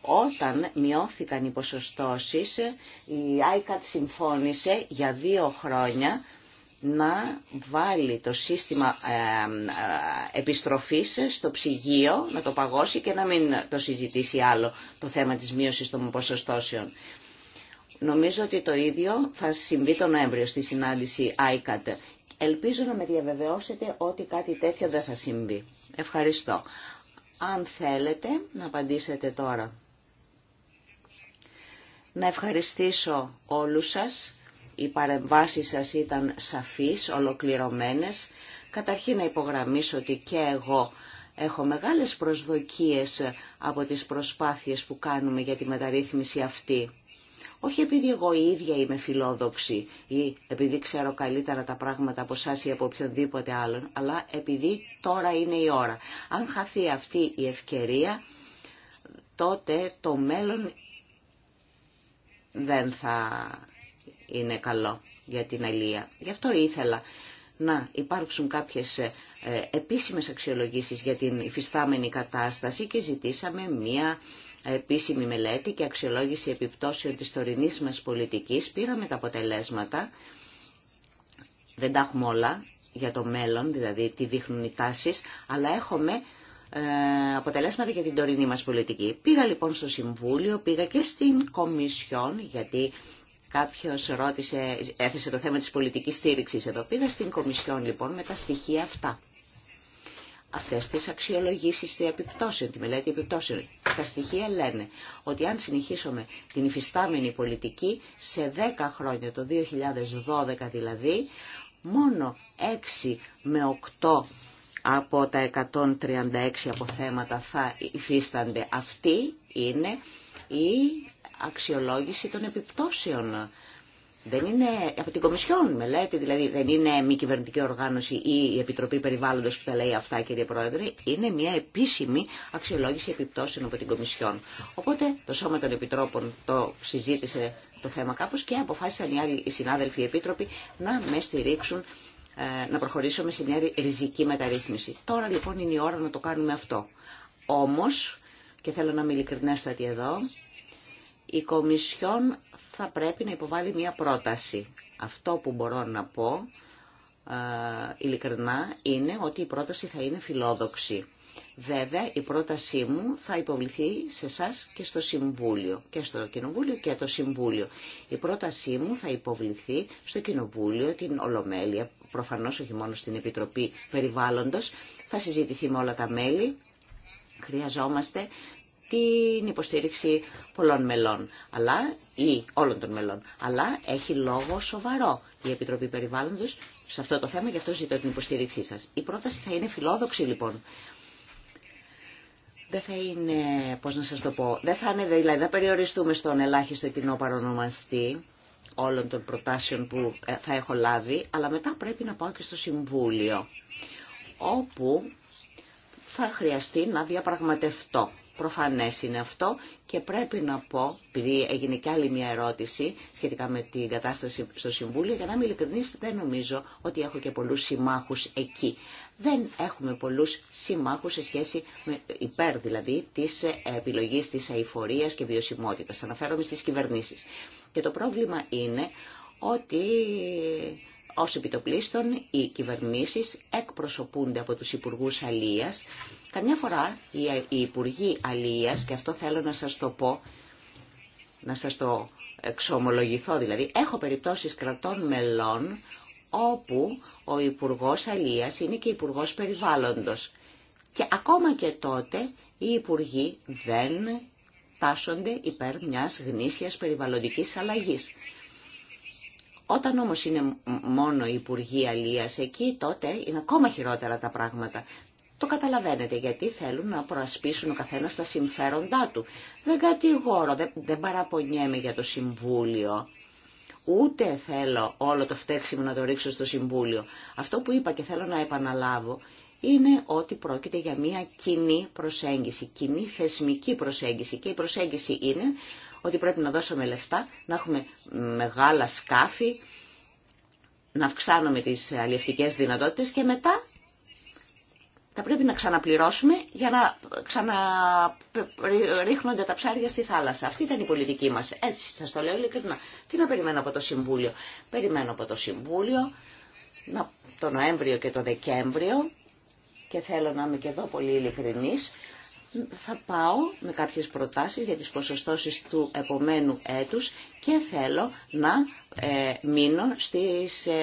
Speaker 1: όταν μειώθηκαν οι ποσοστώσεις, η ICAT συμφώνησε για δύο χρόνια να βάλει το σύστημα ε, ε, επιστροφής στο ψυγείο, να το παγώσει και να μην το συζητήσει άλλο το θέμα της μείωσης των ποσοστώσεων. Νομίζω ότι το ίδιο θα συμβεί τον Νοέμβριο στη συνάντηση ICAT. Ελπίζω να με διαβεβαιώσετε ότι κάτι τέτοιο δεν θα συμβεί. Ευχαριστώ. Αν θέλετε να απαντήσετε τώρα. Να ευχαριστήσω όλους σας. Οι παρεμβάσεις σας ήταν σαφείς, ολοκληρωμένες. Καταρχήν να υπογραμμίσω ότι και εγώ έχω μεγάλες προσδοκίες από τις προσπάθειες που κάνουμε για τη μεταρρύθμιση αυτή όχι επειδή εγώ η ίδια είμαι φιλόδοξη ή επειδή ξέρω καλύτερα τα πράγματα από εσά ή από οποιονδήποτε άλλον, αλλά επειδή τώρα είναι η ώρα. Αν χαθεί αυτή η ευκαιρία, τότε το μέλλον δεν θα είναι καλό για την Ελία. Γι' αυτό ήθελα να υπάρξουν κάποιες ε, επίσημες αξιολογήσεις για την υφιστάμενη κατάσταση και ζητήσαμε μία επίσημη μελέτη και αξιολόγηση επιπτώσεων της τωρινής μας πολιτικής. Πήραμε τα αποτελέσματα, δεν τα έχουμε όλα για το μέλλον, δηλαδή τι δείχνουν οι τάσεις, αλλά έχουμε ε, αποτελέσματα για την τωρινή μας πολιτική. Πήγα λοιπόν στο Συμβούλιο, πήγα και στην Κομισιόν, γιατί κάποιος ρώτησε, έθεσε το θέμα της πολιτικής στήριξης εδώ. Πήγα στην Κομισιόν λοιπόν με τα στοιχεία αυτά αυτές τις αξιολογήσεις τη επιπτώσεων, τη μελέτη επιπτώσεων. Τα στοιχεία λένε ότι αν συνεχίσουμε την υφιστάμενη πολιτική σε 10 χρόνια, το 2012 δηλαδή, μόνο 6 με 8 από τα 136 αποθέματα θα υφίστανται. Αυτή είναι η αξιολόγηση των επιπτώσεων δεν είναι από την Κομισιόν, με λέτε, δηλαδή δεν είναι μη κυβερνητική οργάνωση ή η Επιτροπή Περιβάλλοντο που τα λέει αυτά, κύριε Πρόεδρε. Είναι μια επίσημη αξιολόγηση επιπτώσεων από την Κομισιόν. Οπότε το Σώμα των Επιτρόπων το συζήτησε το θέμα κάπω και αποφάσισαν οι άλλοι οι συνάδελφοι οι επίτροποι να με στηρίξουν ε, να προχωρήσουμε σε μια ριζική μεταρρύθμιση. Τώρα λοιπόν είναι η ώρα να το κάνουμε αυτό. Όμω, και θέλω να είμαι ειλικρινέστατη εδώ, η Κομισιόν θα πρέπει να υποβάλει μία πρόταση. Αυτό που μπορώ να πω ε, ειλικρινά είναι ότι η πρόταση θα είναι φιλόδοξη. Βέβαια, η πρότασή μου θα υποβληθεί σε εσά και στο Συμβούλιο, και στο Κοινοβούλιο και το Συμβούλιο. Η πρότασή μου θα υποβληθεί στο Κοινοβούλιο, την Ολομέλεια, προφανώς όχι μόνο στην Επιτροπή Περιβάλλοντος, θα συζητηθεί με όλα τα μέλη. Χρειαζόμαστε την υποστήριξη πολλών μελών αλλά, ή όλων των μελών. Αλλά έχει λόγο σοβαρό η Επιτροπή Περιβάλλοντος σε αυτό το θέμα και αυτό ζητώ την υποστήριξή σας. Η πρόταση θα είναι φιλόδοξη λοιπόν. Δεν θα είναι, πώς να σας το πω, δεν θα είναι, δηλαδή θα περιοριστούμε στον ελάχιστο κοινό παρονομαστή όλων των προτάσεων που ε, θα έχω λάβει, αλλά μετά πρέπει να πάω και στο Συμβούλιο, όπου θα χρειαστεί να διαπραγματευτώ Προφανές είναι αυτό και πρέπει να πω, επειδή έγινε και άλλη μια ερώτηση σχετικά με την κατάσταση στο Συμβούλιο, για να είμαι ειλικρινής δεν νομίζω ότι έχω και πολλούς συμμάχους εκεί. Δεν έχουμε πολλούς συμμάχους σε σχέση με υπέρ δηλαδή της επιλογής της αηφορίας και βιωσιμότητας. Αναφέρομαι στις κυβερνήσεις. Και το πρόβλημα είναι ότι ως επιτοπλίστων οι κυβερνήσεις εκπροσωπούνται από τους Υπουργούς Αλίας Καμιά φορά οι Υπουργοί Αλίας, και αυτό θέλω να σας το πω, να σας το εξομολογηθώ δηλαδή, έχω περιπτώσεις κρατών μελών όπου ο Υπουργός Αλίας είναι και Υπουργός Περιβάλλοντος. Και ακόμα και τότε οι Υπουργοί δεν τάσσονται υπέρ μιας γνήσιας περιβαλλοντικής αλλαγής. Όταν όμως είναι μόνο η Υπουργή Αλίας εκεί, τότε είναι ακόμα χειρότερα τα πράγματα. Το καταλαβαίνετε γιατί θέλουν να προασπίσουν ο καθένας τα συμφέροντά του. Δεν κατηγορώ, δεν, δεν παραπονιέμαι για το Συμβούλιο. Ούτε θέλω όλο το φταίξιμο να το ρίξω στο Συμβούλιο. Αυτό που είπα και θέλω να επαναλάβω είναι ότι πρόκειται για μια κοινή προσέγγιση, κοινή θεσμική προσέγγιση. Και η προσέγγιση είναι ότι πρέπει να δώσουμε λεφτά, να έχουμε μεγάλα σκάφη, να αυξάνουμε τις αλληλευτικές δυνατότητες και μετά θα πρέπει να ξαναπληρώσουμε για να ξαναρίχνονται τα ψάρια στη θάλασσα. Αυτή ήταν η πολιτική μας. Έτσι σας το λέω ειλικρινά. Τι να περιμένω από το Συμβούλιο. Περιμένω από το Συμβούλιο να, το Νοέμβριο και το Δεκέμβριο και θέλω να είμαι και εδώ πολύ ειλικρινής θα πάω με κάποιες προτάσεις για τις ποσοστώσεις του επομένου έτους και θέλω να ε, μείνω στις, ε,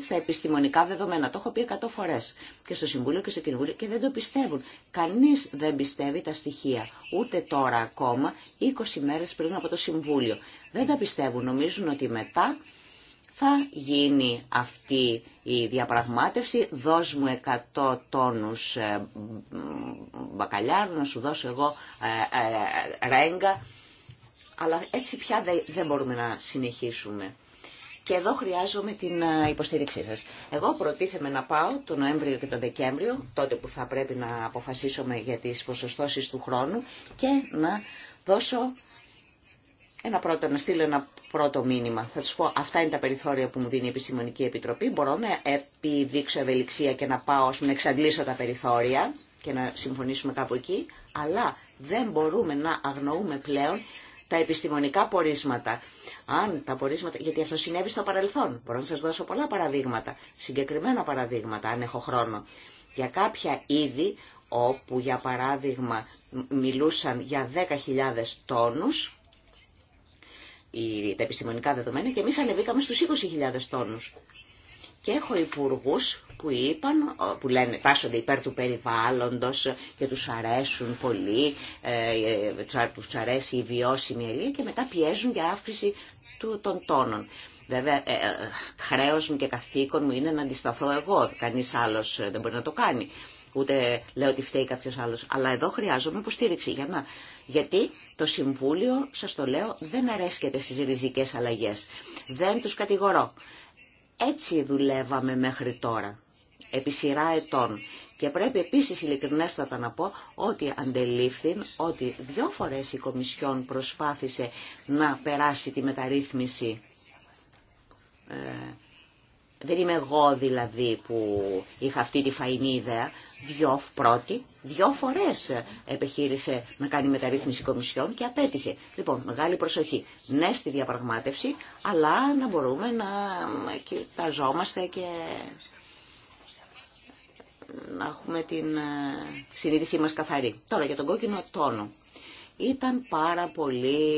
Speaker 1: στα επιστημονικά δεδομένα. Το έχω πει 100 φορές και στο Συμβούλιο και στο Κοινοβούλιο και δεν το πιστεύουν. Κανείς δεν πιστεύει τα στοιχεία, ούτε τώρα ακόμα, 20 μέρες πριν από το Συμβούλιο. Δεν τα πιστεύουν, νομίζουν ότι μετά θα γίνει αυτή η διαπραγμάτευση, δώσ' μου 100 τόνους ε, μπακαλιάρου, να σου δώσω εγώ ε, ε, ρέγγα, αλλά έτσι πια δεν μπορούμε να συνεχίσουμε. Και εδώ χρειάζομαι την υποστήριξή σας. Εγώ προτίθεμαι να πάω το Νοέμβριο και τον Δεκέμβριο, τότε που θα πρέπει να αποφασίσουμε για τις ποσοστώσεις του χρόνου και να δώσω ένα πρώτο, να στείλω ένα πρώτο μήνυμα. Θα του πω, αυτά είναι τα περιθώρια που μου δίνει η Επιστημονική Επιτροπή. Μπορώ να επιδείξω ευελιξία και να πάω, να εξαντλήσω τα περιθώρια και να συμφωνήσουμε κάπου εκεί, αλλά δεν μπορούμε να αγνοούμε πλέον τα επιστημονικά πορίσματα. Αν τα πορίσματα, γιατί αυτό συνέβη στο παρελθόν. Μπορώ να σας δώσω πολλά παραδείγματα, συγκεκριμένα παραδείγματα, αν έχω χρόνο. Για κάποια είδη, όπου για παράδειγμα μιλούσαν για 10.000 τόνους, τα επιστημονικά δεδομένα και εμείς ανεβήκαμε στους 20.000 τόνους. Και έχω υπουργού που είπαν, που λένε τάσσονται υπέρ του περιβάλλοντος και τους αρέσουν πολύ, ε, ε τους αρέσει η βιώσιμη ελία και μετά πιέζουν για αύξηση του, των τόνων. Βέβαια, ε, ε μου και καθήκον μου είναι να αντισταθώ εγώ, κανείς άλλος ε, δεν μπορεί να το κάνει ούτε λέω ότι φταίει κάποιος άλλος. Αλλά εδώ χρειάζομαι υποστήριξη για να... Γιατί το Συμβούλιο, σας το λέω, δεν αρέσκεται στις ριζικές αλλαγές. Δεν τους κατηγορώ. Έτσι δουλεύαμε μέχρι τώρα, επί σειρά ετών. Και πρέπει επίσης ειλικρινέστατα να πω ότι αντελήφθην ότι δυο φορές η Κομισιόν προσπάθησε να περάσει τη μεταρρύθμιση ε, δεν είμαι εγώ δηλαδή που είχα αυτή τη φαϊνή ιδέα, δυο πρώτη, δυο φορές επιχείρησε να κάνει μεταρρύθμιση κομισιών και απέτυχε. Λοιπόν, μεγάλη προσοχή. Ναι στη διαπραγμάτευση, αλλά να μπορούμε να κοιταζόμαστε και να έχουμε την ε, συνείδησή μας καθαρή. Τώρα για τον κόκκινο τόνο. Ήταν πάρα πολύ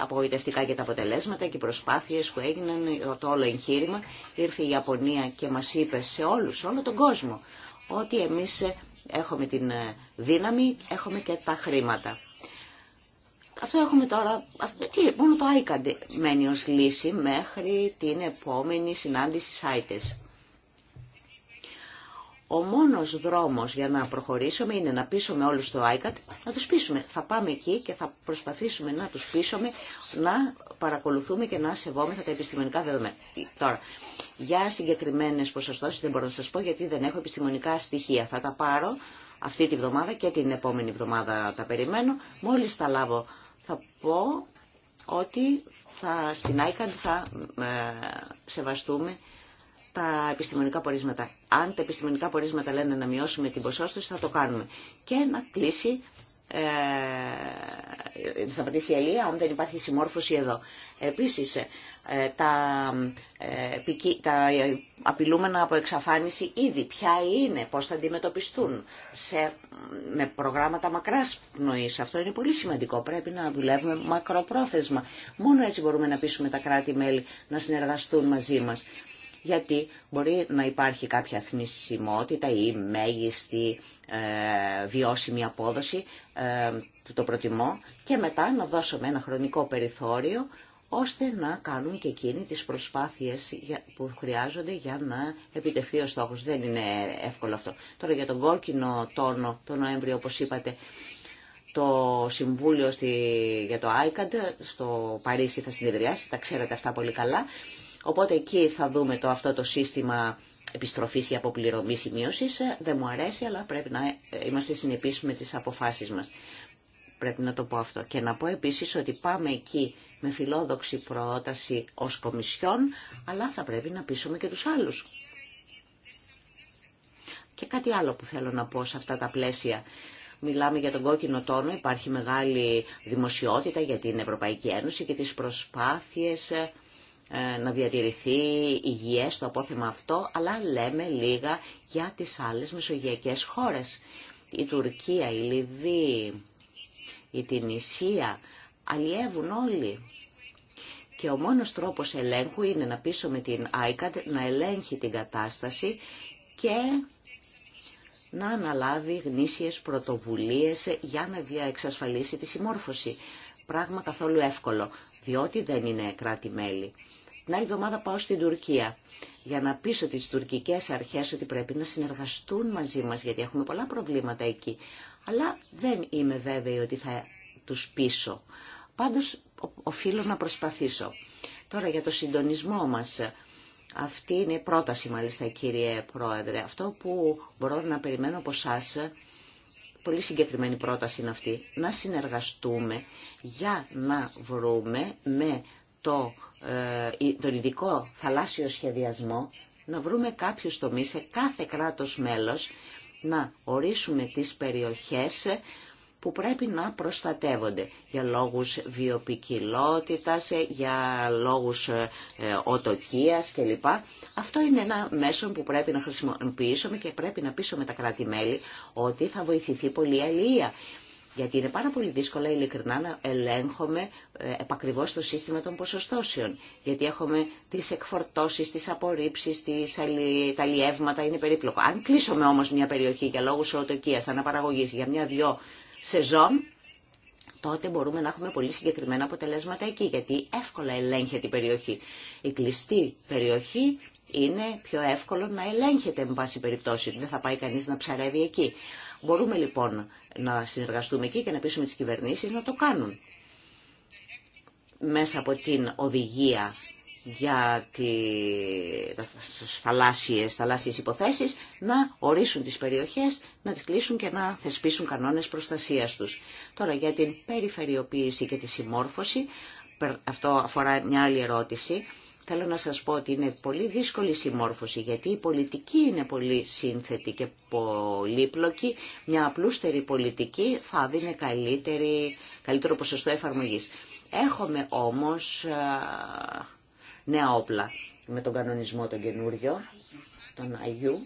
Speaker 1: απογοητευτικά και τα αποτελέσματα και οι προσπάθειες που έγιναν, το όλο εγχείρημα. Ήρθε η Ιαπωνία και μας είπε σε όλους, σε όλο τον κόσμο, ότι εμείς έχουμε την δύναμη, έχουμε και τα χρήματα. Αυτό έχουμε τώρα, αυτό, τι, μόνο το ICAD μένει ως λύση μέχρι την επόμενη συνάντηση σάιτες. Ο μόνος δρόμος για να προχωρήσουμε είναι να πείσουμε όλους στο ICAT, να τους πείσουμε. Θα πάμε εκεί και θα προσπαθήσουμε να τους πείσουμε, να παρακολουθούμε και να σεβόμεθα τα επιστημονικά δεδομένα. Τώρα, για συγκεκριμένες ποσοστώσεις δεν μπορώ να σας πω γιατί δεν έχω επιστημονικά στοιχεία. Θα τα πάρω αυτή τη βδομάδα και την επόμενη βδομάδα τα περιμένω. Μόλις τα λάβω θα πω ότι στην ΆΙΚΑΤ θα ε, σεβαστούμε τα επιστημονικά πορίσματα. Αν τα επιστημονικά πορίσματα λένε να μειώσουμε την ποσόστοση, θα το κάνουμε. Και να κλείσει, ε, θα πατήσει η αλία, αν δεν υπάρχει συμμόρφωση εδώ. Επίσης, ε, τα, ε, τα ε, απειλούμενα από εξαφάνιση ήδη, ποια είναι, πώς θα αντιμετωπιστούν, σε, με προγράμματα μακράς πνοής. Αυτό είναι πολύ σημαντικό, πρέπει να δουλεύουμε μακροπρόθεσμα. Μόνο έτσι μπορούμε να πείσουμε τα κράτη-μέλη να συνεργαστούν μαζί μας γιατί μπορεί να υπάρχει κάποια θνησιμότητα ή μέγιστη ε, βιώσιμη απόδοση, ε, το προτιμώ, και μετά να δώσουμε ένα χρονικό περιθώριο ώστε να κάνουν και εκείνοι τις προσπάθειες που χρειάζονται για να επιτευχθεί ο στόχος. Δεν είναι εύκολο αυτό. Τώρα για τον κόκκινο τόνο, το Νοέμβριο όπως είπατε, το Συμβούλιο στη, για το ICAD στο Παρίσι θα συνεδριάσει, τα ξέρετε αυτά πολύ καλά. Οπότε εκεί θα δούμε το, αυτό το σύστημα επιστροφής ή ή σημείωσης. Ε, δεν μου αρέσει, αλλά πρέπει να ε, είμαστε συνεπείς με τις αποφάσεις μας. Πρέπει να το πω αυτό. Και να πω επίσης ότι πάμε εκεί με φιλόδοξη πρόταση ως Κομισιόν, αλλά θα πρέπει να πείσουμε και του άλλους. Και κάτι άλλο που θέλω να πω σε αυτά τα πλαίσια. Μιλάμε για τον κόκκινο τόνο, υπάρχει μεγάλη δημοσιότητα για την Ευρωπαϊκή Ένωση και τις προσπάθειες ε, ε, να διατηρηθεί υγιές το απόθεμα αυτό, αλλά λέμε λίγα για τις άλλες μεσογειακές χώρες. Η Τουρκία, η Λιβύη, η Τινησία, αλλιεύουν όλοι. Και ο μόνος τρόπος ελέγχου είναι να με την ICAD να ελέγχει την κατάσταση και να αναλάβει γνήσιες πρωτοβουλίες για να διαεξασφαλίσει τη συμμόρφωση. Πράγμα καθόλου εύκολο, διότι δεν είναι κράτη-μέλη. Την άλλη εβδομάδα πάω στην Τουρκία για να πείσω τις τουρκικές αρχές ότι πρέπει να συνεργαστούν μαζί μας γιατί έχουμε πολλά προβλήματα εκεί. Αλλά δεν είμαι βέβαιη ότι θα τους πείσω. Πάντως οφείλω να προσπαθήσω. Τώρα για το συντονισμό μας. Αυτή είναι η πρόταση μάλιστα κύριε Πρόεδρε. Αυτό που μπορώ να περιμένω από εσά, πολύ συγκεκριμένη πρόταση είναι αυτή, να συνεργαστούμε για να βρούμε με το ε, τον ειδικό θαλάσσιο σχεδιασμό, να βρούμε κάποιους τομείς σε κάθε κράτος μέλος, να ορίσουμε τις περιοχές που πρέπει να προστατεύονται για λόγους βιοπικιλότητας, ε, για λόγους ε, οτοκίας κλπ. Αυτό είναι ένα μέσο που πρέπει να χρησιμοποιήσουμε και πρέπει να πείσουμε τα κράτη-μέλη ότι θα βοηθηθεί πολύ η αλληλεία. Γιατί είναι πάρα πολύ δύσκολα ειλικρινά να ελέγχουμε επακριβώς το σύστημα των ποσοστώσεων. Γιατί έχουμε τις εκφορτώσεις, τις απορρίψεις, τα λιεύματα, είναι περίπλοκο. Αν κλείσουμε όμως μια περιοχή για λόγους οτοκίας, αναπαραγωγής, για μια-δυο σεζόν, τότε μπορούμε να έχουμε πολύ συγκεκριμένα αποτελέσματα εκεί, γιατί εύκολα ελέγχεται η περιοχή. Η κλειστή περιοχή είναι πιο εύκολο να ελέγχεται, με πάση περιπτώσει, δεν θα πάει κανείς να ψαρεύει εκεί. Μπορούμε λοιπόν να συνεργαστούμε εκεί και να πείσουμε τις κυβερνήσεις να το κάνουν. Μέσα από την οδηγία για τις θαλάσσιες, θαλάσσιες υποθέσεις να ορίσουν τις περιοχές, να τις κλείσουν και να θεσπίσουν κανόνες προστασίας τους. Τώρα για την περιφερειοποίηση και τη συμμόρφωση, αυτό αφορά μια άλλη ερώτηση, Θέλω να σας πω ότι είναι πολύ δύσκολη συμμόρφωση, γιατί η πολιτική είναι πολύ σύνθετη και πολύπλοκη. Μια απλούστερη πολιτική θα δίνει καλύτερη, καλύτερο ποσοστό εφαρμογής. Έχουμε όμως νέα όπλα με τον κανονισμό τον καινούριο, τον Αγίου.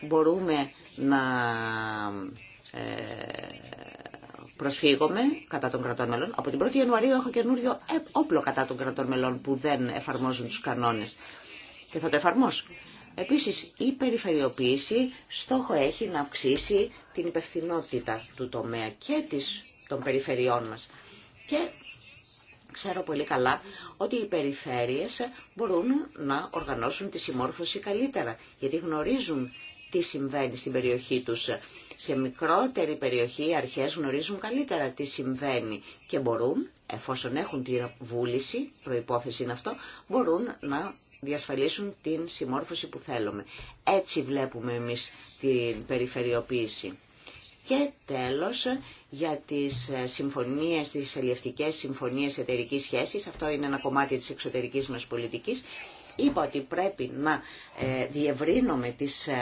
Speaker 1: Μπορούμε να ε, προσφύγομαι κατά των κρατών μελών. Από την 1η Ιανουαρίου έχω καινούριο όπλο κατά των κρατών μελών που δεν εφαρμόζουν τους κανόνες. Και θα το εφαρμόσω. Επίσης, η περιφερειοποίηση στόχο έχει να αυξήσει την υπευθυνότητα του τομέα και της, των περιφερειών μας. Και ξέρω πολύ καλά ότι οι περιφέρειες μπορούν να οργανώσουν τη συμμόρφωση καλύτερα, γιατί γνωρίζουν τι συμβαίνει στην περιοχή τους σε μικρότερη περιοχή οι αρχές γνωρίζουν καλύτερα τι συμβαίνει και μπορούν, εφόσον έχουν τη βούληση, προϋπόθεση είναι αυτό, μπορούν να διασφαλίσουν την συμμόρφωση που θέλουμε. Έτσι βλέπουμε εμείς την περιφερειοποίηση. Και τέλος, για τις ε, συμφωνίες, τις ελευτικές συμφωνίες εταιρικής σχέσης, αυτό είναι ένα κομμάτι της εξωτερικής μας πολιτικής, Είπα ότι πρέπει να ε, διευρύνουμε τις, ε,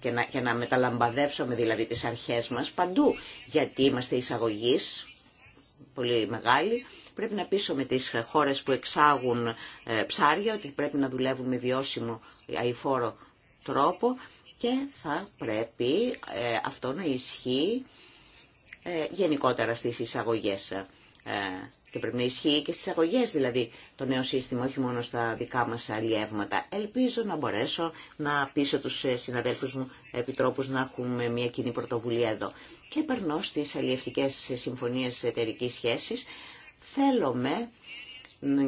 Speaker 1: και, να, και να μεταλαμπαδεύσουμε δηλαδή τις αρχές μας παντού, γιατί είμαστε εισαγωγή πολύ μεγάλη, πρέπει να πείσουμε τις χώρες που εξάγουν ε, ψάρια ότι πρέπει να δουλεύουμε με βιώσιμο αηφόρο τρόπο και θα πρέπει αυτό να ισχύει γενικότερα στις εισαγωγές. Και πρέπει να ισχύει και στι αγωγέ, δηλαδή το νέο σύστημα, όχι μόνο στα δικά μα αλλιεύματα. Ελπίζω να μπορέσω να πείσω τους ε, συναδέλφους μου επιτρόπους να έχουμε μια κοινή πρωτοβουλία εδώ. Και περνώ στι αλλιευτικέ συμφωνίες εταιρικής σχέσης. Θέλουμε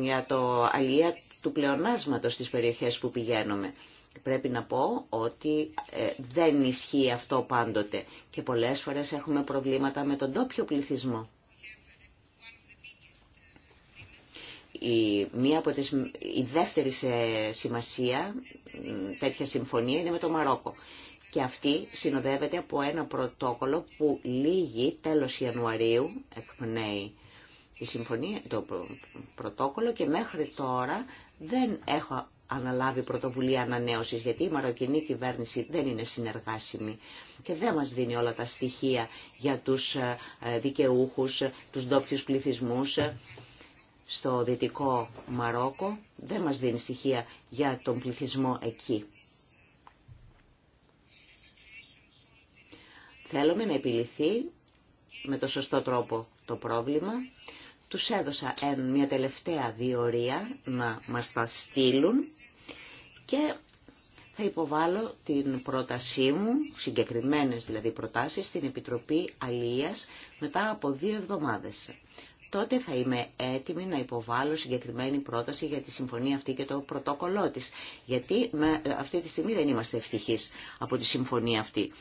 Speaker 1: για το αλλιεία του πλεονάσματο στι περιοχές που πηγαίνουμε. Πρέπει να πω ότι ε, δεν ισχύει αυτό πάντοτε και πολλές φορές έχουμε προβλήματα με τον τόπιο πληθυσμό. Η, μία από τις, η δεύτερη σε σημασία τέτοια συμφωνία είναι με το Μαρόκο. Και αυτή συνοδεύεται από ένα πρωτόκολλο που λύγει τέλος Ιανουαρίου, εκπνέει η συμφωνία, το πρωτόκολλο και μέχρι τώρα δεν έχω αναλάβει πρωτοβουλία ανανέωσης γιατί η μαροκινή κυβέρνηση δεν είναι συνεργάσιμη και δεν μας δίνει όλα τα στοιχεία για τους ε, δικαιούχους, τους ντόπιου πληθυσμούς στο δυτικό Μαρόκο δεν μας δίνει στοιχεία για τον πληθυσμό εκεί. Θέλουμε να επιληθεί με το σωστό τρόπο το πρόβλημα. Τους έδωσα μια τελευταία διορία να μας τα στείλουν και θα υποβάλω την πρότασή μου, συγκεκριμένες δηλαδή προτάσεις, στην Επιτροπή Αλίας μετά από δύο εβδομάδες τότε θα είμαι έτοιμη να υποβάλω συγκεκριμένη πρόταση για τη συμφωνία αυτή και το πρωτόκολλό της. Γιατί με, αυτή τη στιγμή δεν είμαστε ευτυχείς από τη συμφωνία αυτή.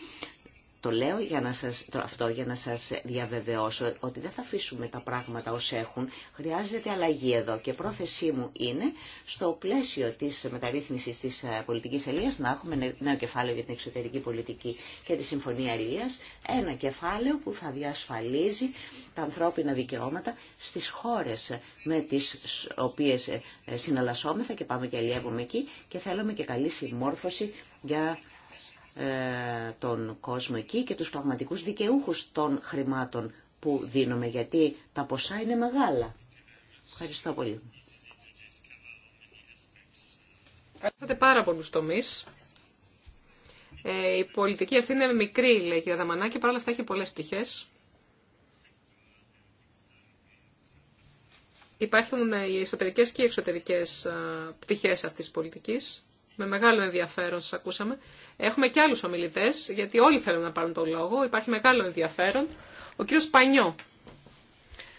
Speaker 1: Το λέω για να σας, το, αυτό για να σας διαβεβαιώσω ότι δεν θα αφήσουμε τα πράγματα ως έχουν. Χρειάζεται αλλαγή εδώ και πρόθεσή μου είναι στο πλαίσιο της μεταρρύθμισης της ε, πολιτικής ελίας να έχουμε νέο κεφάλαιο για την εξωτερική πολιτική και τη Συμφωνία Ελίας, ένα κεφάλαιο που θα διασφαλίζει τα ανθρώπινα δικαιώματα στις χώρες με τις οποίες ε, συναλλασσόμεθα και πάμε και αλλιεύουμε εκεί και θέλουμε και καλή συμμόρφωση για ε, τον κόσμο εκεί και τους πραγματικούς δικαιούχους των χρημάτων που δίνουμε, γιατί τα ποσά
Speaker 2: είναι μεγάλα. Ευχαριστώ πολύ. Υπάρχουν πάρα πολλού τομεί. Ε, η πολιτική αυτή είναι μικρή, λέει η κυρία Δαμανάκη, παρόλα αυτά έχει πολλέ πτυχέ. Υπάρχουν ε, οι εσωτερικές και οι εξωτερικές πτυχές αυτής της πολιτικής με μεγάλο ενδιαφέρον σας ακούσαμε. Έχουμε και άλλους ομιλητές, γιατί όλοι θέλουν να πάρουν το λόγο. Υπάρχει μεγάλο ενδιαφέρον. Ο κύριος Πανιό.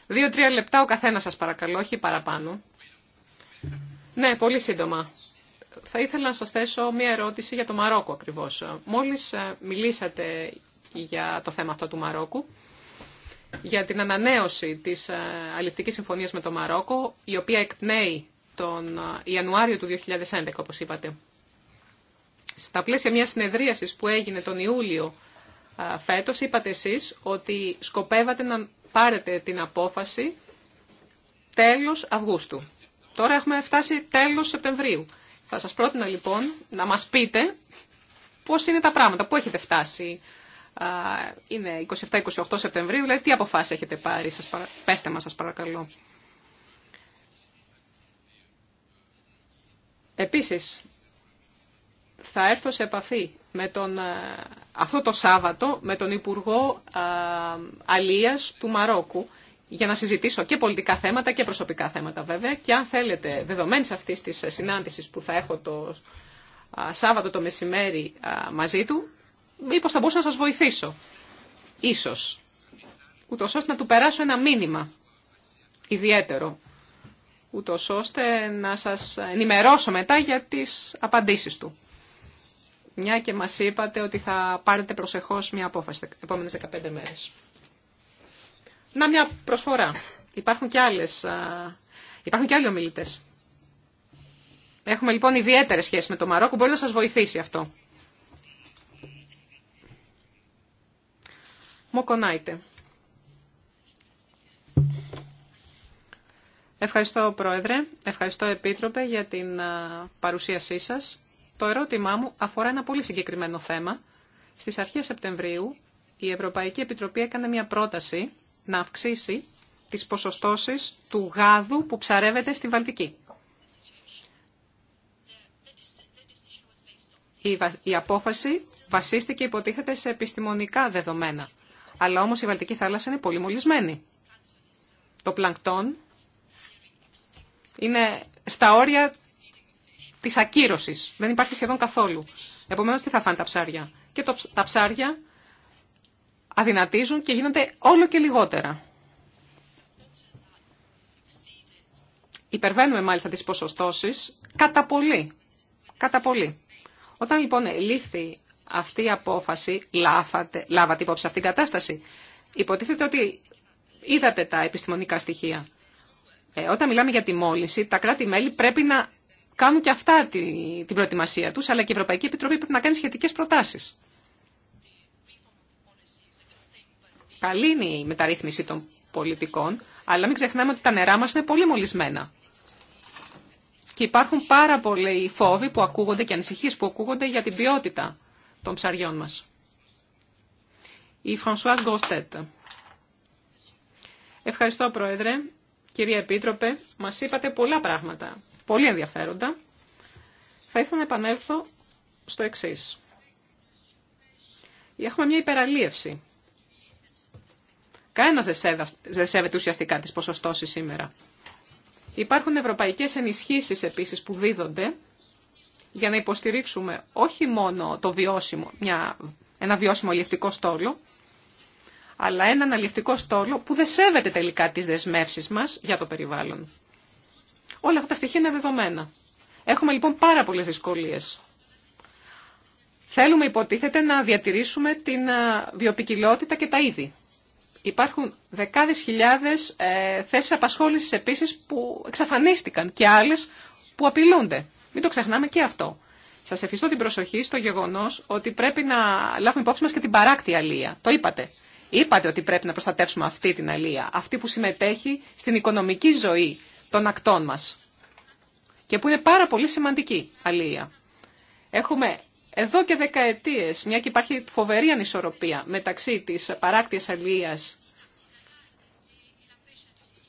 Speaker 2: Δύο-τρία λεπτά ο καθένας σας παρακαλώ, όχι παραπάνω. Ναι, πολύ σύντομα. Θα ήθελα να σας θέσω μία ερώτηση για το Μαρόκο ακριβώς. Μόλις ε, μιλήσατε για το θέμα αυτό του Μαρόκου, για την ανανέωση της ε, αληφτικής συμφωνίας με το Μαρόκο, η οποία εκπνέει τον ε, Ιανουάριο του 2011, όπως είπατε. Στα πλαίσια μια συνεδρίαση που έγινε τον Ιούλιο φέτος, είπατε εσείς ότι σκοπεύατε να πάρετε την απόφαση τέλος Αυγούστου. Τώρα έχουμε φτάσει τέλος Σεπτεμβρίου. Θα σας πρότεινα λοιπόν να μας πείτε πώς είναι τα πράγματα, πού έχετε φτάσει. Είναι 27-28 Σεπτεμβρίου, δηλαδή τι αποφάσεις έχετε πάρει, σας παρα... πέστε μας σας παρακαλώ. Επίσης, θα έρθω σε επαφή με τον, ε, αυτό το Σάββατο με τον Υπουργό ε, Αλίας του Μαρόκου για να συζητήσω και πολιτικά θέματα και προσωπικά θέματα βέβαια και αν θέλετε δεδομένης αυτής τη συνάντηση που θα έχω το ε, Σάββατο το μεσημέρι μαζί του μήπως θα μπορούσα να σας βοηθήσω ίσως ούτως ώστε να του περάσω ένα μήνυμα ιδιαίτερο ούτως ώστε να σας ενημερώσω μετά για τις απαντήσεις του. Μια και μας είπατε ότι θα πάρετε προσεχώς μια απόφαση τις επόμενες 15 μέρες. Να μια προσφορά. Υπάρχουν και, άλλες, υπάρχουν και άλλοι ομιλητές. Έχουμε λοιπόν ιδιαίτερες σχέσεις με το Μαρόκο. Μπορεί να σας βοηθήσει αυτό. Μοκονάιτε. Ευχαριστώ Πρόεδρε, ευχαριστώ Επίτροπε για την παρουσίασή σας. Το ερώτημά μου αφορά ένα πολύ συγκεκριμένο θέμα. Στις αρχές Σεπτεμβρίου η Ευρωπαϊκή Επιτροπή έκανε μια πρόταση να αυξήσει τις ποσοστώσεις του γάδου που ψαρεύεται στη Βαλτική. Η απόφαση βασίστηκε υποτίθεται σε επιστημονικά δεδομένα. Αλλά όμως η Βαλτική θάλασσα είναι πολύ μολυσμένη. Το πλανκτόν είναι στα όρια Τη ακύρωση. Δεν υπάρχει σχεδόν καθόλου. Επομένως, τι θα φάνε τα ψάρια. Και το, τα ψάρια αδυνατίζουν και γίνονται όλο και λιγότερα. Υπερβαίνουμε μάλιστα τις ποσοστώσεις κατά πολύ. Κατά πολύ. Όταν λοιπόν λήφθη αυτή η απόφαση, λάβατε, λάβατε υπόψη αυτήν την κατάσταση. Υποτίθεται ότι είδατε τα επιστημονικά στοιχεία. Ε, όταν μιλάμε για τη μόλυνση, τα κράτη-μέλη πρέπει να κάνουν και αυτά την προετοιμασία τους, αλλά και η Ευρωπαϊκή Επιτροπή πρέπει να κάνει σχετικές προτάσεις. Καλή είναι η μεταρρύθμιση των πολιτικών, αλλά μην ξεχνάμε ότι τα νερά μας είναι πολύ μολυσμένα. Και υπάρχουν πάρα πολλοί φόβοι που ακούγονται και ανησυχίες που ακούγονται για την ποιότητα των ψαριών μας. Η Φρανσουάς Γκοστέτ. Ευχαριστώ, Πρόεδρε. Κυρία Επίτροπε, μας είπατε πολλά πράγματα πολύ ενδιαφέροντα. Θα ήθελα να επανέλθω στο εξή. Έχουμε μια υπεραλίευση. Κανένα δεν σέβεται ουσιαστικά τι ποσοστώσει σήμερα. Υπάρχουν ευρωπαϊκές ενισχύσει επίσης που δίδονται για να υποστηρίξουμε όχι μόνο το βιώσιμο, μια, ένα βιώσιμο αλληλευτικό στόλο, αλλά έναν αλληλευτικό στόλο που δεν σέβεται τελικά τις δεσμεύσεις μας για το περιβάλλον. Όλα αυτά τα στοιχεία είναι δεδομένα. Έχουμε λοιπόν πάρα πολλές δυσκολίες. Θέλουμε υποτίθεται να διατηρήσουμε την βιοπικιλότητα και τα είδη. Υπάρχουν δεκάδες χιλιάδες ε, θέσεις απασχόλησης επίσης που εξαφανίστηκαν και άλλες που απειλούνται. Μην το ξεχνάμε και αυτό. Σας ευχηστώ την προσοχή στο γεγονός ότι πρέπει να λάβουμε υπόψη μας και την παράκτη αλία. Το είπατε. Είπατε ότι πρέπει να προστατεύσουμε αυτή την αλία, αυτή που συμμετέχει στην οικονομική ζωή των ακτών μας και που είναι πάρα πολύ σημαντική αλληλεία. Έχουμε εδώ και δεκαετίες, μια και υπάρχει φοβερή ανισορροπία μεταξύ της παράκτιας αλληλείας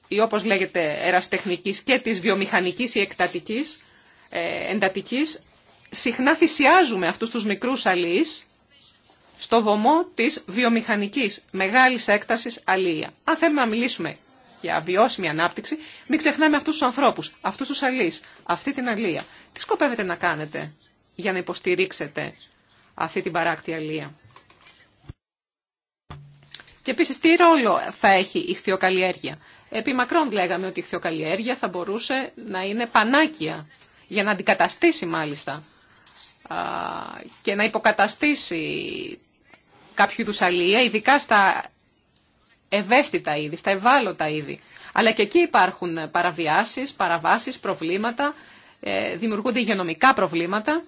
Speaker 2: ή όπως λέγεται εραστεχνικής και της βιομηχανικής ή εκτατικής, ε, εντατικής, συχνά θυσιάζουμε αυτούς τους μικρούς αλληλείς στο βωμό της βιομηχανικής μεγάλης έκτασης αλληλεία. Αν θέλουμε να μιλήσουμε και αβιώσιμη ανάπτυξη, μην ξεχνάμε αυτού του ανθρώπου, αυτού του αλλεί, αυτή την αλία. Τι σκοπεύετε να κάνετε για να υποστηρίξετε αυτή την παράκτη αλία. Και επίση, τι ρόλο θα έχει η χθιοκαλλιέργεια. Επί μακρόν λέγαμε ότι η χθιοκαλλιέργεια θα μπορούσε να είναι πανάκια για να αντικαταστήσει μάλιστα και να υποκαταστήσει κάποιου είδου αλία, ειδικά στα ευαίσθητα είδη, στα ευάλωτα είδη. Αλλά και εκεί υπάρχουν παραβιάσεις, παραβάσεις, προβλήματα, ε, δημιουργούνται υγειονομικά προβλήματα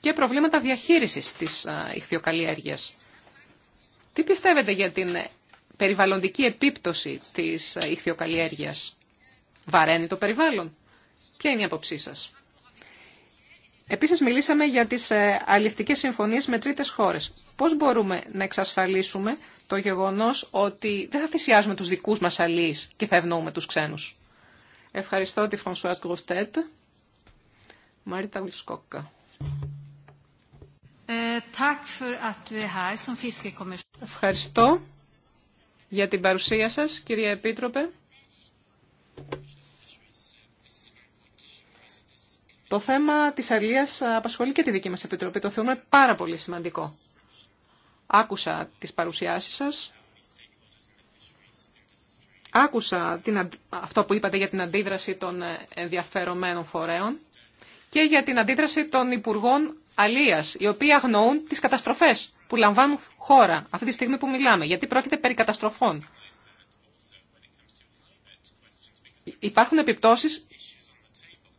Speaker 2: και προβλήματα διαχείρισης της ηχθειοκαλλιέργειας. Τι πιστεύετε για την περιβαλλοντική επίπτωση της ηχθειοκαλλιέργειας. Βαραίνει το περιβάλλον. Ποια είναι η άποψή σας. Επίσης μιλήσαμε για τις ε, αληφτικέ συμφωνίες με τρίτες χώρες. Πώς μπορούμε να εξασφαλίσουμε το γεγονός ότι δεν θα θυσιάζουμε τους δικούς μας αλληλείς και θα ευνοούμε τους ξένους. Ευχαριστώ τη Φρανσουά Γκροστέτ. Μαρίτα ε, Ευχαριστώ για την παρουσία σας, κυρία Επίτροπε. Το θέμα της αλίας απασχολεί και τη δική μας Επιτροπή. Το θεωρούμε πάρα πολύ σημαντικό. Άκουσα τις παρουσιάσεις σας. Άκουσα την, αυτό που είπατε για την αντίδραση των ενδιαφερομένων φορέων και για την αντίδραση των Υπουργών Αλίας, οι οποίοι αγνοούν τις καταστροφές που λαμβάνουν χώρα αυτή τη στιγμή που μιλάμε, γιατί πρόκειται περί καταστροφών. Υπάρχουν επιπτώσεις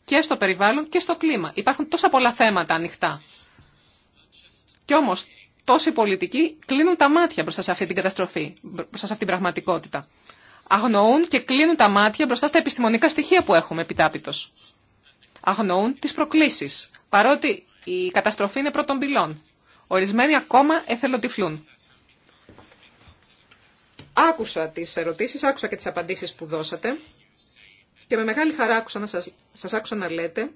Speaker 2: και στο περιβάλλον και στο κλίμα. Υπάρχουν τόσα πολλά θέματα ανοιχτά. και όμως τόσοι πολιτικοί κλείνουν τα μάτια μπροστά σε αυτή την καταστροφή, μπροστά σε αυτή την πραγματικότητα. Αγνοούν και κλείνουν τα μάτια μπροστά στα επιστημονικά στοιχεία που έχουμε επιτάπητος. Αγνοούν τις προκλήσεις, παρότι η καταστροφή είναι πρώτων πυλών. Ορισμένοι ακόμα εθελοτυφλούν. Άκουσα τις ερωτήσεις, άκουσα και τις απαντήσεις που δώσατε και με μεγάλη χαρά σας, σας άκουσα να λέτε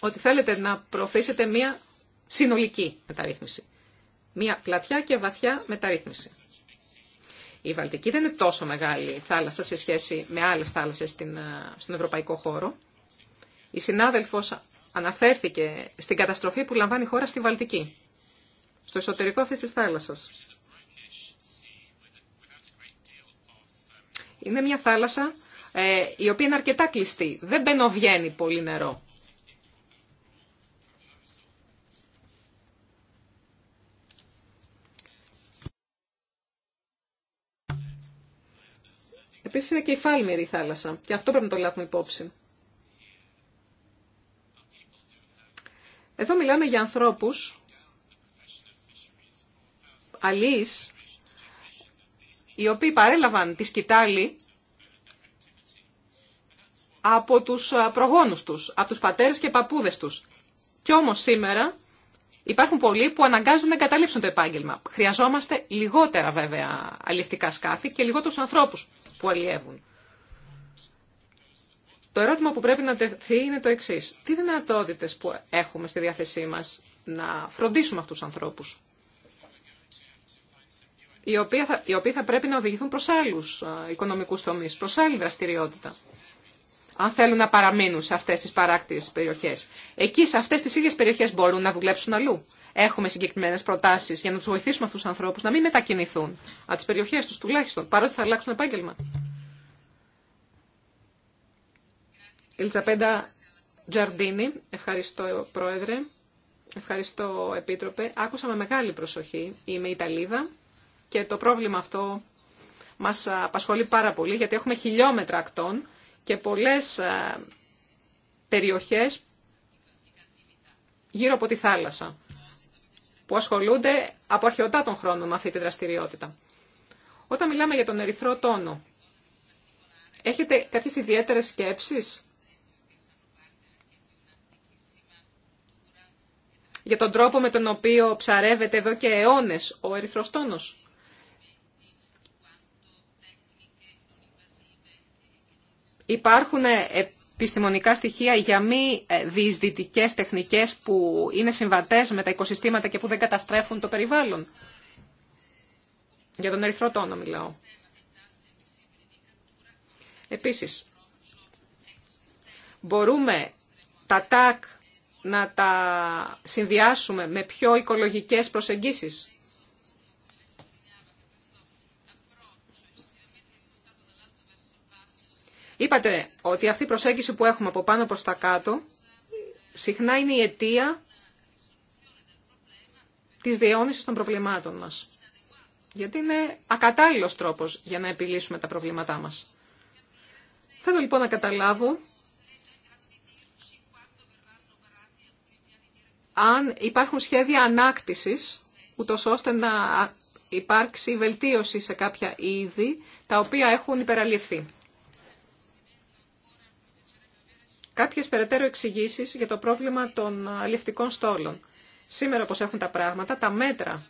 Speaker 2: ότι θέλετε να προωθήσετε μία συνολική μεταρρύθμιση. Μία πλατιά και βαθιά μεταρρύθμιση. Η Βαλτική δεν είναι τόσο μεγάλη θάλασσα σε σχέση με άλλες θάλασσες στην, στον ευρωπαϊκό χώρο. Η συνάδελφος αναφέρθηκε στην καταστροφή που λαμβάνει η χώρα στη Βαλτική, στο εσωτερικό αυτής της θάλασσας. Είναι μια θάλασσα ε, η οποία είναι αρκετά κλειστή. Δεν μπαίνω βγαίνει πολύ νερό. Επίσης είναι και η φάλμηρη η θάλασσα και αυτό πρέπει να το λάβουμε υπόψη. Εδώ μιλάμε για ανθρώπους αλείς οι οποίοι παρέλαβαν τη σκητάλη από τους ε, προγόνους τους, από τους πατέρες και παππούδες τους. Κι όμως σήμερα υπάρχουν πολλοί που αναγκάζονται να εγκαταλείψουν το επάγγελμα. Χρειαζόμαστε λιγότερα βέβαια αλληλευτικά σκάφη και λιγότερους ανθρώπους που αλλιεύουν. Το ερώτημα που πρέπει να τεθεί είναι το εξή. Τι δυνατότητες που έχουμε στη διάθεσή μας να φροντίσουμε αυτούς τους ανθρώπους οι οποίοι, θα, οι οποίοι θα πρέπει να οδηγηθούν προ άλλου ε, οικονομικούς τομεί, προ άλλη δραστηριότητα αν θέλουν να παραμείνουν σε αυτές τις παράκτιες περιοχές. Εκεί σε αυτές τις ίδιες περιοχές μπορούν να δουλέψουν αλλού. Έχουμε συγκεκριμένες προτάσεις για να τους βοηθήσουμε αυτούς τους ανθρώπους να μην μετακινηθούν από τις περιοχές τους τουλάχιστον, παρότι θα αλλάξουν επάγγελμα. Ελτζαπέντα Τζαρντίνη, ευχαριστώ Πρόεδρε, ευχαριστώ Επίτροπε. Άκουσα με μεγάλη προσοχή, είμαι Ιταλίδα και το πρόβλημα αυτό μας απασχολεί πάρα πολύ γιατί έχουμε χιλιόμετρα ακτών και πολλές ε, περιοχές γύρω από τη θάλασσα που ασχολούνται από αρχαιοτά τον χρόνο με αυτή τη δραστηριότητα. Όταν μιλάμε για τον ερυθρό τόνο, έχετε κάποιες ιδιαίτερες σκέψεις για τον τρόπο με τον οποίο ψαρεύεται εδώ και αιώνες ο ερυθρός τόνος. Υπάρχουν ε, επιστημονικά στοιχεία για μη ε, διεισδυτικέ τεχνικές που είναι συμβατές με τα οικοσυστήματα και που δεν καταστρέφουν το περιβάλλον. Για τον ερυθρό τόνο μιλάω. Επίσης, μπορούμε τα τάκ να τα συνδυάσουμε με πιο οικολογικές προσεγγίσεις. Είπατε ότι αυτή η προσέγγιση που έχουμε από πάνω προς τα κάτω συχνά είναι η αιτία της διαιώνισης των προβλημάτων μας. Γιατί είναι ακατάλληλος τρόπος για να επιλύσουμε τα προβλήματά μας. Θέλω λοιπόν να καταλάβω αν υπάρχουν σχέδια ανάκτησης, ούτως ώστε να υπάρξει βελτίωση σε κάποια είδη τα οποία έχουν υπεραλειφθεί. κάποιες περαιτέρω εξηγήσει για το πρόβλημα των ληφτικών στόλων. Σήμερα, όπως έχουν τα πράγματα, τα μέτρα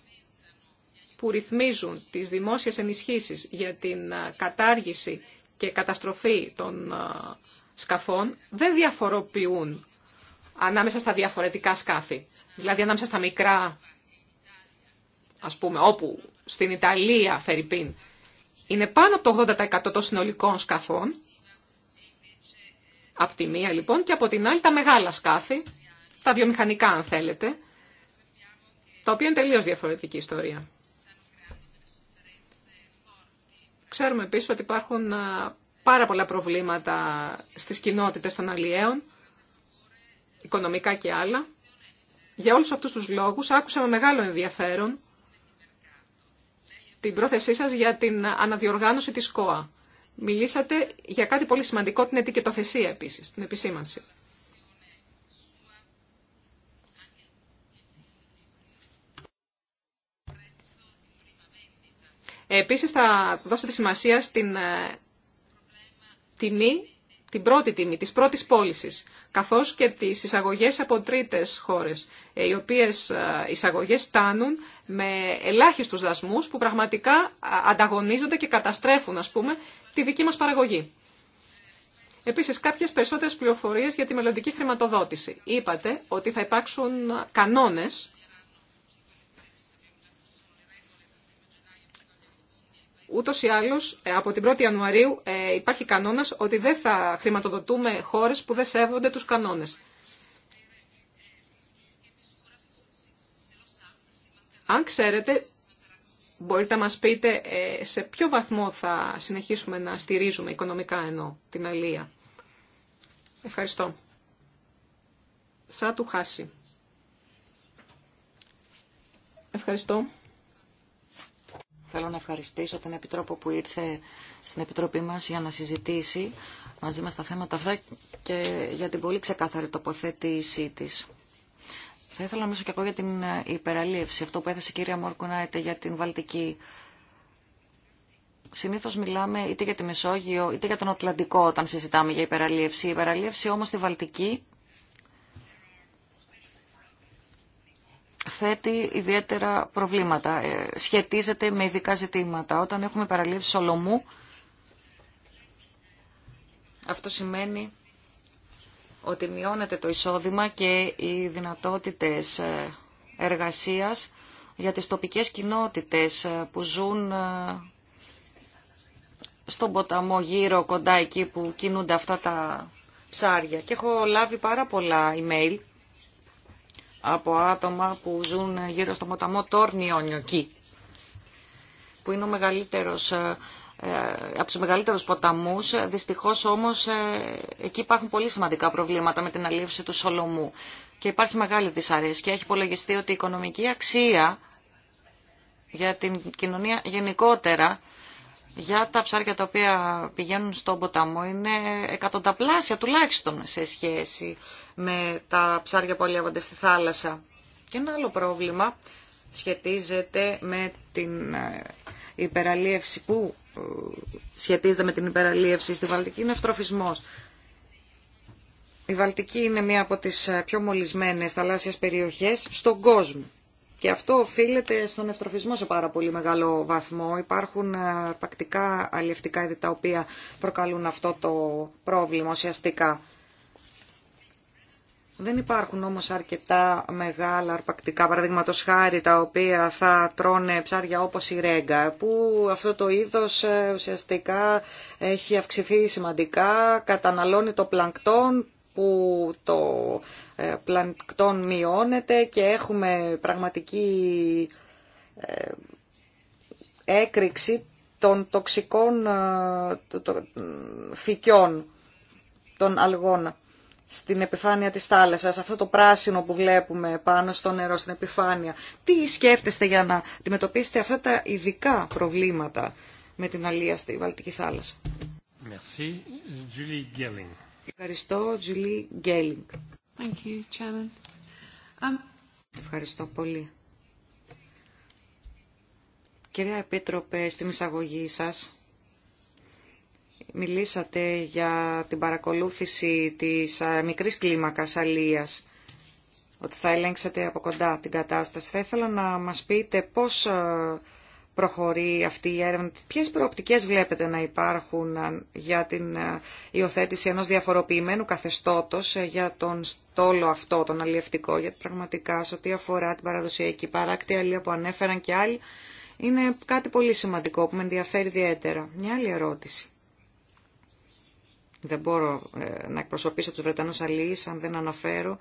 Speaker 2: που ρυθμίζουν τις δημόσιες ενισχύσει για την κατάργηση και καταστροφή των σκαφών δεν διαφοροποιούν ανάμεσα στα διαφορετικά σκάφη. Δηλαδή ανάμεσα στα μικρά, ας πούμε, όπου στην Ιταλία, Φερρυπίν, είναι πάνω από το 80% των συνολικών σκαφών από τη μία λοιπόν και από την άλλη τα μεγάλα σκάφη, τα βιομηχανικά αν θέλετε, τα οποία είναι τελείως διαφορετική ιστορία. Ξέρουμε επίσης ότι υπάρχουν πάρα πολλά προβλήματα στις κοινότητες των αλλιέων, οικονομικά και άλλα. Για όλους αυτούς τους λόγους άκουσα με μεγάλο ενδιαφέρον την πρόθεσή σας για την αναδιοργάνωση της ΚΟΑ. Μιλήσατε για κάτι πολύ σημαντικό, την ετικετοθεσία επίσης, την επισήμανση. Επίσης θα δώσετε σημασία στην ε, τιμή, την πρώτη τιμή, της πρώτης πώληση, καθώς και τις εισαγωγές από τρίτες χώρες, ε, οι οποίες ε, εισαγωγές στάνουν με ελάχιστους δασμούς που πραγματικά ανταγωνίζονται και καταστρέφουν, ας πούμε, τη δική μας παραγωγή. Επίσης, κάποιες περισσότερες πληροφορίες για τη μελλοντική χρηματοδότηση. Είπατε ότι θα υπάρξουν κανόνες Ούτω ή άλλω, ε, από την 1η Ιανουαρίου ε, υπάρχει κανόνα ότι δεν θα χρηματοδοτούμε χώρε που δεν σέβονται του κανόνε. Αν ξέρετε Μπορείτε να μας πείτε ε, σε ποιο βαθμό θα συνεχίσουμε να στηρίζουμε οικονομικά ενώ την αλία. Ευχαριστώ. Σα του χάσει. Ευχαριστώ.
Speaker 4: Θέλω να ευχαριστήσω τον Επιτρόπο που ήρθε στην Επιτροπή μας για να συζητήσει μαζί μας τα θέματα αυτά και για την πολύ ξεκάθαρη τοποθέτησή της. Θα ήθελα να μιλήσω και εγώ για την ε, υπεραλίευση, αυτό που έθεσε η κυρία είτε για την Βαλτική. Συνήθω μιλάμε είτε για τη Μεσόγειο είτε για τον Ατλαντικό όταν συζητάμε για υπεραλίευση. Η υπεραλίευση όμω στη Βαλτική θέτει ιδιαίτερα προβλήματα. Ε, σχετίζεται με ειδικά ζητήματα. Όταν έχουμε υπεραλίευση σολομού, αυτό σημαίνει ότι μειώνεται το εισόδημα και οι δυνατότητες ε, εργασίας για τις τοπικές κοινότητες ε, που ζουν ε, στον ποταμό γύρω κοντά εκεί που κινούνται αυτά τα ψάρια. Και έχω λάβει πάρα πολλά email από άτομα που ζουν γύρω στον ποταμό Τόρνιο Νιοκή, που είναι ο μεγαλύτερος ε, από τους μεγαλύτερους ποταμούς. Δυστυχώς όμως ε, εκεί υπάρχουν πολύ σημαντικά προβλήματα με την αλίευση του Σολομού. Και υπάρχει μεγάλη δυσαρέσκεια. Έχει υπολογιστεί ότι η οικονομική αξία για την κοινωνία γενικότερα για τα ψάρια τα οποία πηγαίνουν στον ποταμό είναι εκατονταπλάσια τουλάχιστον σε σχέση με τα ψάρια που αλλιεύονται στη θάλασσα. Και ένα άλλο πρόβλημα σχετίζεται με την ε, υπεραλίευση που σχετίζεται με την υπεραλίευση στη Βαλτική είναι ευτροφισμός. Η Βαλτική είναι μία από τις ε, πιο μολυσμένες θαλάσσιες περιοχές στον κόσμο. Και αυτό οφείλεται στον ευτροφισμό σε πάρα πολύ μεγάλο βαθμό. Υπάρχουν ε, πρακτικά αλλιευτικά είδη τα οποία προκαλούν αυτό το πρόβλημα ουσιαστικά. Δεν υπάρχουν όμως αρκετά μεγάλα αρπακτικά, παραδείγματο χάρη, τα οποία θα τρώνε ψάρια όπως η ρέγγα, που αυτό το είδος ε, ουσιαστικά έχει αυξηθεί σημαντικά, καταναλώνει το πλανκτόν, που το ε, πλανκτόν μειώνεται και έχουμε πραγματική ε, έκρηξη των τοξικών φυκιών των αλγών στην επιφάνεια της θάλασσας, αυτό το πράσινο που βλέπουμε πάνω στο νερό, στην επιφάνεια. Τι σκέφτεστε για να αντιμετωπίσετε αυτά τα ειδικά προβλήματα με την αλία στη Βαλτική θάλασσα.
Speaker 3: Merci. Julie Gelling.
Speaker 4: Ευχαριστώ, Julie Gelling.
Speaker 2: Thank you, Chairman. Um...
Speaker 4: Ευχαριστώ πολύ. Κυρία Επίτροπε, στην εισαγωγή σας Μιλήσατε για την παρακολούθηση της μικρής κλίμακας αλίας, ότι θα ελέγξετε από κοντά την κατάσταση. Θα ήθελα να μας πείτε πώς προχωρεί αυτή η έρευνα, ποιες προοπτικές βλέπετε να υπάρχουν για την υιοθέτηση ενός διαφοροποιημένου καθεστώτος για τον στόλο αυτό, τον αλλιευτικό, γιατί πραγματικά σε ό,τι αφορά την παραδοσιακή παράκτη αλία που ανέφεραν και άλλοι, είναι κάτι πολύ σημαντικό που με ενδιαφέρει ιδιαίτερα. Μια άλλη ερώτηση. Δεν μπορώ ε, να εκπροσωπήσω τους Βρετανούς αλληλείς αν δεν αναφέρω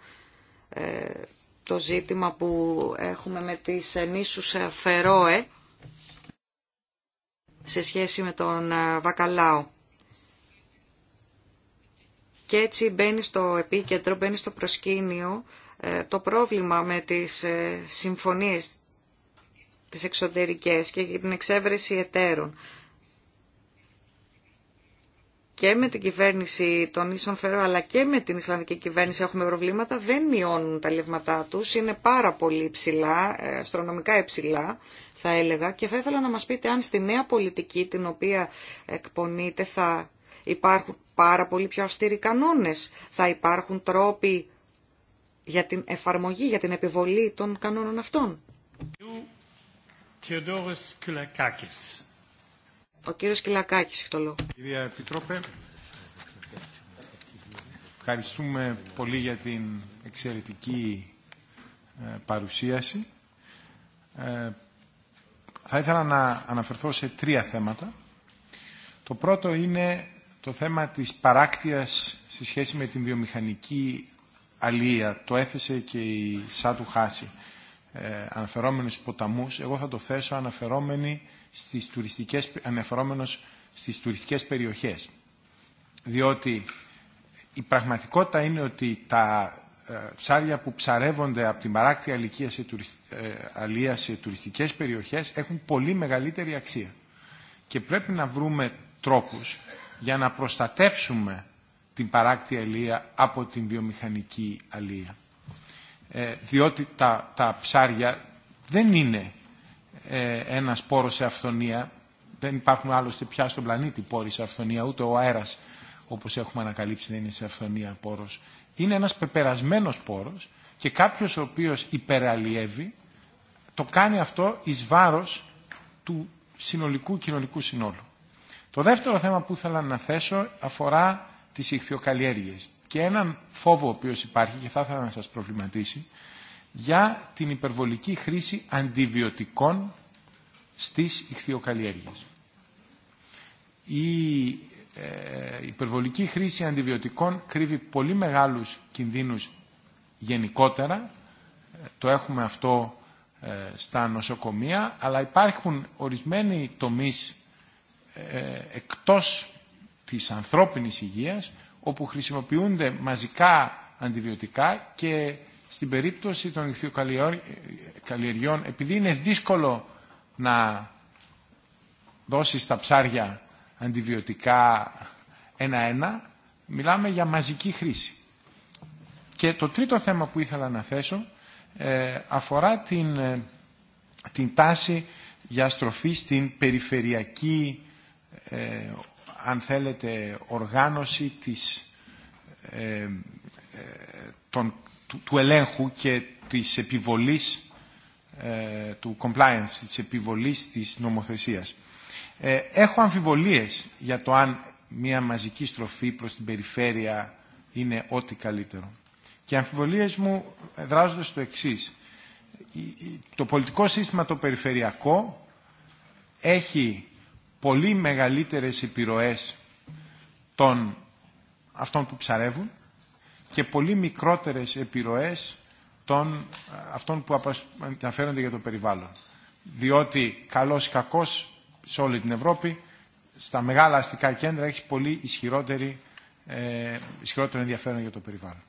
Speaker 4: ε, το ζήτημα που έχουμε με τις νήσους ε, Φερόε σε σχέση με τον Βακαλάο. Και έτσι μπαίνει στο επίκεντρο, μπαίνει στο προσκήνιο το πρόβλημα με τις συμφωνίες τις εξωτερικές και την εξέβρεση εταίρων και με την κυβέρνηση των Ίσων Φερό αλλά και με την Ισλανδική κυβέρνηση έχουμε προβλήματα, δεν μειώνουν τα λεύματά τους, είναι πάρα πολύ υψηλά, ε, αστρονομικά υψηλά θα έλεγα και θα ήθελα να μας πείτε αν στη νέα πολιτική την οποία εκπονείτε θα υπάρχουν πάρα πολύ πιο αυστηροί κανόνες, θα υπάρχουν τρόποι για την εφαρμογή, για την επιβολή των κανόνων αυτών. Ο κύριος Κυλακάκης έχει Κυρία Επιτρόπε,
Speaker 5: ευχαριστούμε πολύ για την εξαιρετική ε, παρουσίαση. Ε, θα ήθελα να αναφερθώ σε τρία θέματα. Το πρώτο είναι το θέμα της παράκτειας σε σχέση με την βιομηχανική αλία. Το έθεσε και η Σάτου Χάση. Ε, αναφερόμενοι στους ποταμούς, εγώ θα το θέσω αναφερόμενη στις τουριστικές, αναφερόμενος στις τουριστικές περιοχές. Διότι η πραγματικότητα είναι ότι τα ε, ψάρια που ψαρεύονται από την παράκτη αλία σε, ε, σε τουριστικές περιοχές έχουν πολύ μεγαλύτερη αξία. Και πρέπει να βρούμε τρόπους για να προστατεύσουμε την παράκτη αλία από την βιομηχανική αλία. Ε, διότι τα, τα ψάρια δεν είναι ε, ένας πόρος σε αυθονία. Δεν υπάρχουν άλλωστε πια στον πλανήτη πόροι σε αυθονία, ούτε ο αέρας όπως έχουμε ανακαλύψει δεν είναι σε αυθονία πόρος. Είναι ένας πεπερασμένος πόρος και κάποιος ο οποίος υπεραλλιεύει το κάνει αυτό εις βάρος του συνολικού κοινωνικού συνόλου. Το δεύτερο θέμα που ήθελα να θέσω αφορά τις ηχθειοκαλλιέργειες και έναν φόβο ο οποίος υπάρχει και θα ήθελα να σας προβληματίσει για την υπερβολική χρήση αντιβιωτικών στις ηχθειοκαλλιέργειες. Η ε, υπερβολική χρήση αντιβιωτικών κρύβει πολύ μεγάλους κινδύνους γενικότερα. Ε, το έχουμε αυτό ε, στα νοσοκομεία, αλλά υπάρχουν ορισμένοι τομείς εκτός της ανθρώπινης υγείας, όπου χρησιμοποιούνται μαζικά αντιβιωτικά και στην περίπτωση των ηχθειοκαλλιεργιών, επειδή είναι δύσκολο να δώσει στα ψάρια αντιβιωτικά ένα-ένα, μιλάμε για μαζική χρήση. Και το τρίτο θέμα που ήθελα να θέσω ε, αφορά ε, την, τάση για στροφή στην περιφερειακή, ε, αν θέλετε, οργάνωση της, των του, ελέγχου και της επιβολής ε, του compliance, της επιβολής της νομοθεσίας. Ε, έχω αμφιβολίες για το αν μια μαζική στροφή προς την περιφέρεια είναι ό,τι καλύτερο. Και αμφιβολίες μου δράζονται στο εξής. Το πολιτικό σύστημα το περιφερειακό έχει πολύ μεγαλύτερες επιρροές των αυτών που ψαρεύουν και πολύ μικρότερες επιρροές των, ε, αυτών που αναφέρονται για το περιβάλλον. Διότι καλός ή κακός σε όλη την Ευρώπη, στα μεγάλα αστικά κέντρα έχει πολύ ισχυρότερη, ε, ισχυρότερο ενδιαφέρον για το περιβάλλον.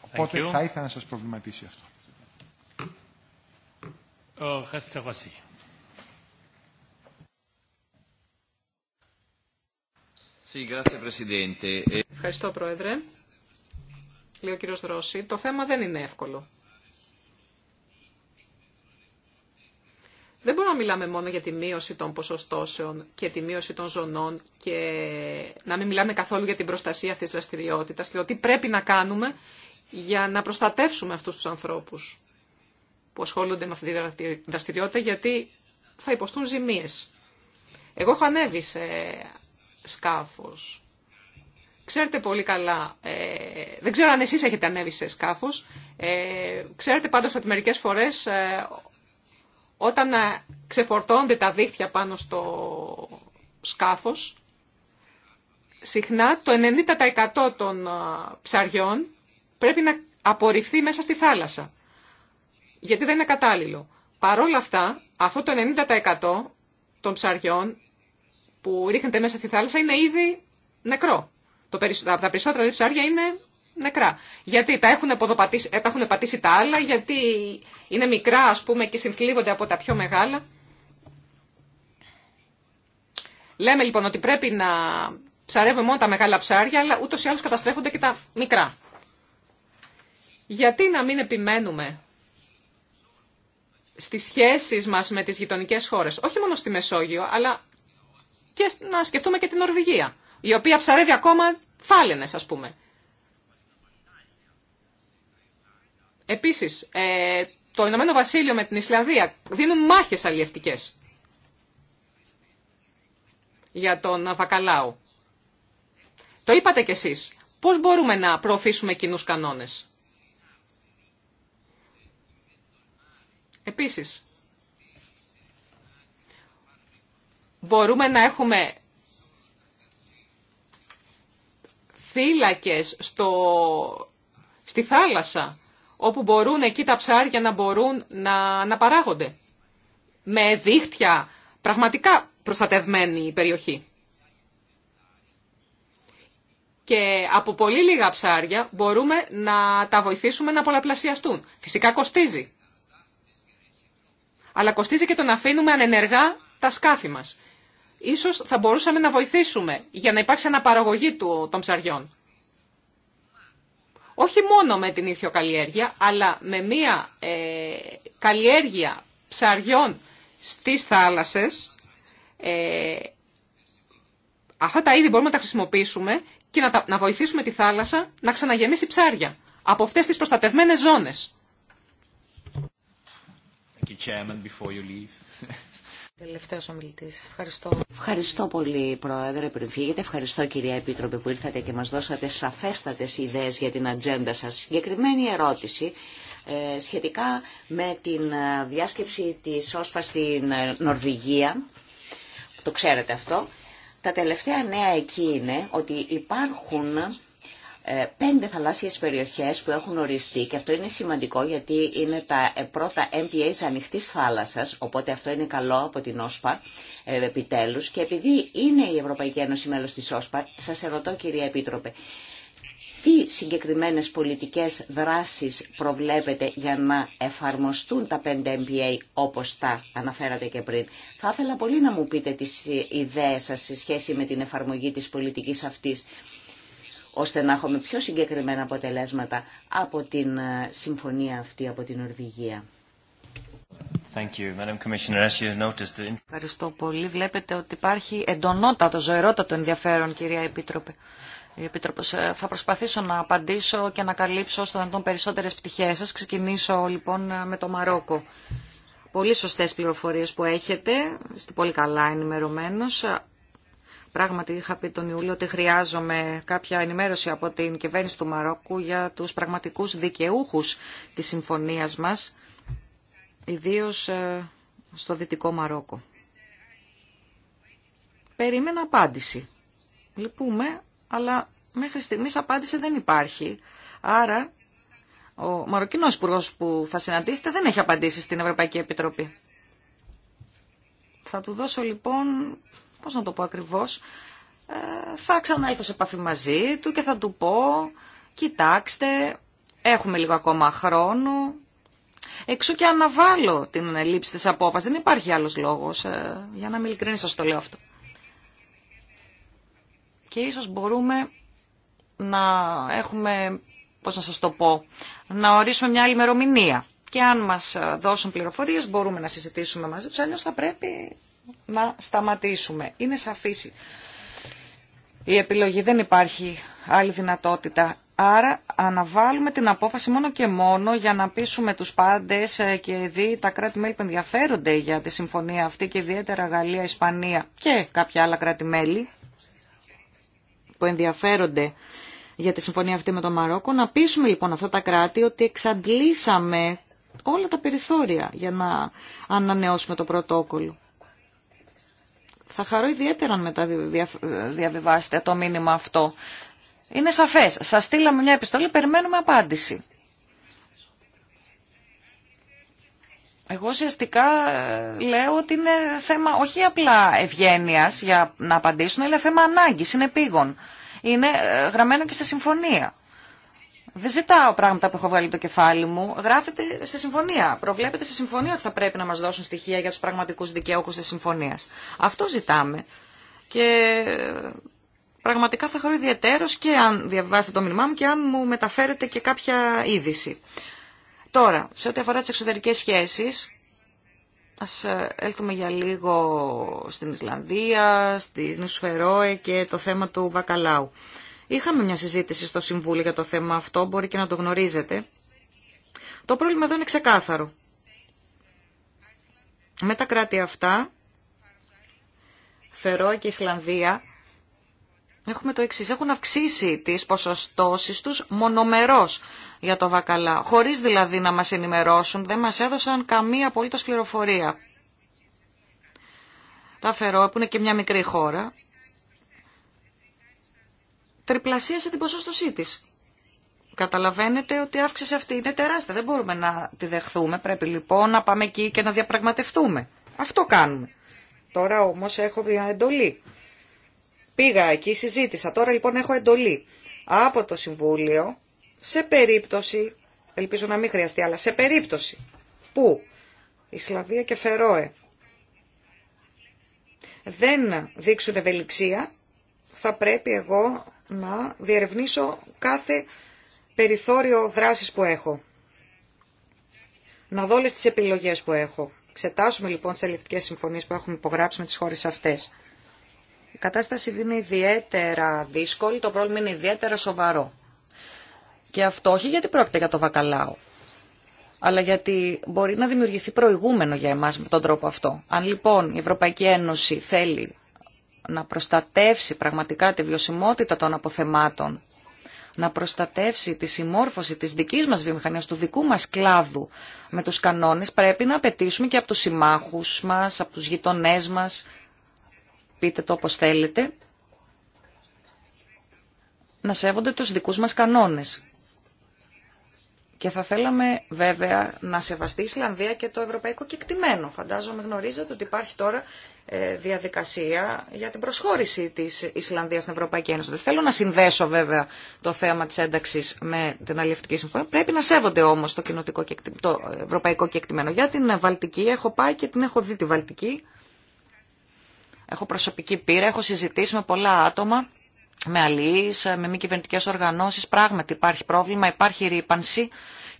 Speaker 3: Οπότε θα ήθελα
Speaker 5: να σας προβληματίσει αυτό. Ευχαριστώ,
Speaker 2: Πρόεδρε λέει ο κύριος Ρώση, το θέμα δεν είναι εύκολο. Δεν μπορούμε να μιλάμε μόνο για τη μείωση των ποσοστώσεων και τη μείωση των ζωνών και να μην μιλάμε καθόλου για την προστασία αυτής της δραστηριότητας και ότι πρέπει να κάνουμε για να προστατεύσουμε αυτούς τους ανθρώπους που ασχολούνται με αυτή τη δραστηριότητα γιατί θα υποστούν ζημίες. Εγώ έχω ανέβει σε σκάφος Ξέρετε πολύ καλά, ε, δεν ξέρω αν εσείς έχετε ανέβει σε σκάφος, ε, ξέρετε πάντως ότι μερικές φορές ε, όταν ε, ξεφορτώνται τα δίχτυα πάνω στο σκάφος, συχνά το 90% των ψαριών πρέπει να απορριφθεί μέσα στη θάλασσα, γιατί δεν είναι κατάλληλο. Παρόλα αυτά, αυτό το 90% των ψαριών που ρίχνεται μέσα στη θάλασσα είναι ήδη νεκρό. Το τα περισσότερα ψάρια είναι νεκρά. Γιατί τα έχουν, πατήσει, ε, τα έχουν πατήσει τα άλλα, γιατί είναι μικρά ας πούμε και συγκλείβονται από τα πιο μεγάλα. Λέμε λοιπόν ότι πρέπει να ψαρεύουμε μόνο τα μεγάλα ψάρια, αλλά ούτως ή άλλως καταστρέφονται και τα μικρά. Γιατί να μην επιμένουμε στις σχέσεις μας με τις γειτονικές χώρες, όχι μόνο στη Μεσόγειο, αλλά και να σκεφτούμε και την Νορβηγία η οποία ψαρεύει ακόμα φάλαινες, ας πούμε. Επίσης, ε, το Ηνωμένο Βασίλειο με την Ισλανδία δίνουν μάχες αλλιευτικές για τον Βακαλάου. Το είπατε κι εσείς. Πώς μπορούμε να προωθήσουμε κοινούς κανόνες. Επίσης, μπορούμε να έχουμε θύλακες στο, στη θάλασσα, όπου μπορούν εκεί τα ψάρια να μπορούν να, να παράγονται. Με δίχτυα, πραγματικά προστατευμένη η περιοχή. Και από πολύ λίγα ψάρια μπορούμε να τα βοηθήσουμε να πολλαπλασιαστούν. Φυσικά κοστίζει. Αλλά κοστίζει και το να αφήνουμε ανενεργά τα σκάφη μας ίσως θα μπορούσαμε να βοηθήσουμε για να υπάρξει αναπαραγωγή του, των ψαριών. Όχι μόνο με την καλλιέργεια, αλλά με μία ε, καλλιέργεια ψαριών στις θάλασσες, ε, αυτά τα είδη μπορούμε να τα χρησιμοποιήσουμε και να, βοηθήσουμε τη θάλασσα να ξαναγεμίσει ψάρια από αυτές τις προστατευμένες ζώνες.
Speaker 5: Thank you, chairman, before you *laughs*
Speaker 1: τελευταίο ομιλητής. Ευχαριστώ. Ευχαριστώ πολύ Πρόεδρε πριν φύγετε. Ευχαριστώ κυρία Επίτροπε που ήρθατε και μας δώσατε σαφέστατες ιδέες για την ατζέντα σας. Συγκεκριμένη ερώτηση ε, σχετικά με την ε, διάσκεψη της ΩΣΦΑ στην ε, Νορβηγία. Το ξέρετε αυτό. Τα τελευταία νέα εκεί είναι ότι υπάρχουν ε, πέντε θαλάσσιες περιοχές που έχουν οριστεί και αυτό είναι σημαντικό γιατί είναι τα ε, πρώτα MPAs ανοιχτή θάλασσας, οπότε αυτό είναι καλό από την ΟΣΠΑ ε, επιτέλους και επειδή είναι η Ευρωπαϊκή Ένωση μέλος της ΟΣΠΑ, σας ερωτώ κυρία Επίτροπε, τι συγκεκριμένες πολιτικές δράσεις προβλέπετε για να εφαρμοστούν τα 5 MPA όπως τα αναφέρατε και πριν. Θα ήθελα πολύ να μου πείτε τις ιδέες σας σε σχέση με την εφαρμογή της πολιτικής αυτής ώστε να έχουμε πιο συγκεκριμένα αποτελέσματα από την ε, συμφωνία αυτή, από την Ορβηγία.
Speaker 4: Ευχαριστώ πολύ. Βλέπετε ότι υπάρχει εντονότατο, ζωηρότατο ενδιαφέρον, κυρία Επίτροπε. Ε, θα προσπαθήσω να απαντήσω και να καλύψω στον δυνατόν περισσότερες πτυχές σας. Ξεκινήσω λοιπόν ε, με το Μαρόκο. Πολύ σωστές πληροφορίες που έχετε, είστε πολύ καλά ενημερωμένο. Πράγματι είχα πει τον Ιούλιο ότι χρειάζομαι κάποια ενημέρωση από την κυβέρνηση του Μαρόκου για τους πραγματικούς δικαιούχους της συμφωνίας μας, ιδίως ε, στο Δυτικό Μαρόκο. Περίμενα απάντηση. Λυπούμε, αλλά μέχρι στιγμής απάντηση δεν υπάρχει. Άρα ο Μαροκινός υπουργό που θα συναντήσετε δεν έχει απαντήσει στην Ευρωπαϊκή Επιτροπή. Θα του δώσω λοιπόν πώς να το πω ακριβώς, ε, θα ξαναήθω σε επαφή μαζί του και θα του πω, κοιτάξτε, έχουμε λίγο ακόμα χρόνο, Εξού και αναβάλω την λήψη της απόφασης. Δεν υπάρχει άλλος λόγος. Ε, για να μην ειλικρινή σας το λέω αυτό. Και ίσως μπορούμε να έχουμε, πώς να σας το πω, να ορίσουμε μια άλλη ημερομηνία. Και αν μας ε, δώσουν πληροφορίες μπορούμε να συζητήσουμε μαζί τους, αλλιώς θα πρέπει να σταματήσουμε. Είναι σαφής η επιλογή, δεν υπάρχει άλλη δυνατότητα. Άρα αναβάλουμε την απόφαση μόνο και μόνο για να πείσουμε τους πάντες ε, και δει τα κράτη-μέλη που ενδιαφέρονται για τη συμφωνία αυτή και ιδιαίτερα Γαλλία, Ισπανία και κάποια άλλα κράτη-μέλη που ενδιαφέρονται για τη συμφωνία αυτή με το Μαρόκο. Να πείσουμε λοιπόν αυτά τα κράτη ότι εξαντλήσαμε όλα τα περιθώρια για να ανανεώσουμε το πρωτόκολλο. Θα χαρώ ιδιαίτερα αν μετά διαβιβάσετε το μήνυμα αυτό. Είναι σαφές. Σας στείλαμε μια επιστολή, περιμένουμε απάντηση. Εγώ ουσιαστικά ε, λέω ότι είναι θέμα όχι απλά ευγένεια για να απαντήσουν, είναι θέμα ανάγκη, είναι πήγον. Ε, είναι γραμμένο και στη συμφωνία. Δεν ζητάω πράγματα που έχω βγάλει το κεφάλι μου. Γράφεται σε συμφωνία. Προβλέπεται σε συμφωνία ότι θα πρέπει να μα δώσουν στοιχεία για του πραγματικού δικαιούχου τη συμφωνία. Αυτό ζητάμε. Και πραγματικά θα χαρώ ιδιαίτερο και αν διαβάσετε το μήνυμά μου και αν μου μεταφέρετε και κάποια είδηση. Τώρα, σε ό,τι αφορά τι εξωτερικέ σχέσει, α ε, έλθουμε για λίγο στην Ισλανδία, στις Νουσφερόε και το θέμα του Βακαλάου. Είχαμε μια συζήτηση στο Συμβούλιο για το θέμα αυτό, μπορεί και να το γνωρίζετε. Το πρόβλημα εδώ είναι ξεκάθαρο. Με τα κράτη αυτά, Φερό και Ισλανδία, έχουμε το εξής: Έχουν αυξήσει τις ποσοστώσεις τους μονομερός για το βακαλά, χωρίς δηλαδή να μας ενημερώσουν, δεν μας έδωσαν καμία απολύτως πληροφορία. Τα Φερό, που είναι και μια μικρή χώρα, τριπλασίασε την ποσόστοσή τη. Καταλαβαίνετε ότι η αύξηση αυτή είναι τεράστια. Δεν μπορούμε να τη δεχθούμε. Πρέπει λοιπόν να πάμε εκεί και να διαπραγματευτούμε. Αυτό κάνουμε. Τώρα όμως έχω μια εντολή. Πήγα εκεί, συζήτησα. Τώρα λοιπόν έχω εντολή από το Συμβούλιο σε περίπτωση, ελπίζω να μην χρειαστεί, αλλά σε περίπτωση που η Σλαβία και Φερόε δεν δείξουν ευελιξία, θα πρέπει εγώ να διερευνήσω κάθε περιθώριο δράσης που έχω. Να δω όλες τις επιλογές που έχω. Ξετάσουμε λοιπόν τις ελληνικές συμφωνίες που έχουμε υπογράψει με τις χώρες αυτές. Η κατάσταση είναι ιδιαίτερα δύσκολη, το πρόβλημα είναι ιδιαίτερα σοβαρό. Και αυτό όχι γιατί πρόκειται για το βακαλάο, αλλά γιατί μπορεί να δημιουργηθεί προηγούμενο για εμάς με τον τρόπο αυτό. Αν λοιπόν η Ευρωπαϊκή Ένωση θέλει να προστατεύσει πραγματικά τη βιωσιμότητα των αποθεμάτων, να προστατεύσει τη συμμόρφωση της δικής μας βιομηχανίας, του δικού μας κλάδου με τους κανόνες, πρέπει να απαιτήσουμε και από τους συμμάχους μας, από τους γειτονές μας, πείτε το όπως θέλετε, να σέβονται τους δικούς μας κανόνες. Και θα θέλαμε βέβαια να σεβαστεί η Ισλανδία και το ευρωπαϊκό κεκτημένο. Φαντάζομαι γνωρίζετε ότι υπάρχει τώρα ε, διαδικασία για την προσχώρηση της Ισλανδίας στην Ευρωπαϊκή Ένωση. Δεν θέλω να συνδέσω βέβαια το θέμα της ένταξης με την αλληλευτική συμφωνία. Πρέπει να σέβονται όμως το, το ευρωπαϊκό κεκτημένο. Για την Βαλτική έχω πάει και την έχω δει τη Βαλτική. Έχω προσωπική πείρα, έχω συζητήσει με πολλά άτομα, με αλληλείς, με μη κυβερνητικέ οργανώσεις. Πράγματι υπάρχει πρόβλημα, υπάρχει ρήπανση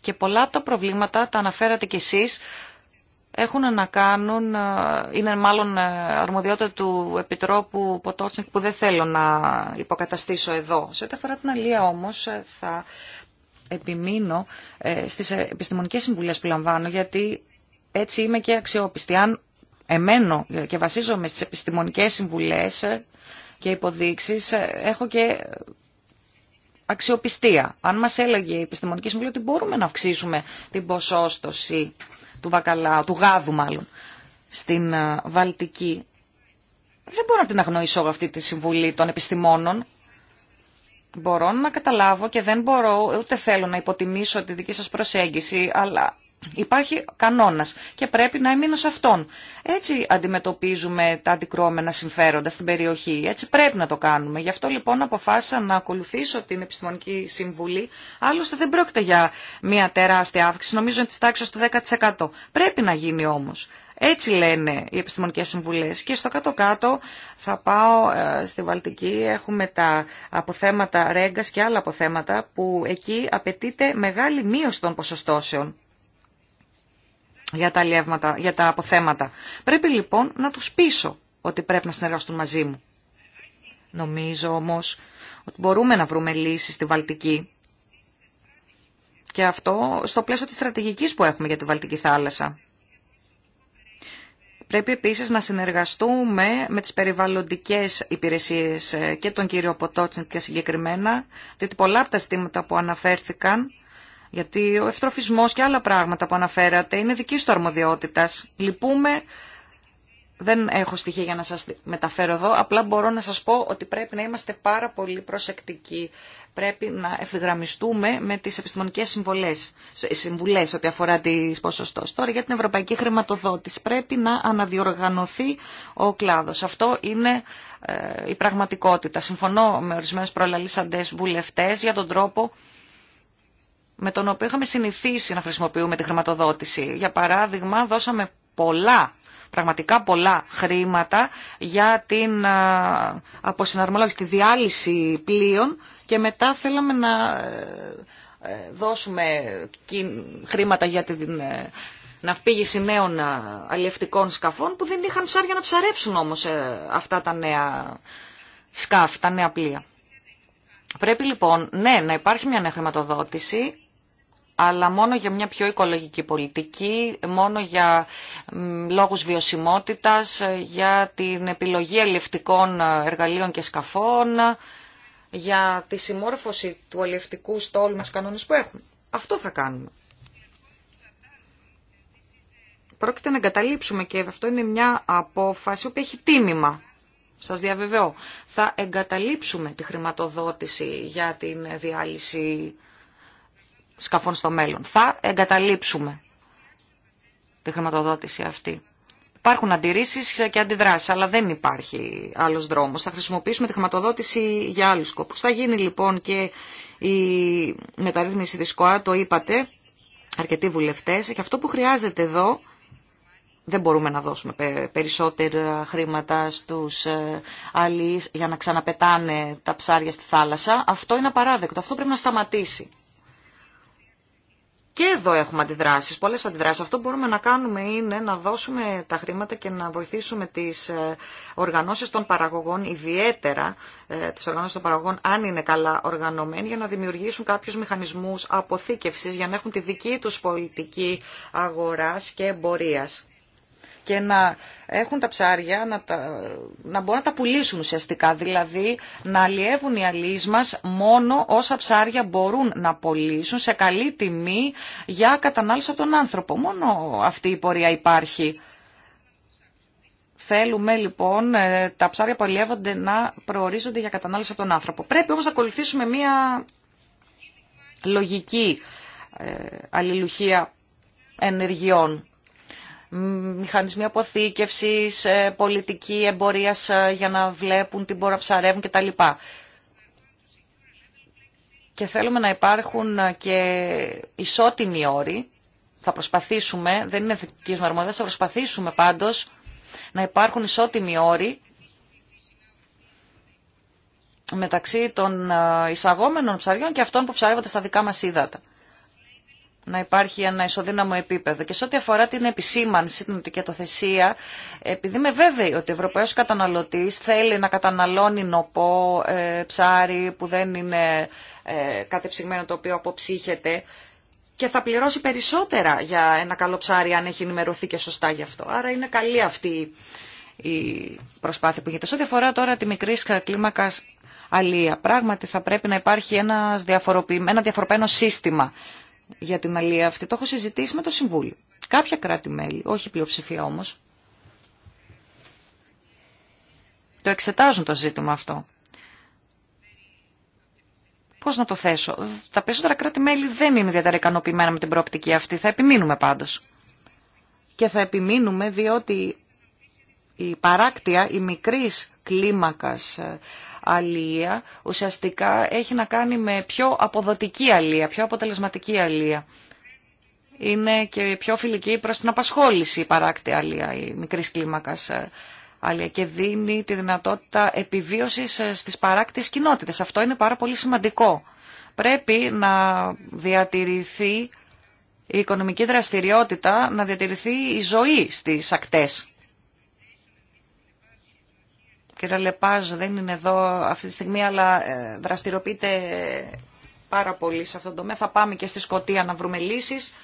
Speaker 4: και πολλά από τα προβλήματα τα αναφέρατε κι εσείς έχουν να κάνουν, ε, είναι μάλλον ε, αρμοδιότητα του Επιτρόπου Ποτότσνικ που δεν θέλω να υποκαταστήσω εδώ. Σε ό,τι αφορά την αλία όμως ε, θα επιμείνω στις επιστημονικές συμβουλές που λαμβάνω γιατί έτσι είμαι και αξιόπιστη. Αν εμένω και βασίζομαι στις επιστημονικές συμβουλές και υποδείξεις έχω και αξιοπιστία. Αν μας έλεγε η επιστημονική συμβουλή ότι μπορούμε να αυξήσουμε την ποσόστοση του βακαλάου, του γάδου μάλλον, στην ε, Βαλτική. Δεν μπορώ να την αγνοήσω αυτή τη συμβουλή των επιστημόνων. Μπορώ να καταλάβω και δεν μπορώ, ούτε θέλω να υποτιμήσω τη δική σας προσέγγιση, αλλά Υπάρχει κανόνας και πρέπει να εμείνω σε αυτόν. Έτσι αντιμετωπίζουμε τα αντικρώμενα συμφέροντα στην περιοχή. Έτσι πρέπει να το κάνουμε. Γι' αυτό λοιπόν αποφάσισα να ακολουθήσω την επιστημονική συμβουλή. Άλλωστε δεν πρόκειται για μια τεράστια αύξηση, νομίζω είναι τη στο του 10%. Πρέπει να γίνει όμως. Έτσι λένε οι επιστημονικές συμβουλές. Και στο κάτω-κάτω θα πάω ε, στη Βαλτική. Έχουμε τα αποθέματα ρέγκας και άλλα αποθέματα που εκεί απαιτείται μεγάλη μείωση των ποσοστώσεων για τα, για τα αποθέματα. Πρέπει λοιπόν να τους πείσω ότι πρέπει να συνεργαστούν μαζί μου. Νομίζω όμως ότι μπορούμε να βρούμε λύσεις στη Βαλτική και αυτό στο πλαίσιο της στρατηγικής που έχουμε για τη Βαλτική θάλασσα. Πρέπει επίσης να συνεργαστούμε με τις περιβαλλοντικές υπηρεσίες ε, και τον κύριο Ποτότσιν και συγκεκριμένα, διότι πολλά από τα στήματα που αναφέρθηκαν γιατί ο ευτροφισμός και άλλα πράγματα που αναφέρατε είναι δική του αρμοδιότητας. Λυπούμε, δεν έχω στοιχεία για να σας μεταφέρω εδώ, απλά μπορώ να σας πω ότι πρέπει να είμαστε πάρα πολύ προσεκτικοί. Πρέπει να ευθυγραμμιστούμε με τις επιστημονικές συμβολές, συμβουλές ό,τι αφορά τις ποσοστός. Τώρα για την ευρωπαϊκή χρηματοδότηση πρέπει να αναδιοργανωθεί ο κλάδος. Αυτό είναι ε, η πραγματικότητα. Συμφωνώ με ορισμένους προλαλήσαντες βουλευτές για τον τρόπο με τον οποίο είχαμε συνηθίσει να χρησιμοποιούμε τη χρηματοδότηση. Για παράδειγμα, δώσαμε πολλά, πραγματικά πολλά χρήματα για την αποσυναρμολόγηση, τη διάλυση πλοίων και μετά θέλαμε να ε, ε, δώσουμε χρήματα για την ε, ναυπήγηση νέων αλλιευτικών σκαφών που δεν είχαν ψάρια να ψαρέψουν όμως αυτά τα νέα σκάφη, τα νέα πλοία. Πρέπει λοιπόν, ναι, να υπάρχει μια νέα χρηματοδότηση αλλά μόνο για μια πιο οικολογική πολιτική, μόνο για λόγους βιωσιμότητας, για την επιλογή ελευτικών ε, εργαλείων και σκαφών, για τη συμμόρφωση του ελευτικού στόλου με τους κανόνες που έχουμε. Αυτό θα κάνουμε. Πρόκειται να εγκαταλείψουμε και αυτό είναι μια απόφαση που έχει τίμημα. Σας διαβεβαιώ. Θα εγκαταλείψουμε τη χρηματοδότηση για την διάλυση σκαφών στο μέλλον. Θα εγκαταλείψουμε τη χρηματοδότηση αυτή. Υπάρχουν αντιρρήσει και αντιδράσει, αλλά δεν υπάρχει άλλο δρόμο. Θα χρησιμοποιήσουμε τη χρηματοδότηση για άλλου σκοπού. Θα γίνει λοιπόν και η μεταρρύθμιση τη ΚΟΑ, το είπατε, αρκετοί βουλευτέ, και αυτό που χρειάζεται εδώ δεν μπορούμε να δώσουμε περισσότερα χρήματα στου αλληλείς ε, για να ξαναπετάνε τα ψάρια στη θάλασσα. Αυτό είναι απαράδεκτο. Αυτό πρέπει να σταματήσει. Και εδώ έχουμε αντιδράσει πολλές αντιδράσεις. Αυτό που μπορούμε να κάνουμε είναι να δώσουμε τα χρήματα και να βοηθήσουμε τις ε, οργανώσεις των παραγωγών, ιδιαίτερα ε, τις οργανώσεις των παραγωγών, αν είναι καλά οργανωμένοι, για να δημιουργήσουν κάποιους μηχανισμούς αποθήκευση, για να έχουν τη δική τους πολιτική αγορά και εμπορίας και να έχουν τα ψάρια, να, τα, να μπορούν να τα πουλήσουν ουσιαστικά. Δηλαδή να αλλιεύουν οι αλλοίς μας μόνο όσα ψάρια μπορούν να πουλήσουν σε καλή τιμή για κατανάλωση από τον άνθρωπο. Μόνο αυτή η πορεία υπάρχει. Θέλουμε λοιπόν ε, τα ψάρια που αλλιεύονται να προορίζονται για κατανάλωση από τον άνθρωπο. Πρέπει όμως να ακολουθήσουμε μία λογική ε, αλληλουχία ενεργειών μηχανισμοί αποθήκευσης, ε, πολιτική εμπορίας ε, για να βλέπουν τι μπορούν να ψαρεύουν κτλ. Και θέλουμε να υπάρχουν ε, και ισότιμοι όροι. Θα προσπαθήσουμε, δεν είναι μου αρμόδια, θα προσπαθήσουμε πάντως να υπάρχουν ισότιμοι όροι μεταξύ των εισαγόμενων ψαριών και αυτών που ψαρεύονται στα δικά μας ύδατα να υπάρχει ένα ισοδύναμο επίπεδο. Και σε ό,τι αφορά την επισήμανση, την οτικετοθεσία, επειδή είμαι βέβαιη ότι ο Ευρωπαίος καταναλωτής θέλει να καταναλώνει νοπό ε, ψάρι που δεν είναι ε, κατεψυγμένο το οποίο αποψύχεται και θα πληρώσει περισσότερα για ένα καλό ψάρι αν έχει ενημερωθεί και σωστά γι' αυτό. Άρα είναι καλή αυτή η προσπάθεια που γίνεται. Σε ό,τι αφορά τώρα τη μικρή κλίμακα αλία, πράγματι θα πρέπει να υπάρχει ένα διαφοροποιημένο σύστημα για την αλία αυτή. Το έχω συζητήσει με το Συμβούλιο. Κάποια κράτη-μέλη, όχι πλειοψηφία όμως, το εξετάζουν το ζήτημα αυτό. Πώς να το θέσω. Τα περισσότερα κράτη-μέλη δεν είναι ιδιαίτερα ικανοποιημένα με την προοπτική αυτή. Θα επιμείνουμε πάντως. Και θα επιμείνουμε διότι η παράκτεια, η μικρής κλίμακας... Ε, αλία ουσιαστικά έχει να κάνει με πιο αποδοτική αλία, πιο αποτελεσματική αλία. Είναι και πιο φιλική προς την απασχόληση η παράκτη αλία, η μικρή κλίμακα ε, αλία και δίνει τη δυνατότητα επιβίωσης ε, στις παράκτιες κοινότητες. Αυτό είναι πάρα πολύ σημαντικό. Πρέπει να διατηρηθεί η οικονομική δραστηριότητα, να διατηρηθεί η ζωή στις ακτές Κύριε Λεπάζ δεν είναι εδώ αυτή τη στιγμή, αλλά ε, δραστηριοποιείται πάρα πολύ σε αυτόν τον τομέα. Θα πάμε και στη Σκοτία να βρούμε λύσεις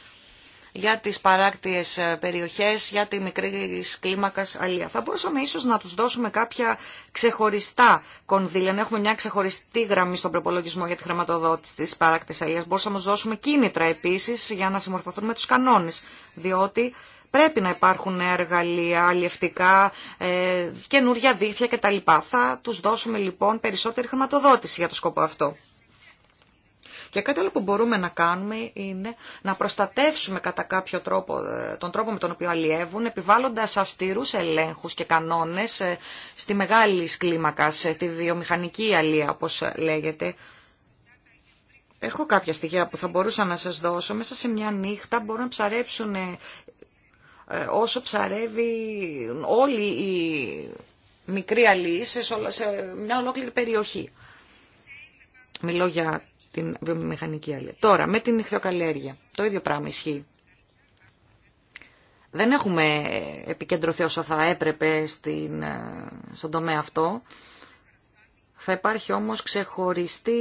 Speaker 4: για τις παράκτιες ε, περιοχές, για τη μικρή κλίμακα αλία. Θα μπορούσαμε ίσως να τους δώσουμε κάποια ξεχωριστά κονδύλια, να έχουμε μια ξεχωριστή γραμμή στον προπολογισμό για τη χρηματοδότηση της παράκτης αλίας. Μπορούσαμε να τους δώσουμε κίνητρα επίσης για να συμμορφωθούν με τους κανόνες, διότι πρέπει να υπάρχουν εργαλεία, αλλιευτικά, ε, καινούργια δίχτυα κτλ. Θα τους δώσουμε λοιπόν περισσότερη χρηματοδότηση για το σκοπό αυτό. Και κάτι άλλο που μπορούμε να κάνουμε είναι να προστατεύσουμε κατά κάποιο τρόπο ε, τον τρόπο με τον οποίο αλλιεύουν, επιβάλλοντας αυστηρούς ελέγχους και κανόνες ε, στη μεγάλη κλίμακα, στη βιομηχανική αλλία όπως λέγεται. Έχω κάποια στοιχεία που θα μπορούσα να σας δώσω. Μέσα σε μια νύχτα μπορούν να ψαρέψουν ε, ε, όσο ψαρεύει όλη η μικρή αλή σε μια ολόκληρη περιοχή. Μιλώ για την βιομηχανική αλή. Τώρα, με την ηχθειοκαλλιέργεια. Το ίδιο πράγμα ισχύει. Δεν έχουμε επικεντρωθεί όσο θα έπρεπε στην, ε, στον τομέα αυτό. Θα υπάρχει όμως ξεχωριστή,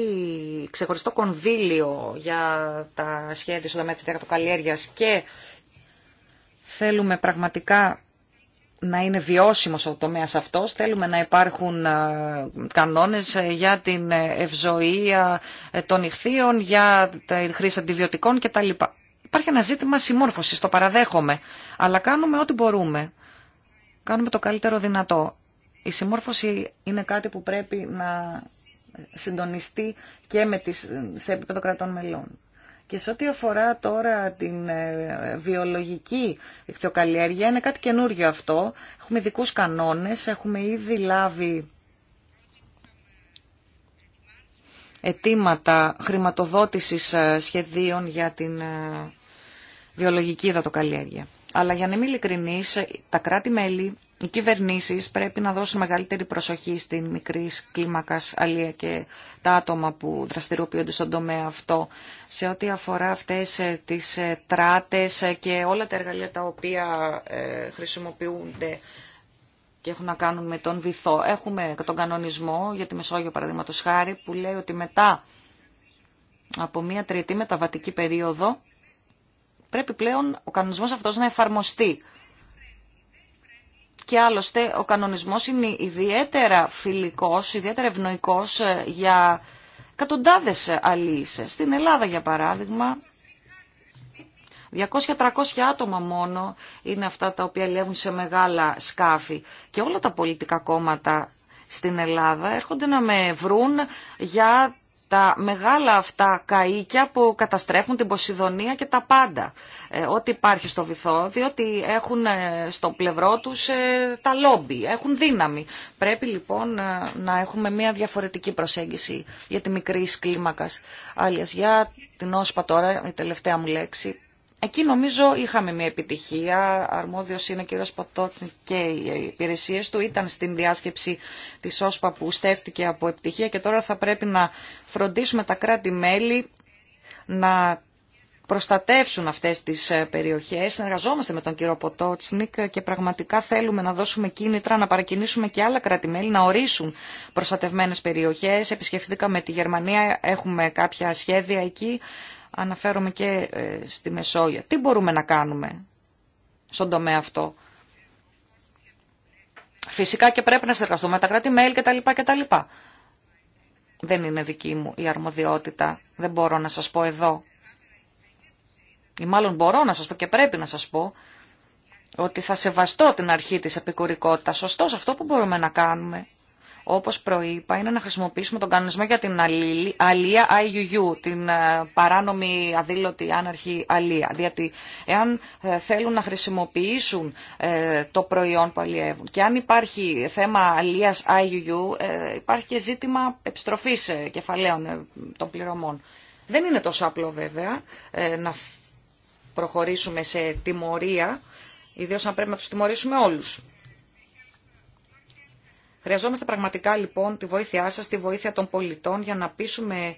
Speaker 4: ξεχωριστό κονδύλιο για τα σχέδια στον τομέα της ιδιακατοκαλλιέργειας και Θέλουμε πραγματικά να είναι βιώσιμος ο τομέας αυτός. Θέλουμε να υπάρχουν ε, κανόνες ε, για την ε, ευζοία των ηχθείων, για τη χρήση αντιβιωτικών κτλ. Υπάρχει ένα ζήτημα συμμόρφωσης, το παραδέχομαι, αλλά κάνουμε ό,τι μπορούμε. Κάνουμε το καλύτερο δυνατό. Η συμμόρφωση είναι κάτι που πρέπει να συντονιστεί και με τις, σε επίπεδο κρατών μελών. Και σε ό,τι αφορά τώρα την ε, βιολογική εκτιοκαλλιέργεια, είναι κάτι καινούργιο αυτό. Έχουμε ειδικού κανόνες, έχουμε ήδη λάβει αιτήματα χρηματοδότησης ε, σχεδίων για την ε, βιολογική υδατοκαλλιέργεια. Αλλά για να είμαι ειλικρινής, τα κράτη-μέλη οι κυβερνήσει πρέπει να δώσουν μεγαλύτερη προσοχή στην μικρή κλίμακα αλία και τα άτομα που δραστηριοποιούνται στον τομέα αυτό σε ό,τι αφορά αυτές ε, τις ε, τράτες ε, και όλα τα εργαλεία τα οποία χρησιμοποιούνται και έχουν να κάνουν με τον βυθό. Έχουμε τον κανονισμό για τη Μεσόγειο Παραδείγματο χάρη που λέει ότι μετά από μία τριετή μεταβατική περίοδο πρέπει πλέον ο κανονισμός αυτός να εφαρμοστεί και άλλωστε ο κανονισμός είναι ιδιαίτερα φιλικός, ιδιαίτερα ευνοϊκός ε, για εκατοντάδες αλίες. Στην Ελλάδα για παράδειγμα 200-300 άτομα μόνο είναι αυτά τα οποία λεύουν σε μεγάλα σκάφη και όλα τα πολιτικά κόμματα στην Ελλάδα έρχονται να με βρουν για τα μεγάλα αυτά καΐκια που καταστρέφουν την Ποσειδονία και τα πάντα. Ε, ό,τι υπάρχει στο βυθό, διότι έχουν ε, στο πλευρό τους ε, τα λόμπι, έχουν δύναμη. Πρέπει λοιπόν να έχουμε μια διαφορετική προσέγγιση για τη μικρή κλίμακα. Άλλιας, για την όσπα τώρα, η τελευταία μου λέξη, Εκεί νομίζω είχαμε μια επιτυχία. Αρμόδιο είναι ο κ. Ποτότσνικ και οι υπηρεσίε του. Ήταν στην διάσκεψη τη ΩΣΠΑ που στέφτηκε από επιτυχία και τώρα θα πρέπει να φροντίσουμε τα κράτη-μέλη να προστατεύσουν αυτές τις ε, περιοχές. Συνεργαζόμαστε με τον κύριο Ποτότσνικ και πραγματικά θέλουμε να δώσουμε κίνητρα, να παρακινήσουμε και άλλα κράτη-μέλη να ορίσουν προστατευμένες περιοχές. Επισκεφθήκαμε τη Γερμανία, έχουμε κάποια σχέδια εκεί αναφέρομαι και ε, στη Μεσόγειο. Τι μπορούμε να κάνουμε στον τομέα αυτό. Φυσικά και πρέπει να συνεργαστούμε με τα κράτη-μέλη κτλ. κτλ. Δεν είναι δική μου η αρμοδιότητα. Δεν μπορώ να σας πω εδώ. Ή μάλλον μπορώ να σας πω και πρέπει να σας πω ότι θα σεβαστώ την αρχή της επικουρικότητας. Ωστόσο αυτό που μπορούμε να κάνουμε όπως προείπα, είναι να χρησιμοποιήσουμε τον κανονισμό για την αλία IUU, την ε, παράνομη αδήλωτη άναρχη αλία. Διότι εάν ε, θέλουν να χρησιμοποιήσουν ε, το προϊόν που αλλιεύουν και αν υπάρχει θέμα αλίας IUU, υπάρχει και ζήτημα επιστροφής κεφαλαίων των πληρωμών. Δεν είναι τόσο απλό βέβαια να προχωρήσουμε σε τιμωρία, ιδίως αν πρέπει να τους τιμωρήσουμε όλους. Χρειαζόμαστε πραγματικά λοιπόν τη βοήθειά σας, τη βοήθεια των πολιτών για να πείσουμε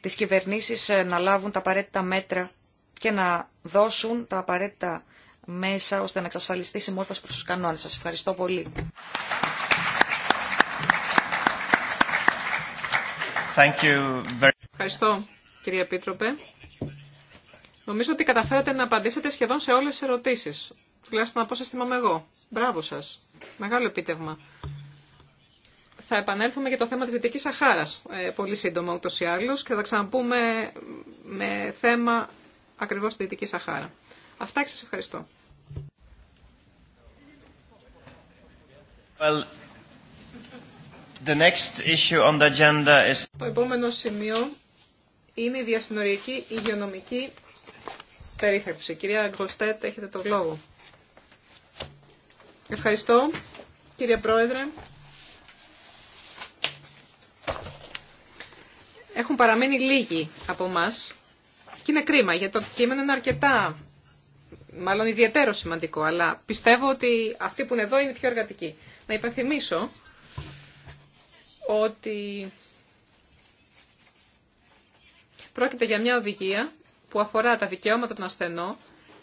Speaker 4: τις κυβερνήσεις ε, να λάβουν τα απαραίτητα μέτρα και να δώσουν τα απαραίτητα μέσα ώστε να εξασφαλιστεί η συμμόρφωση προς τους κανόνες. Σας ευχαριστώ πολύ.
Speaker 3: Thank you very...
Speaker 2: Ευχαριστώ κύριε Επίτροπε. Νομίζω ότι καταφέρατε να απαντήσετε σχεδόν σε όλες τις ερωτήσεις. Τουλάχιστον από σας θυμάμαι εγώ. Μπράβο σας. Μεγάλο επίτευγμα. Θα επανέλθουμε για το θέμα της Δυτικής Σαχάρας ε, πολύ σύντομα ούτως ή άλλως και θα ξαναπούμε με θέμα ακριβώς τη Δυτική Σαχάρα. Αυτά και σας ευχαριστώ.
Speaker 3: Well, the next issue on the agenda is... Το επόμενο σημείο
Speaker 2: είναι η διασυνοριακή υγειονομική περίθευση Κυρία Γκοστέτ έχετε το λόγο. Ευχαριστώ, κύριε Πρόεδρε. Έχουν παραμείνει λίγοι από εμά και είναι κρίμα γιατί το κείμενο είναι αρκετά, μάλλον ιδιαίτερο σημαντικό, αλλά πιστεύω ότι αυτοί που είναι εδώ είναι πιο εργατικοί. Να υπενθυμίσω ότι πρόκειται για μια οδηγία που αφορά τα δικαιώματα των ασθενών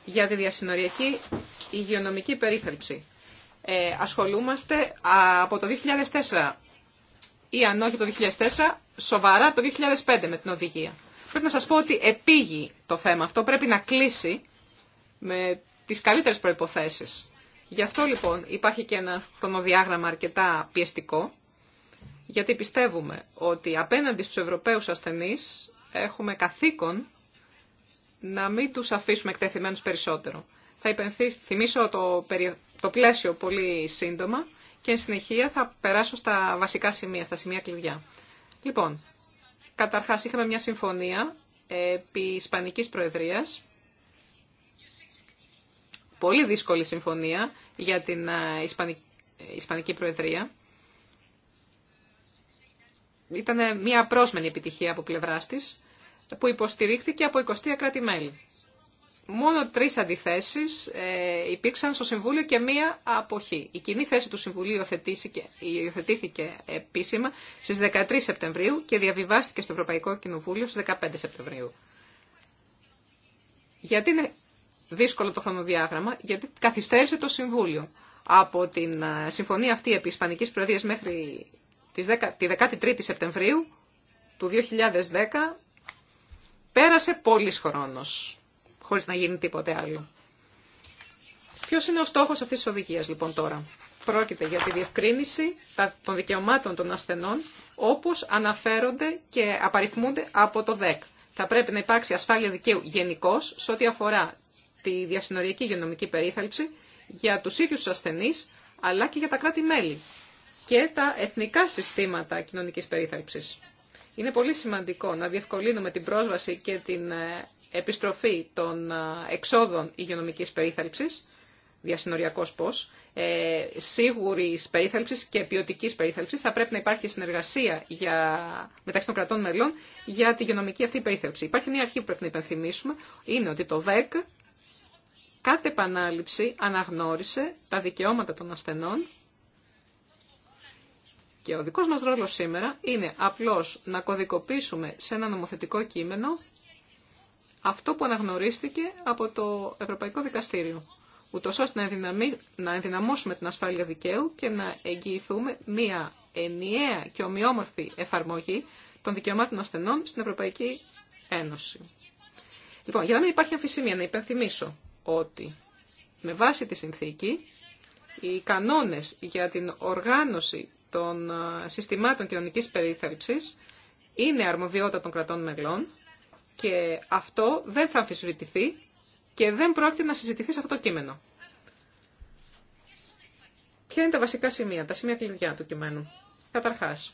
Speaker 2: για τη διασυνοριακή υγειονομική περίθαλψη. Ε, ασχολούμαστε από το 2004 ή αν όχι το 2004, σοβαρά το 2005 με την οδηγία. Πρέπει να σας πω ότι επήγει το θέμα αυτό, πρέπει να κλείσει με τις καλύτερες προϋποθέσεις. Γι' αυτό λοιπόν υπάρχει και ένα χρονοδιάγραμμα αρκετά πιεστικό, γιατί πιστεύουμε ότι απέναντι στους Ευρωπαίους ασθενείς έχουμε καθήκον να μην τους αφήσουμε εκτεθειμένους περισσότερο. Θα υπενθυμίσω το, το πλαίσιο πολύ σύντομα και εν συνεχεία θα περάσω στα βασικά σημεία, στα σημεία κλειδιά. Λοιπόν, καταρχάς είχαμε μια συμφωνία επί Ισπανικής Προεδρίας, πολύ δύσκολη συμφωνία για την Ισπανική Προεδρία. Ήταν μια απρόσμενη επιτυχία από πλευράς της, που υποστηρίχθηκε από 20 κράτη-μέλη μόνο τρεις αντιθέσεις ε, υπήρξαν στο Συμβούλιο και μία αποχή. Η κοινή θέση του Συμβουλίου υιοθετήθηκε επίσημα στις 13 Σεπτεμβρίου και διαβιβάστηκε στο Ευρωπαϊκό Κοινοβούλιο στις 15 Σεπτεμβρίου. Γιατί είναι δύσκολο το χρονοδιάγραμμα, γιατί καθυστέρησε το Συμβούλιο. Από την ε, συμφωνία αυτή επί Ισπανικής Προεδρίας μέχρι τη 13η Σεπτεμβρίου του 2010 πέρασε πολύς χρόνος χωρίς να γίνει τίποτε άλλο. Ποιο είναι ο στόχο αυτή τη οδηγία λοιπόν τώρα. Πρόκειται για τη διευκρίνηση των δικαιωμάτων των ασθενών όπω αναφέρονται και απαριθμούνται από το ΔΕΚ. Θα πρέπει να υπάρξει ασφάλεια δικαίου γενικώ σε ό,τι αφορά τη διασυνοριακή υγειονομική περίθαλψη για του ίδιου του ασθενεί, αλλά και για τα κράτη-μέλη και τα εθνικά συστήματα κοινωνική περίθαλψης. Είναι πολύ σημαντικό να διευκολύνουμε την πρόσβαση και την ε, επιστροφή των ε, εξόδων υγειονομικής περίθαλψης, διασυνοριακός πώς, ε, σίγουρη περίθαλψη και ποιοτική περίθαλψη. Θα πρέπει να υπάρχει συνεργασία για, μεταξύ των κρατών μελών για τη υγειονομική αυτή περίθαλψη. Υπάρχει μια αρχή που πρέπει να υπενθυμίσουμε, είναι ότι το ΒΕΚ κάθε επανάληψη αναγνώρισε τα δικαιώματα των ασθενών και ο δικός μας ρόλος σήμερα είναι απλώς να κωδικοποιήσουμε σε ένα νομοθετικό κείμενο αυτό που αναγνωρίστηκε από το Ευρωπαϊκό Δικαστήριο, ούτω ώστε να ενδυναμώσουμε την ασφάλεια δικαίου και να εγγυηθούμε μία ενιαία και ομοιόμορφη εφαρμογή των δικαιωμάτων ασθενών στην Ευρωπαϊκή Ένωση. Λοιπόν, για να μην υπάρχει αμφισημία, να υπενθυμίσω ότι με βάση τη συνθήκη οι κανόνες για την οργάνωση των ε, συστημάτων κοινωνικής περίθαλψης είναι αρμοδιότητα των κρατών μελών και αυτό δεν θα αμφισβητηθεί και δεν πρόκειται να συζητηθεί σε αυτό το κείμενο. Ποια είναι τα βασικά σημεία, τα σημεία κλειδιά του κειμένου. Καταρχάς,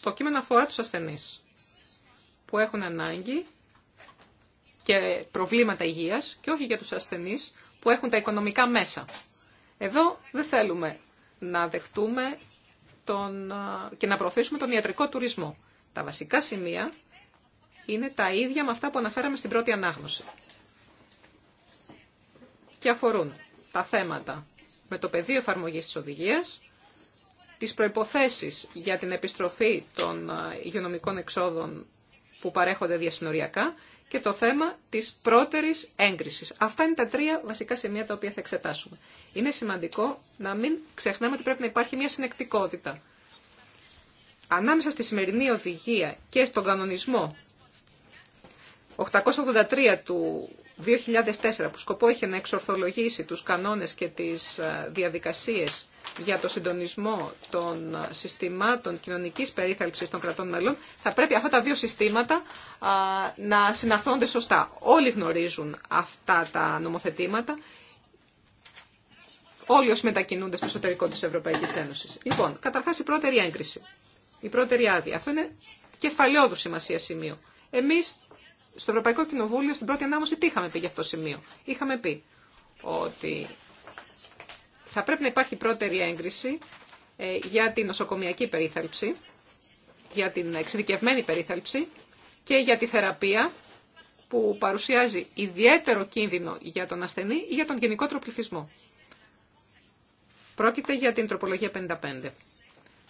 Speaker 2: το κείμενο αφορά τους ασθενείς που έχουν ανάγκη και προβλήματα υγείας και όχι για τους ασθενείς που έχουν τα οικονομικά μέσα. Εδώ δεν θέλουμε να δεχτούμε και να προωθήσουμε τον ιατρικό τουρισμό. Τα βασικά σημεία είναι τα ίδια με αυτά που αναφέραμε στην πρώτη ανάγνωση. Και αφορούν τα θέματα με το πεδίο εφαρμογή της οδηγία, τις προϋποθέσεις για την επιστροφή των υγειονομικών εξόδων που παρέχονται διασυνοριακά και το θέμα της πρώτερης έγκρισης. Αυτά είναι τα τρία βασικά σημεία τα οποία θα εξετάσουμε. Είναι σημαντικό να μην ξεχνάμε ότι πρέπει να υπάρχει μια συνεκτικότητα ανάμεσα στη σημερινή οδηγία και στον κανονισμό 883 του 2004 που σκοπό είχε να εξορθολογήσει τους κανόνες και τις ε, διαδικασίες για το συντονισμό των ε, συστημάτων κοινωνικής περίθαλψης των κρατών μελών, θα πρέπει αυτά τα δύο συστήματα ε, να συναθώνται σωστά. Όλοι γνωρίζουν αυτά τα νομοθετήματα, όλοι όσοι μετακινούνται στο εσωτερικό της Ευρωπαϊκής Ένωσης. Λοιπόν, καταρχάς η πρώτερη έγκριση η πρώτερη άδεια. Αυτό είναι κεφαλαιόδου σημασία σημείο. Εμεί στο Ευρωπαϊκό Κοινοβούλιο στην πρώτη ανάμωση τι είχαμε πει για αυτό το σημείο. Είχαμε πει ότι θα πρέπει να υπάρχει πρώτερη έγκριση ε, για την νοσοκομιακή περίθαλψη, για την εξειδικευμένη περίθαλψη και για τη θεραπεία που παρουσιάζει ιδιαίτερο κίνδυνο για τον ασθενή ή για τον γενικότερο πληθυσμό. Πρόκειται για την τροπολογία 55.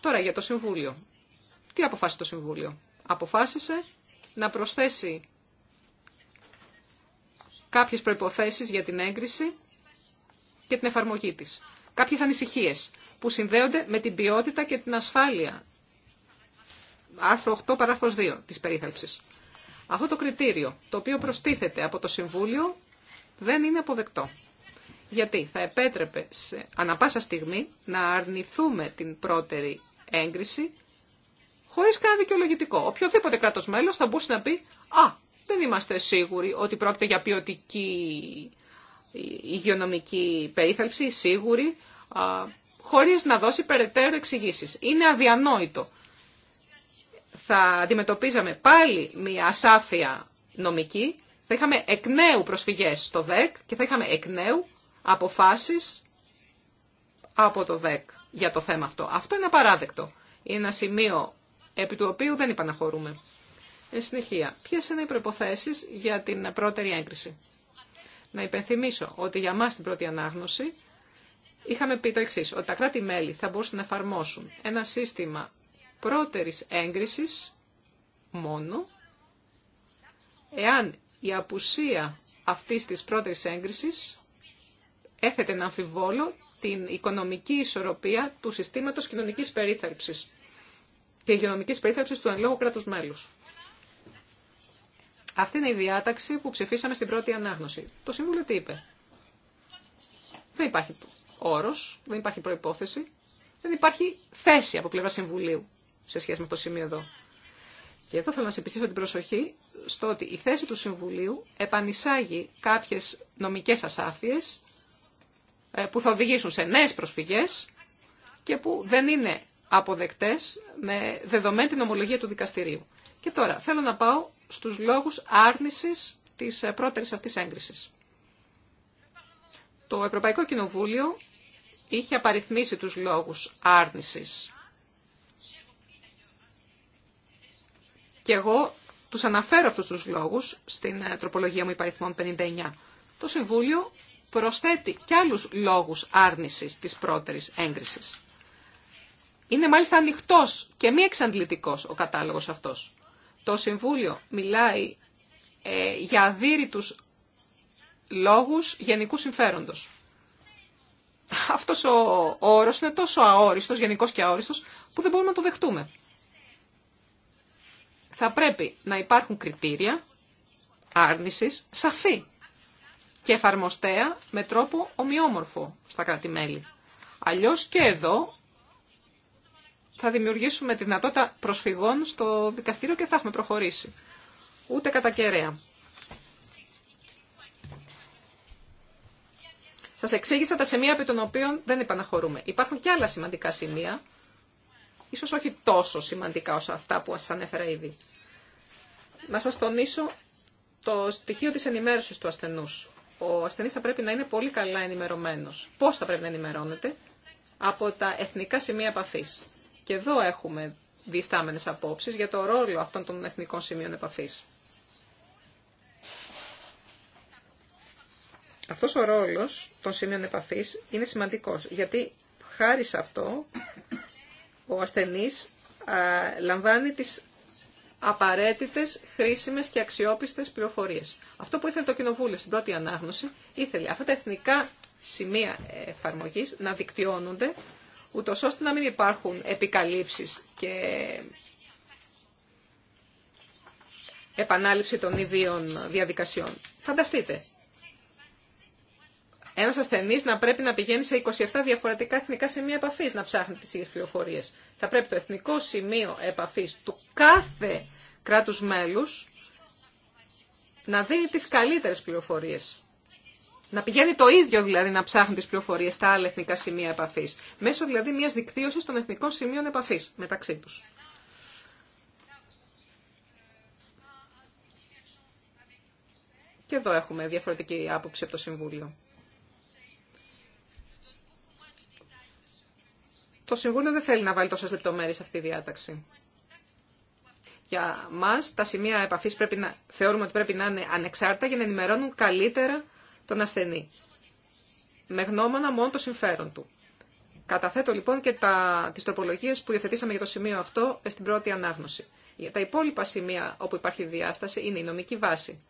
Speaker 2: Τώρα για το Συμβούλιο. Τι αποφάσισε το Συμβούλιο. Αποφάσισε να προσθέσει κάποιες προϋποθέσεις για την έγκριση και την εφαρμογή της. Κάποιες ανησυχίες που συνδέονται με την ποιότητα και την ασφάλεια. Άρθρο 8, παράγραφος 2 της περίθαλψης. Αυτό το κριτήριο, το οποίο προστίθεται από το Συμβούλιο, δεν είναι αποδεκτό. Γιατί θα επέτρεπε σε ανα πάσα στιγμή να αρνηθούμε την πρώτερη έγκριση χωρί κανένα δικαιολογητικό. Οποιοδήποτε κράτο μέλο θα μπορούσε να πει Α, δεν είμαστε σίγουροι ότι πρόκειται για ποιοτική υγειονομική περίθαλψη, σίγουροι», χωρίς να δώσει περαιτέρω εξηγήσει. Είναι αδιανόητο. Θα αντιμετωπίζαμε πάλι μια ασάφεια νομική, θα είχαμε εκ νέου προσφυγές στο ΔΕΚ και θα είχαμε εκ νέου αποφάσεις από το ΔΕΚ για το θέμα αυτό. Αυτό είναι απαράδεκτο. Είναι ένα σημείο επί του οποίου δεν υπαναχωρούμε. Εν συνεχεία, ποιε είναι οι προποθέσει για την πρώτερη έγκριση. Να υπενθυμίσω ότι για μα την πρώτη ανάγνωση είχαμε πει το εξή, ότι τα κράτη-μέλη θα μπορούσαν να εφαρμόσουν ένα σύστημα πρώτερη έγκριση μόνο εάν η απουσία αυτής της πρώτη έγκρισης έθετε να αμφιβόλω την οικονομική ισορροπία του συστήματος κοινωνικής περίθαρψης και υγειονομική περίθαλψη του εν λόγω κρατου μέλου. Αυτή είναι η διάταξη που ψηφίσαμε στην πρώτη ανάγνωση. Το Συμβούλιο τι είπε. Δεν υπάρχει όρο, δεν υπάρχει προπόθεση. δεν υπάρχει θέση από πλευρά Συμβουλίου σε σχέση με αυτό το σημείο εδώ. Και εδώ θέλω να σε επιστήσω την προσοχή στο ότι η θέση του Συμβουλίου επανισάγει κάποιε νομικέ ασάφειε ε, που θα οδηγήσουν σε νέε προσφυγέ και που δεν είναι αποδεκτές με δεδομένη την ομολογία του δικαστηρίου. Και τώρα θέλω να πάω στους λόγους άρνησης της ε, πρώτερης αυτής έγκρισης. Το Ευρωπαϊκό Κοινοβούλιο είχε απαριθμίσει τους λόγους άρνησης. Και εγώ τους αναφέρω αυτούς τους λόγους στην ε, τροπολογία μου υπαριθμών 59. Το Συμβούλιο προσθέτει και άλλους λόγους άρνησης της πρώτερης έγκρισης. Είναι μάλιστα ανοιχτό και μη εξαντλητικό ο κατάλογος αυτός. Το Συμβούλιο μιλάει ε, για αδύρυτου λόγους γενικού συμφέροντος. Αυτός ο, ο όρος είναι τόσο αόριστο, γενικός και αόριστος, που δεν μπορούμε να το δεχτούμε. Θα πρέπει να υπάρχουν κριτήρια άρνησης σαφή και εφαρμοστέα με τρόπο ομοιόμορφο στα κράτη-μέλη. Αλλιώ και εδώ θα δημιουργήσουμε τη δυνατότητα προσφυγών στο δικαστήριο και θα έχουμε προχωρήσει. Ούτε κατά κεραία. Σας εξήγησα τα σημεία από τον οποίο δεν επαναχωρούμε. Υπάρχουν και άλλα σημαντικά σημεία, ίσως όχι τόσο σημαντικά όσο αυτά που σας ανέφερα ήδη. Να σας τονίσω το στοιχείο της ενημέρωσης του ασθενούς. Ο ασθενής θα πρέπει να είναι πολύ καλά ενημερωμένος. Πώς θα πρέπει να ενημερώνεται? Από τα εθνικά σημεία επαφής. Και εδώ έχουμε διστάμενες απόψεις για το ρόλο αυτών των εθνικών σημείων επαφής. Αυτός ο ρόλος των σημείων επαφής είναι σημαντικός, γιατί χάρη σε αυτό ο ασθενής λαμβάνει τις απαραίτητες, χρήσιμες και αξιόπιστες πληροφορίες. Αυτό που ήθελε το Κοινοβούλιο στην πρώτη ανάγνωση, ήθελε αυτά τα εθνικά σημεία εφαρμογής να δικτυώνονται ούτως ώστε να μην υπάρχουν επικαλύψεις και επανάληψη των ιδίων διαδικασιών. Φανταστείτε, ένα ασθενή να πρέπει να πηγαίνει σε 27 διαφορετικά εθνικά σημεία επαφή να ψάχνει τι ίδιε πληροφορίε. Θα πρέπει το εθνικό σημείο επαφή του κάθε κράτους μέλους να δίνει τι καλύτερε πληροφορίε να πηγαίνει το ίδιο δηλαδή να ψάχνει τις πληροφορίες στα άλλα εθνικά σημεία επαφής, μέσω δηλαδή μιας δικτύωσης των εθνικών σημείων επαφής μεταξύ τους. Και εδώ έχουμε διαφορετική άποψη από το Συμβούλιο. Το Συμβούλιο δεν θέλει να βάλει τόσες λεπτομέρειες αυτή τη διάταξη. Για μας τα σημεία επαφής πρέπει να, θεωρούμε ότι πρέπει να είναι ανεξάρτητα για να ενημερώνουν καλύτερα τον ασθενή. Με γνώμονα μόνο το συμφέρον του. Καταθέτω λοιπόν και τα, τις τροπολογίες που υιοθετήσαμε για το σημείο αυτό στην πρώτη ανάγνωση. Για τα υπόλοιπα σημεία όπου υπάρχει διάσταση είναι η νομική βάση.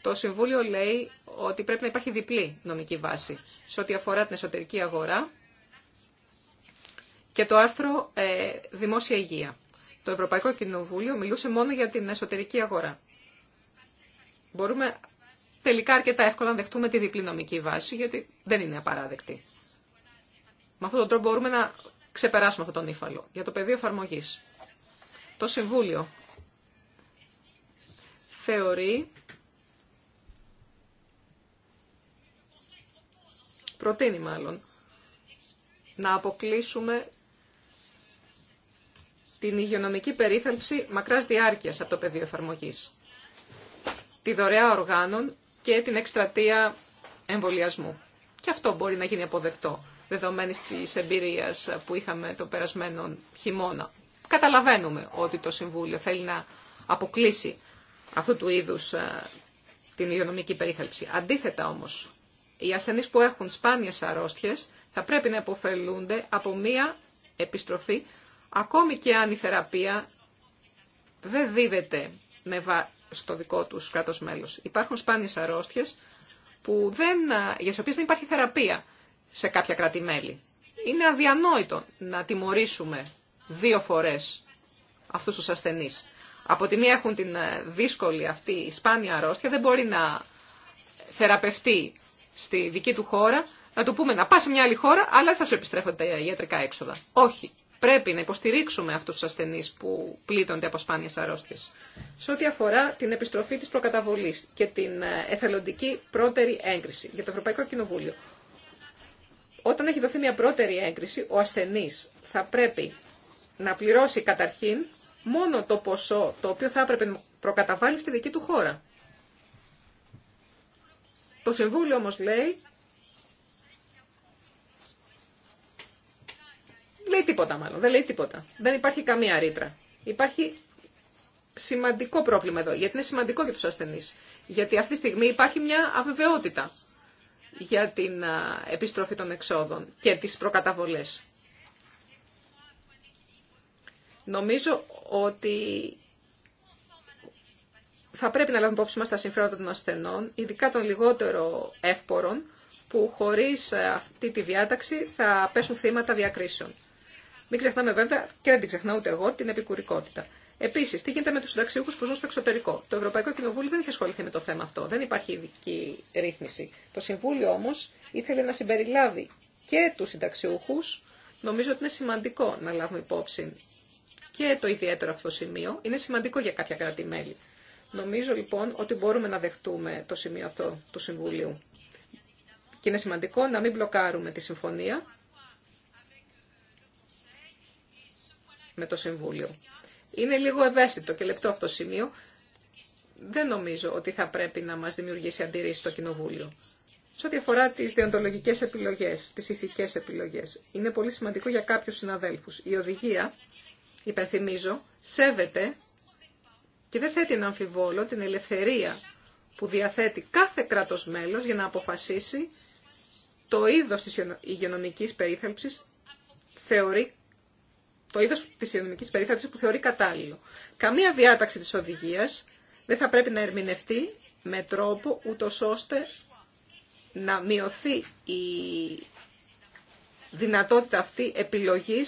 Speaker 2: Το Συμβούλιο λέει ότι πρέπει να υπάρχει διπλή νομική βάση σε ό,τι αφορά την εσωτερική αγορά και το άρθρο ε, Δημόσια Υγεία. Το Ευρωπαϊκό Κοινοβούλιο μιλούσε μόνο για την εσωτερική αγορά. Μπορούμε τελικά αρκετά εύκολα να δεχτούμε τη διπλή νομική βάση, γιατί δεν είναι απαράδεκτη. Με αυτόν τον τρόπο μπορούμε να ξεπεράσουμε αυτόν τον ύφαλο. Για το πεδίο εφαρμογή. Το Συμβούλιο θεωρεί προτείνει μάλλον να αποκλείσουμε την υγειονομική περίθαλψη μακράς διάρκειας από το πεδίο εφαρμογής, τη δωρεά οργάνων και την εκστρατεία εμβολιασμού. Και αυτό μπορεί να γίνει αποδεκτό, δεδομένη τη εμπειρία που είχαμε το περασμένο χειμώνα. Καταλαβαίνουμε ότι το Συμβούλιο θέλει να αποκλείσει αυτού του είδου ε, την υγειονομική περίθαλψη. Αντίθετα όμως, οι ασθενεί που έχουν σπάνιες αρρώστιε θα πρέπει να υποφελούνται από μία επιστροφή, ακόμη και αν η θεραπεία δεν δίδεται με, βα στο δικό του κράτο μέλο. Υπάρχουν σπάνιε αρρώστιε για τι οποίε δεν υπάρχει θεραπεία σε κάποια κράτη-μέλη. Είναι αδιανόητο να τιμωρήσουμε δύο φορέ αυτού του ασθενεί. Από τη μία έχουν την ε, δύσκολη αυτή η σπάνια αρρώστια, δεν μπορεί να θεραπευτεί στη δική του χώρα, να του πούμε να πα σε μια άλλη χώρα, αλλά θα σου επιστρέφονται τα ιατρικά έξοδα. Όχι πρέπει να υποστηρίξουμε αυτού του ασθενεί που πλήττονται από σπάνιε αρρώστιες. Σε ό,τι αφορά την επιστροφή της προκαταβολής και την ε, εθελοντική πρώτερη έγκριση για το Ευρωπαϊκό Κοινοβούλιο. Όταν έχει δοθεί μια πρώτερη έγκριση, ο ασθενή θα πρέπει να πληρώσει καταρχήν μόνο το ποσό το οποίο θα έπρεπε να προκαταβάλει στη δική του χώρα. Το Συμβούλιο όμως λέει λέει τίποτα μάλλον, δεν λέει τίποτα. Δεν υπάρχει καμία ρήτρα. Υπάρχει σημαντικό πρόβλημα εδώ, γιατί είναι σημαντικό για τους ασθενείς. Γιατί αυτή τη στιγμή υπάρχει μια αβεβαιότητα για την επιστροφή των εξόδων και τις προκαταβολές. Νομίζω ότι θα πρέπει να λάβουμε υπόψη μας τα συμφέροντα των ασθενών, ειδικά των λιγότερο εύπορων, που χωρίς αυτή τη διάταξη θα πέσουν θύματα διακρίσεων. Μην ξεχνάμε βέβαια, και δεν την ξεχνάω ούτε εγώ, την επικουρικότητα. Επίση, τι γίνεται με του συνταξιούχου που ζουν στο εξωτερικό. Το Ευρωπαϊκό Κοινοβούλιο δεν είχε ασχοληθεί με το θέμα αυτό. Δεν υπάρχει ειδική ρύθμιση. Το Συμβούλιο όμω ήθελε να συμπεριλάβει και του συνταξιούχου. Νομίζω ότι είναι σημαντικό να λάβουμε υπόψη και το ιδιαίτερο αυτό σημείο. Είναι σημαντικό για κάποια κράτη-μέλη. Νομίζω λοιπόν ότι μπορούμε να δεχτούμε το σημείο αυτό του Συμβουλίου. Και είναι σημαντικό να μην μπλοκάρουμε τη συμφωνία με το Συμβούλιο. Είναι λίγο ευαίσθητο και λεπτό αυτό το σημείο. Δεν νομίζω ότι θα πρέπει να μας δημιουργήσει αντίρρηση στο Κοινοβούλιο. Σε ό,τι αφορά τις διοντολογικές επιλογές, τις ηθικές επιλογές, είναι πολύ σημαντικό για κάποιους συναδέλφους. Η οδηγία, υπενθυμίζω, σέβεται και δεν θέτει να αμφιβόλο την ελευθερία που διαθέτει κάθε κράτος μέλος για να αποφασίσει το είδος της υγειονομική περίθαλψης θεωρεί το είδο τη ιδιωτική περίθαλψη που θεωρεί κατάλληλο. Καμία διάταξη τη οδηγία δεν θα πρέπει να ερμηνευτεί με τρόπο ούτω ώστε να μειωθεί η δυνατότητα αυτή επιλογή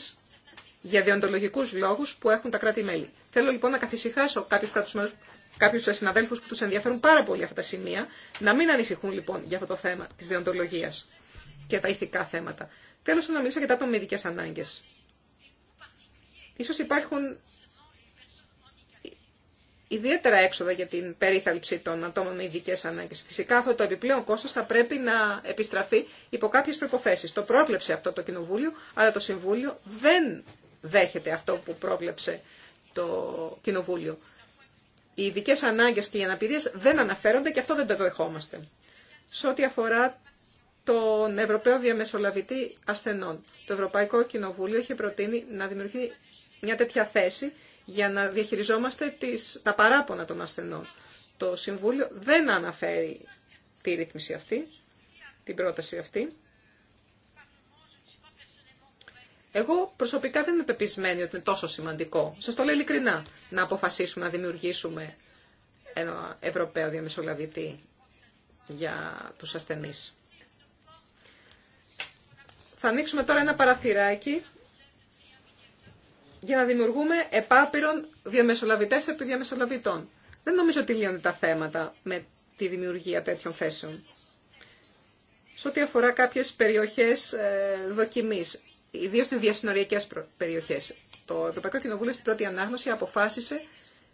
Speaker 2: για διοντολογικού λόγου που έχουν τα κράτη-μέλη. Θέλω λοιπόν να καθησυχάσω κάποιου κάποιου κάποιου συναδέλφου που του ενδιαφέρουν πάρα πολύ αυτά τα σημεία, να μην ανησυχούν λοιπόν για αυτό το θέμα τη διοντολογία και τα ηθικά θέματα. Τέλο, να μιλήσω για τα ατομικέ ανάγκε. Ίσως υπάρχουν ιδιαίτερα έξοδα για την περίθαλψη των ατόμων με ειδικέ ανάγκε. Φυσικά αυτό το επιπλέον κόστο θα πρέπει να επιστραφεί υπό κάποιε προποθέσει. Το πρόβλεψε αυτό το Κοινοβούλιο, αλλά το Συμβούλιο δεν δέχεται αυτό που πρόβλεψε το Κοινοβούλιο. Οι ειδικέ ανάγκε και οι αναπηρίε δεν αναφέρονται και αυτό δεν το δεχόμαστε. Σε ό,τι αφορά τον Ευρωπαίο Διαμεσολαβητή Ασθενών, το Ευρωπαϊκό Κοινοβούλιο είχε προτείνει να δημιουργηθεί μια τέτοια θέση για να διαχειριζόμαστε τις, τα παράπονα των ασθενών. Το Συμβούλιο δεν αναφέρει τη ρύθμιση αυτή, την πρόταση αυτή. Εγώ προσωπικά δεν είμαι πεπισμένη ότι είναι τόσο σημαντικό. Σας το λέω ειλικρινά, να αποφασίσουμε να δημιουργήσουμε ένα Ευρωπαίο διαμεσολαβητή για τους ασθενείς. Θα ανοίξουμε τώρα ένα παραθυράκι για να δημιουργούμε επάπειρον διαμεσολαβητές επί διαμεσολαβητών. Δεν νομίζω ότι λύνονται τα θέματα με τη δημιουργία τέτοιων θέσεων. Σε ό,τι αφορά κάποιες περιοχές ε, δοκιμής, ιδίω στις διασυνοριακές περιοχές, το Ευρωπαϊκό Κοινοβούλιο στην πρώτη ανάγνωση αποφάσισε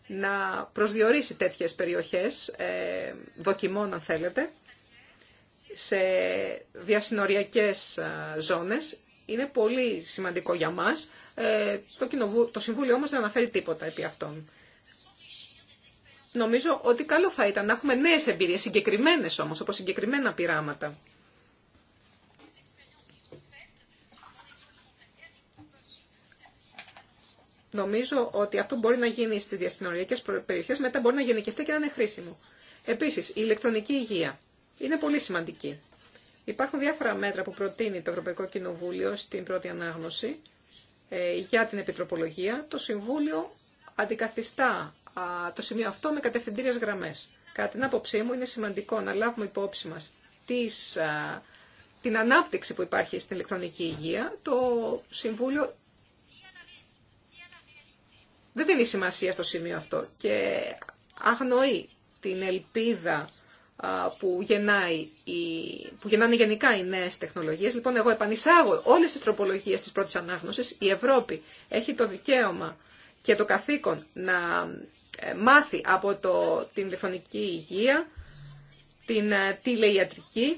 Speaker 2: να προσδιορίσει τέτοιες περιοχές ε, δοκιμών, αν θέλετε, σε διασυνοριακές ε, ζώνες. Είναι πολύ σημαντικό για μας ε, το, το Συμβούλιο όμως δεν αναφέρει τίποτα επί αυτών. Νομίζω ότι καλό θα ήταν να έχουμε νέες εμπειρίες, συγκεκριμένες όμως, όπως συγκεκριμένα πειράματα. Νομίζω ότι αυτό μπορεί να γίνει στις διαστηνοριακές περιοχές, μετά μπορεί να γενικευτεί και να είναι χρήσιμο. Επίσης, η ηλεκτρονική υγεία είναι πολύ σημαντική. Υπάρχουν διάφορα μέτρα που προτείνει το Ευρωπαϊκό Κοινοβούλιο στην πρώτη ανάγνωση ε, για την επιτροπολογία, το Συμβούλιο αντικαθιστά το σημείο αυτό με κατευθυντήριες γραμμές. Κατά την άποψή μου είναι σημαντικό να λάβουμε υπόψη μας τις, την ανάπτυξη που υπάρχει στην ηλεκτρονική υγεία. Το Συμβούλιο δεν δίνει σημασία στο σημείο αυτό και αγνοεί την ελπίδα που, γεννάει, που γεννάνε γενικά οι νέε τεχνολογίε. Λοιπόν, εγώ επανεισάγω όλε τι τροπολογίε τη πρώτη ανάγνωση. Η Ευρώπη έχει το δικαίωμα και το καθήκον να ε, μάθει από το, την τηλεφωνική υγεία, την ε, τηλεϊατρική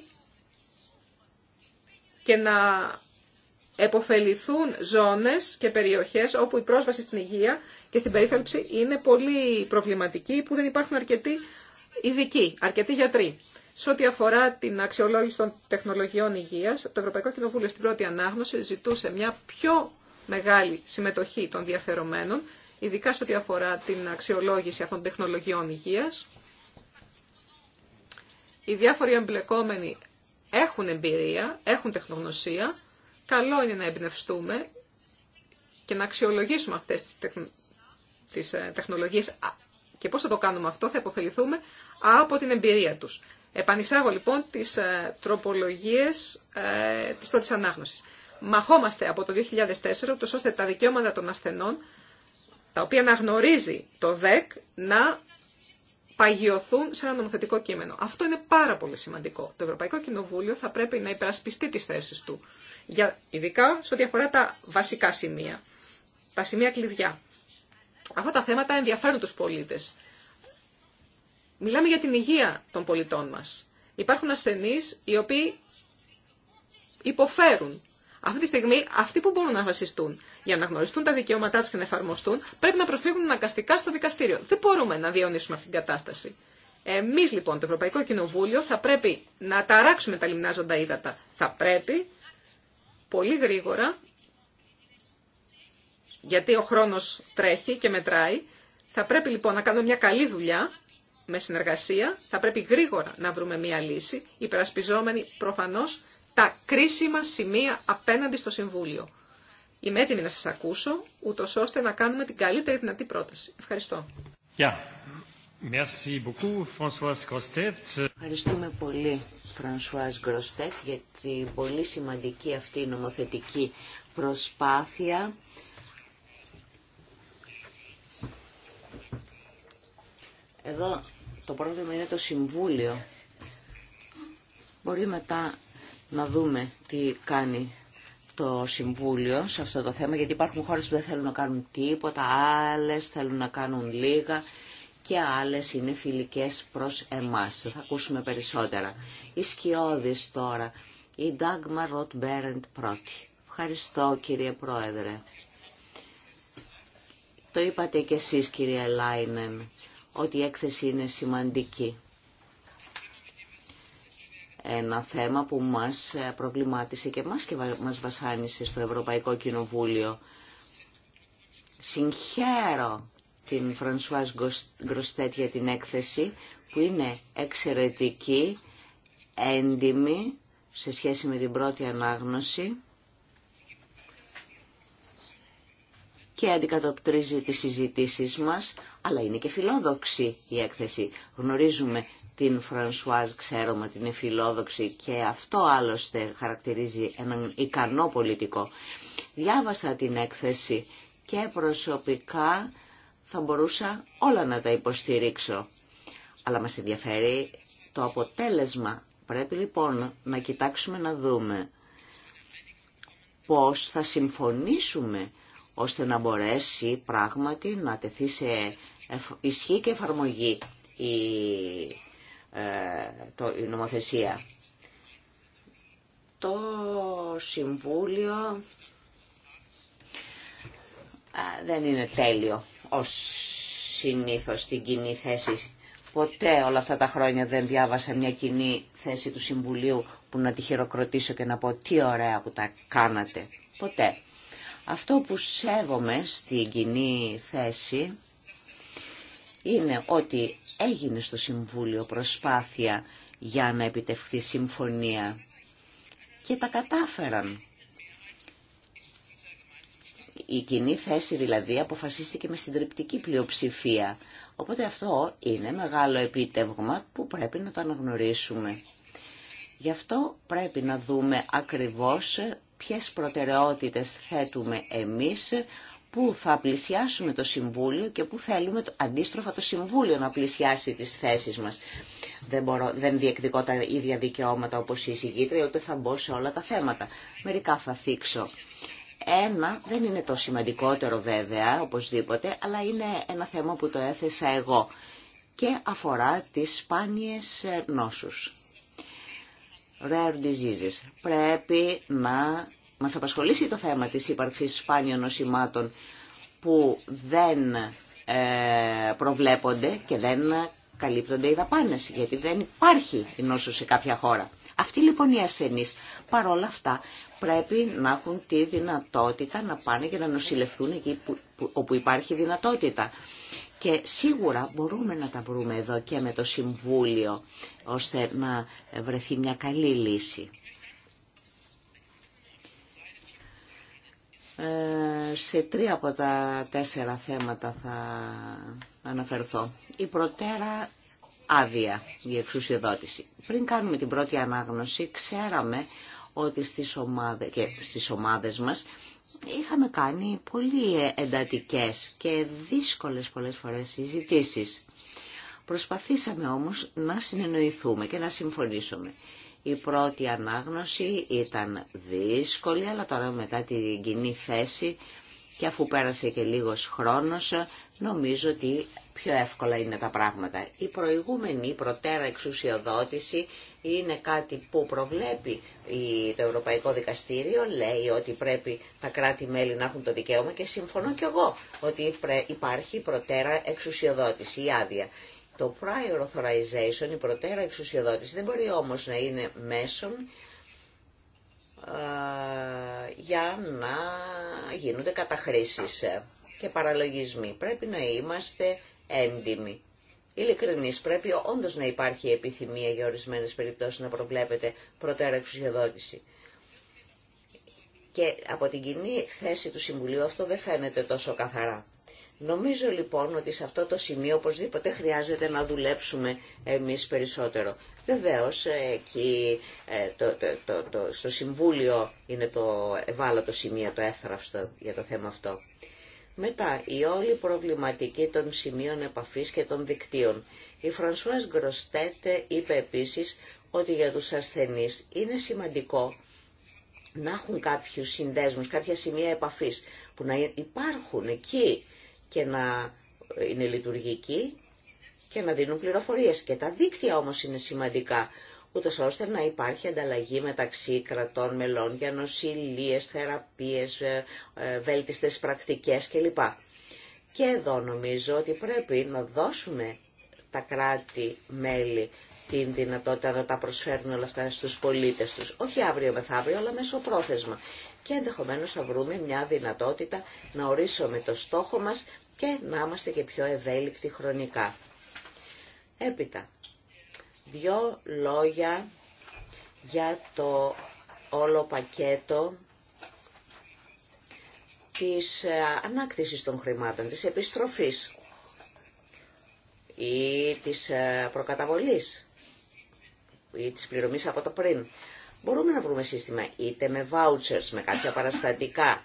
Speaker 2: και να εποφεληθούν ζώνες και περιοχές όπου η πρόσβαση στην υγεία και στην περίθαλψη είναι πολύ προβληματική, που δεν υπάρχουν αρκετοί ειδικοί, αρκετοί γιατροί. Σε ό,τι αφορά την αξιολόγηση των τεχνολογιών υγεία, το Ευρωπαϊκό Κοινοβούλιο στην πρώτη ανάγνωση ζητούσε μια πιο μεγάλη συμμετοχή των διαφερομένων, ειδικά σε ό,τι αφορά την αξιολόγηση αυτών των τεχνολογιών υγεία. Οι διάφοροι εμπλεκόμενοι έχουν εμπειρία, έχουν τεχνογνωσία. Καλό είναι να εμπνευστούμε και να αξιολογήσουμε αυτές τις, ε, τεχνολογίες και πώς θα το κάνουμε αυτό, θα υποφεληθούμε από την εμπειρία τους. Επανισάγω λοιπόν τις ε, τροπολογίες ε, της πρώτης ανάγνωσης. Μαχόμαστε από το 2004, τόσο ώστε τα δικαιώματα των ασθενών, τα οποία αναγνωρίζει το ΔΕΚ, να παγιωθούν σε ένα νομοθετικό κείμενο. Αυτό είναι πάρα πολύ σημαντικό. Το Ευρωπαϊκό Κοινοβούλιο θα πρέπει να υπερασπιστεί τις θέσεις του, για, ειδικά σε ό,τι αφορά τα βασικά σημεία, τα σημεία κλειδιά. Αυτά τα θέματα ενδιαφέρουν τους πολίτες. Μιλάμε για την υγεία των πολιτών μας. Υπάρχουν ασθενείς οι οποίοι υποφέρουν. Αυτή τη στιγμή αυτοί που μπορούν να βασιστούν για να γνωριστούν τα δικαιώματά τους και να εφαρμοστούν πρέπει να προφύγουν αναγκαστικά στο δικαστήριο. Δεν μπορούμε να διαιωνίσουμε αυτή την κατάσταση. Εμείς λοιπόν το Ευρωπαϊκό Κοινοβούλιο θα πρέπει να ταράξουμε τα λιμνάζοντα ύδατα. Θα πρέπει πολύ γρήγορα γιατί ο χρόνος τρέχει και μετράει. Θα πρέπει λοιπόν να κάνουμε μια καλή δουλειά με συνεργασία, θα πρέπει γρήγορα να βρούμε μια λύση, υπερασπιζόμενοι προφανώς τα κρίσιμα σημεία απέναντι στο Συμβούλιο. Είμαι έτοιμη να σας ακούσω, ούτω ώστε να κάνουμε την καλύτερη δυνατή πρόταση. Ευχαριστώ.
Speaker 3: Yeah. Merci beaucoup, Ευχαριστούμε πολύ,
Speaker 1: Φρανσουάς Γκροστέτ, για την πολύ σημαντική αυτή νομοθετική προσπάθεια Εδώ το πρόβλημα είναι το Συμβούλιο. Μπορεί μετά να δούμε τι κάνει το Συμβούλιο σε αυτό το θέμα, γιατί υπάρχουν χώρες που δεν θέλουν να κάνουν τίποτα, άλλες θέλουν να κάνουν λίγα και άλλες είναι φιλικές προς εμάς. Θα ακούσουμε περισσότερα. Η Σκιώδης τώρα, η Ντάγμα Ροτ Μπέρεντ πρώτη. Ευχαριστώ κύριε Πρόεδρε. Το είπατε και εσείς κύριε Λάινεν ότι η έκθεση είναι σημαντική. Ένα θέμα που μας προβλημάτισε και μας και μας βασάνισε στο Ευρωπαϊκό Κοινοβούλιο. Συγχαίρω την Φρανσουάς Γκροστέτ για την έκθεση που είναι εξαιρετική, έντιμη σε σχέση με την πρώτη ανάγνωση και αντικατοπτρίζει τις συζητήσεις μας, αλλά είναι και φιλόδοξη η έκθεση. Γνωρίζουμε την Φρανσουάζ, ξέρουμε ότι είναι φιλόδοξη και αυτό άλλωστε χαρακτηρίζει έναν ικανό πολιτικό. Διάβασα την έκθεση και προσωπικά θα μπορούσα όλα να τα υποστηρίξω. Αλλά μας ενδιαφέρει το αποτέλεσμα. Πρέπει λοιπόν να κοιτάξουμε να δούμε πώς θα συμφωνήσουμε ώστε να μπορέσει πράγματι να τεθεί σε ισχύ και εφαρμογή η, ε, το, η νομοθεσία. Το Συμβούλιο ε, δεν είναι τέλειο ως συνήθως στην κοινή θέση. Ποτέ όλα αυτά τα χρόνια δεν διάβασα μια κοινή θέση του Συμβουλίου που να τη χειροκροτήσω και να πω τι ωραία που τα κάνατε. Ποτέ. Αυτό που σέβομαι στην κοινή θέση είναι ότι έγινε στο Συμβούλιο προσπάθεια για να επιτευχθεί συμφωνία και τα κατάφεραν. Η κοινή θέση δηλαδή αποφασίστηκε με συντριπτική πλειοψηφία. Οπότε αυτό είναι μεγάλο επίτευγμα που πρέπει να το αναγνωρίσουμε. Γι' αυτό πρέπει να δούμε ακριβώς ποιες προτεραιότητες θέτουμε εμείς που θα πλησιάσουμε το Συμβούλιο και που θέλουμε το, αντίστροφα το Συμβούλιο να πλησιάσει τις θέσεις μας. Δεν, μπορώ, δεν διεκδικώ τα ίδια δικαιώματα όπως η εισηγήτρια, ούτε θα μπω σε όλα τα θέματα. Μερικά θα θίξω. Ένα δεν είναι το σημαντικότερο βέβαια, οπωσδήποτε, αλλά είναι ένα θέμα που το έθεσα εγώ και αφορά τις σπάνιες ε, νόσους rare diseases. Πρέπει να μας απασχολήσει το θέμα της ύπαρξης σπάνιων νοσημάτων που δεν ε, προβλέπονται και δεν καλύπτονται οι δαπάνες, γιατί δεν υπάρχει η σε κάποια χώρα. Αυτοί λοιπόν οι ασθενείς παρόλα αυτά πρέπει να έχουν τη δυνατότητα να πάνε και να νοσηλευτούν εκεί που, όπου υπάρχει δυνατότητα. Και σίγουρα μπορούμε να τα βρούμε εδώ και με το Συμβούλιο, ώστε να βρεθεί μια καλή λύση. Ε, σε τρία από τα τέσσερα θέματα θα αναφερθώ. Η προτέρα άδεια για εξουσιοδότηση. Πριν κάνουμε την πρώτη ανάγνωση, ξέραμε ότι στις ομάδες, και στις ομάδες μας είχαμε κάνει πολύ εντατικές και δύσκολες πολλές φορές συζητήσεις. Προσπαθήσαμε όμως να συνεννοηθούμε και να συμφωνήσουμε. Η πρώτη ανάγνωση ήταν δύσκολη, αλλά τώρα μετά την κοινή θέση και αφού πέρασε και λίγος χρόνος, νομίζω ότι πιο εύκολα είναι τα πράγματα. Η προηγούμενη προτέρα εξουσιοδότηση είναι κάτι που προβλέπει το Ευρωπαϊκό Δικαστήριο, λέει ότι πρέπει τα κράτη-μέλη να έχουν το δικαίωμα και συμφωνώ κι εγώ ότι υπάρχει προτέρα εξουσιοδότηση ή άδεια. Το prior authorization, η προτέρα εξουσιοδότηση, δεν μπορεί όμως να είναι μέσον για να γίνονται καταχρήσεις και παραλογισμοί. Πρέπει να είμαστε έντιμοι. Ειλικρινή, Πρέπει όντω να υπάρχει επιθυμία για ορισμένε περιπτώσει να προβλέπεται προτέρα εξουσιοδότηση. Και από την κοινή θέση του Συμβουλίου αυτό δεν φαίνεται τόσο καθαρά. Νομίζω λοιπόν ότι σε αυτό το σημείο οπωσδήποτε χρειάζεται να δουλέψουμε εμείς περισσότερο. Βεβαίως ε, εκεί ε, το, στο Συμβούλιο είναι το ευάλωτο σημείο, το έθραυστο για το θέμα αυτό. Μετά, η όλη προβληματική των σημείων επαφής και των δικτύων. Η Φρανσουάς Γκροστέτε είπε επίσης ότι για τους ασθενείς είναι σημαντικό να έχουν κάποιους συνδέσμους, κάποια σημεία επαφής που να υπάρχουν εκεί και να είναι λειτουργικοί και να δίνουν πληροφορίες. Και τα δίκτυα όμως είναι σημαντικά ούτως ώστε να υπάρχει ανταλλαγή μεταξύ κρατών μελών για νοσηλίες, θεραπείες, ε, ε, βέλτιστες πρακτικές κλπ. Και εδώ νομίζω ότι πρέπει να δώσουμε τα κράτη-μέλη την δυνατότητα να τα προσφέρουν όλα αυτά στους πολίτες τους. Όχι αύριο μεθαύριο, αλλά μέσω πρόθεσμα. Και ενδεχομένως θα βρούμε μια δυνατότητα να ορίσουμε το στόχο μας και να είμαστε και πιο ευέλικτοι χρονικά. Έπειτα, Δύο λόγια για το όλο πακέτο της ε, ανάκτησης των χρημάτων, της επιστροφής ή της ε, προκαταβολής ή της πληρωμής από το πριν. Μπορούμε να βρούμε σύστημα είτε με vouchers, με κάποια παραστατικά,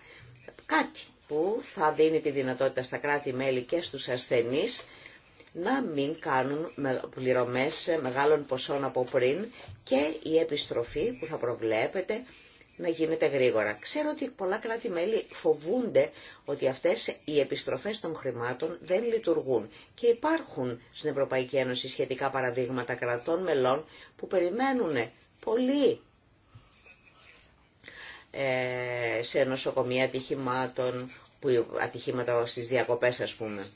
Speaker 1: κάτι που θα δίνει τη δυνατότητα στα κράτη-μέλη και στους ασθενείς να μην κάνουν πληρωμές μεγάλων ποσών από πριν και η επιστροφή που θα προβλέπετε να γίνεται γρήγορα. Ξέρω ότι πολλά κράτη-μέλη φοβούνται ότι αυτές οι επιστροφές των χρημάτων δεν λειτουργούν και υπάρχουν στην Ευρωπαϊκή Ένωση σχετικά παραδείγματα κρατών μελών που περιμένουν πολύ ε, σε νοσοκομεία ατυχημάτων, που, ατυχήματα στις διακοπές ας πούμε.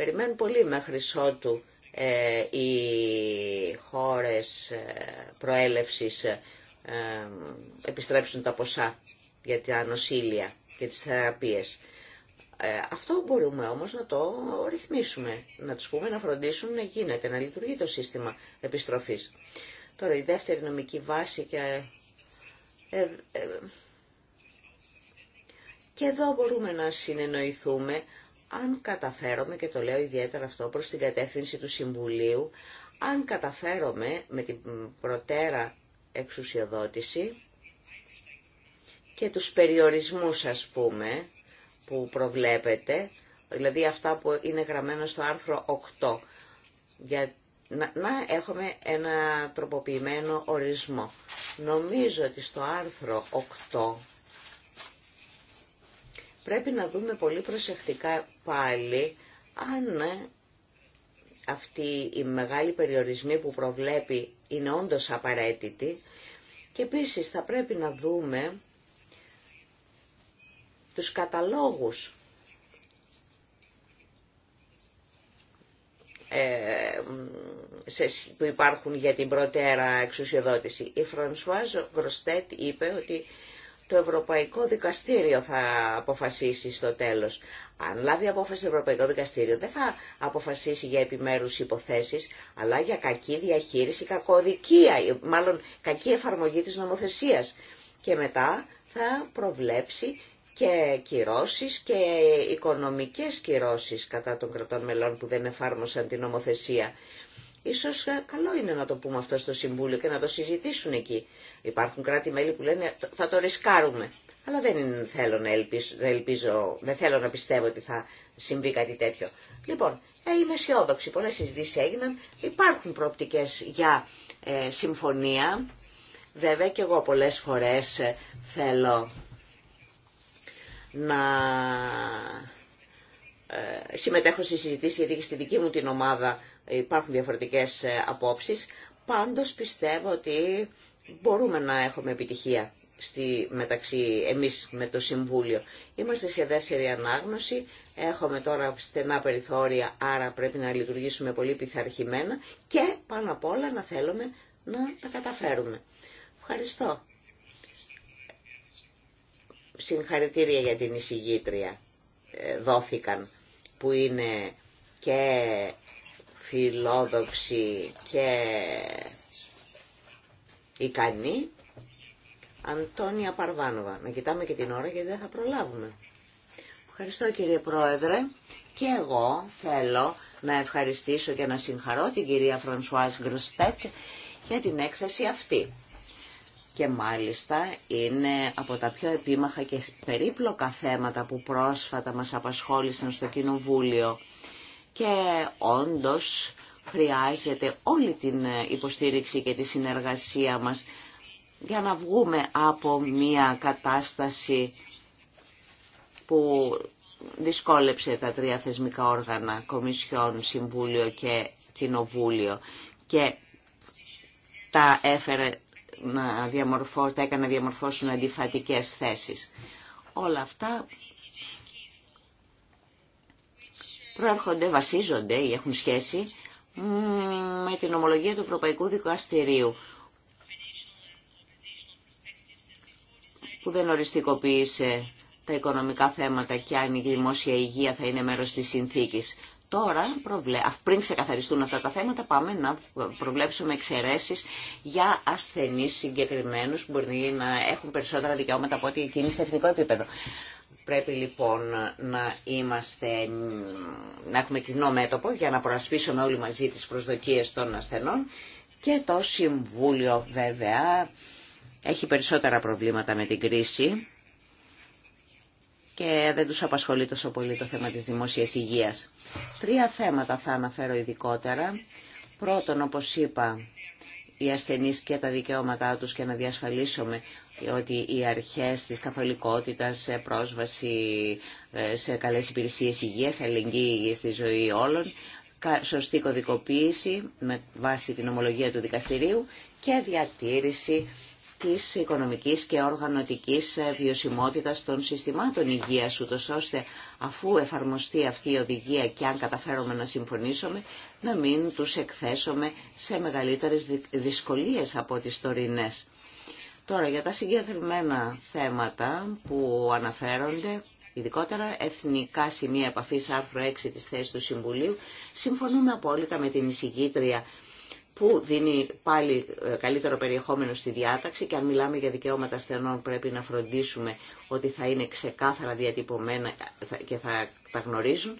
Speaker 1: Περιμένουν πολύ μέχρι ότου ε, οι χώρες ε, προέλευσης ε, επιστρέψουν τα ποσά για τα νοσήλια και τις θεραπείες. Ε, αυτό μπορούμε όμως να το ρυθμίσουμε, να τους πούμε να φροντίσουν να γίνεται, να λειτουργεί το σύστημα επιστροφής. Τώρα η δεύτερη νομική βάση και... και εδώ μπορούμε να συνεννοηθούμε αν καταφέρομαι, και το λέω ιδιαίτερα αυτό προς την κατεύθυνση του Συμβουλίου, αν καταφέρομαι με την προτέρα εξουσιοδότηση και τους περιορισμούς ας πούμε που προβλέπετε, δηλαδή αυτά που είναι γραμμένα στο άρθρο 8, για να, να έχουμε ένα τροποποιημένο ορισμό. Νομίζω ότι στο άρθρο 8 πρέπει να δούμε πολύ προσεκτικά πάλι αν ε, αυτή η μεγάλη περιορισμή που προβλέπει είναι όντως απαραίτητη και επίσης θα πρέπει να δούμε τους καταλόγους ε, που υπάρχουν για την πρώτερα εξουσιοδότηση. Η Φρανσουάζ Γροστέτ είπε ότι το Ευρωπαϊκό Δικαστήριο θα αποφασίσει στο τέλος. Αν λάβει απόφαση το Ευρωπαϊκό Δικαστήριο δεν θα αποφασίσει για επιμέρους υποθέσεις, αλλά για κακή διαχείριση, κακοδικία, μάλλον κακή εφαρμογή της νομοθεσίας. Και μετά θα προβλέψει και κυρώσεις και οικονομικές κυρώσεις κατά των κρατών μελών που δεν εφάρμοσαν την νομοθεσία. Ίσως ε, καλό είναι να το πούμε αυτό στο Συμβούλιο και να το συζητήσουν εκεί. Υπάρχουν κράτη-μέλη που λένε θα το ρισκάρουμε. Αλλά δεν θέλω να ελπίζω, δεν, θέλω να πιστεύω ότι θα συμβεί κάτι τέτοιο. Λοιπόν, ε, είμαι αισιόδοξη. Πολλές συζητήσεις έγιναν. Υπάρχουν προοπτικές για ε, συμφωνία. Βέβαια και εγώ πολλές φορές ε, θέλω να ε, συμμετέχω στη συζητήση γιατί και στη δική μου την ομάδα υπάρχουν διαφορετικές ε, απόψεις. Πάντως πιστεύω ότι μπορούμε να έχουμε επιτυχία στη, μεταξύ εμείς με το Συμβούλιο. Είμαστε σε δεύτερη ανάγνωση, έχουμε τώρα στενά περιθώρια, άρα πρέπει να λειτουργήσουμε πολύ πειθαρχημένα και πάνω απ' όλα να θέλουμε να τα καταφέρουμε. Ευχαριστώ. Συγχαρητήρια για την εισηγήτρια ε, δόθηκαν που είναι και φιλόδοξη και ικανή. Αντώνια Παρβάνοβα. Να κοιτάμε και την ώρα γιατί δεν θα προλάβουμε. Ευχαριστώ κύριε Πρόεδρε. Και εγώ θέλω να ευχαριστήσω και να συγχαρώ την κυρία Φρανσουάς Γκρουστέτ για την έκθεση αυτή και μάλιστα είναι από τα πιο επίμαχα και περίπλοκα θέματα που πρόσφατα μας απασχόλησαν στο Κοινοβούλιο και όντως χρειάζεται όλη την υποστήριξη και τη συνεργασία μας για να βγούμε από μια κατάσταση που δυσκόλεψε τα τρία θεσμικά όργανα, Κομισιόν, Συμβούλιο και Κοινοβούλιο και τα έφερε να διαμορφώ, τα έκανε να διαμορφώσουν αντιφατικές θέσεις. Όλα αυτά προέρχονται, βασίζονται ή έχουν σχέση με την ομολογία του Ευρωπαϊκού Δικαστηρίου που δεν οριστικοποίησε τα οικονομικά θέματα και αν η δημόσια υγεία θα είναι μέρος της συνθήκης. Τώρα, πριν ξεκαθαριστούν αυτά τα θέματα, πάμε να προβλέψουμε εξαιρέσει για ασθενεί συγκεκριμένου που μπορεί να έχουν περισσότερα δικαιώματα από ό,τι εκείνοι σε εθνικό επίπεδο. Πρέπει λοιπόν να, είμαστε, να έχουμε κοινό μέτωπο για να προασπίσουμε όλοι μαζί τις προσδοκίες των ασθενών και το Συμβούλιο βέβαια έχει περισσότερα προβλήματα με την κρίση και δεν τους απασχολεί τόσο πολύ το θέμα της δημόσιας υγείας. Τρία θέματα θα αναφέρω ειδικότερα. Πρώτον, όπως είπα, οι ασθενείς και τα δικαιώματά τους και να διασφαλίσουμε ότι οι αρχές της καθολικότητας, πρόσβαση ε, σε καλές υπηρεσίες υγείας, αλληλεγγύη στη ζωή όλων, σωστή κωδικοποίηση με βάση την ομολογία του δικαστηρίου και διατήρηση της οικονομικής και οργανωτικής βιωσιμότητας των συστημάτων υγείας, ούτως ώστε αφού εφαρμοστεί αυτή η οδηγία και αν καταφέρουμε να συμφωνήσουμε, να μην τους εκθέσουμε σε μεγαλύτερες δυσκολίες από τις τωρινές. Τώρα, για τα συγκεκριμένα θέματα που αναφέρονται, ειδικότερα εθνικά σημεία επαφής άρθρο 6 της θέσης του Συμβουλίου, συμφωνούμε απόλυτα με την εισηγήτρια που δίνει πάλι ε, καλύτερο περιεχόμενο στη διάταξη και αν μιλάμε για δικαιώματα ασθενών πρέπει να φροντίσουμε ότι θα είναι ξεκάθαρα διατυπωμένα και θα τα γνωρίζουν.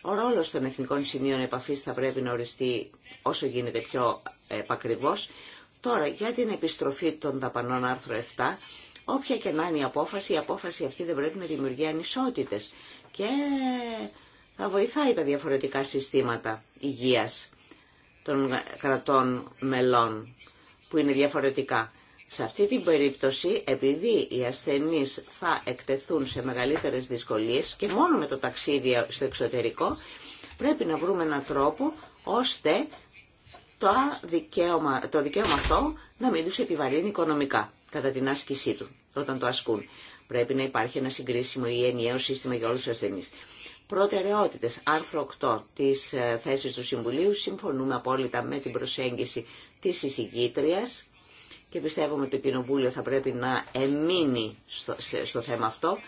Speaker 1: Ο ρόλος των εθνικών σημείων επαφής θα πρέπει να οριστεί όσο γίνεται πιο επακριβώς. Τώρα, για την επιστροφή των δαπανών άρθρο 7, όποια και να είναι η απόφαση, η απόφαση αυτή δεν πρέπει να δημιουργεί ανισότητες και θα βοηθάει τα διαφορετικά συστήματα υγείας των κρατών μελών που είναι διαφορετικά. Σε αυτή την περίπτωση, επειδή οι ασθενείς θα εκτεθούν σε μεγαλύτερες δυσκολίες και μόνο με το ταξίδι στο εξωτερικό, πρέπει να βρούμε έναν τρόπο ώστε το δικαίωμα, το δικαίωμα αυτό να μην τους επιβαρύνει οικονομικά κατά την άσκησή του όταν το ασκούν. Πρέπει να υπάρχει ένα συγκρίσιμο ή ενιαίο σύστημα για όλους τους ασθενείς. Προτεραιότητες, άρθρο 8 της ε, θέσης του Συμβουλίου, συμφωνούμε απόλυτα με την προσέγγιση της εισηγήτρια και πιστεύουμε ότι το Κοινοβούλιο θα πρέπει να εμείνει στο, θέμα αυτό.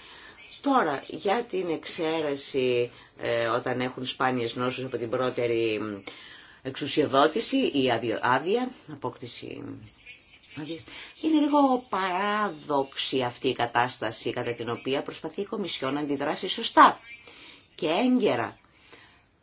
Speaker 1: Τώρα, για την εξαίρεση ε, όταν έχουν σπάνιες νόσους από την πρώτερη εξουσιοδότηση ή άδεια, απόκτηση είναι λίγο παράδοξη αυτή η κατάσταση κατά την οποία προσπαθεί η Κομισιόν να αντιδράσει σωστά και έγκαιρα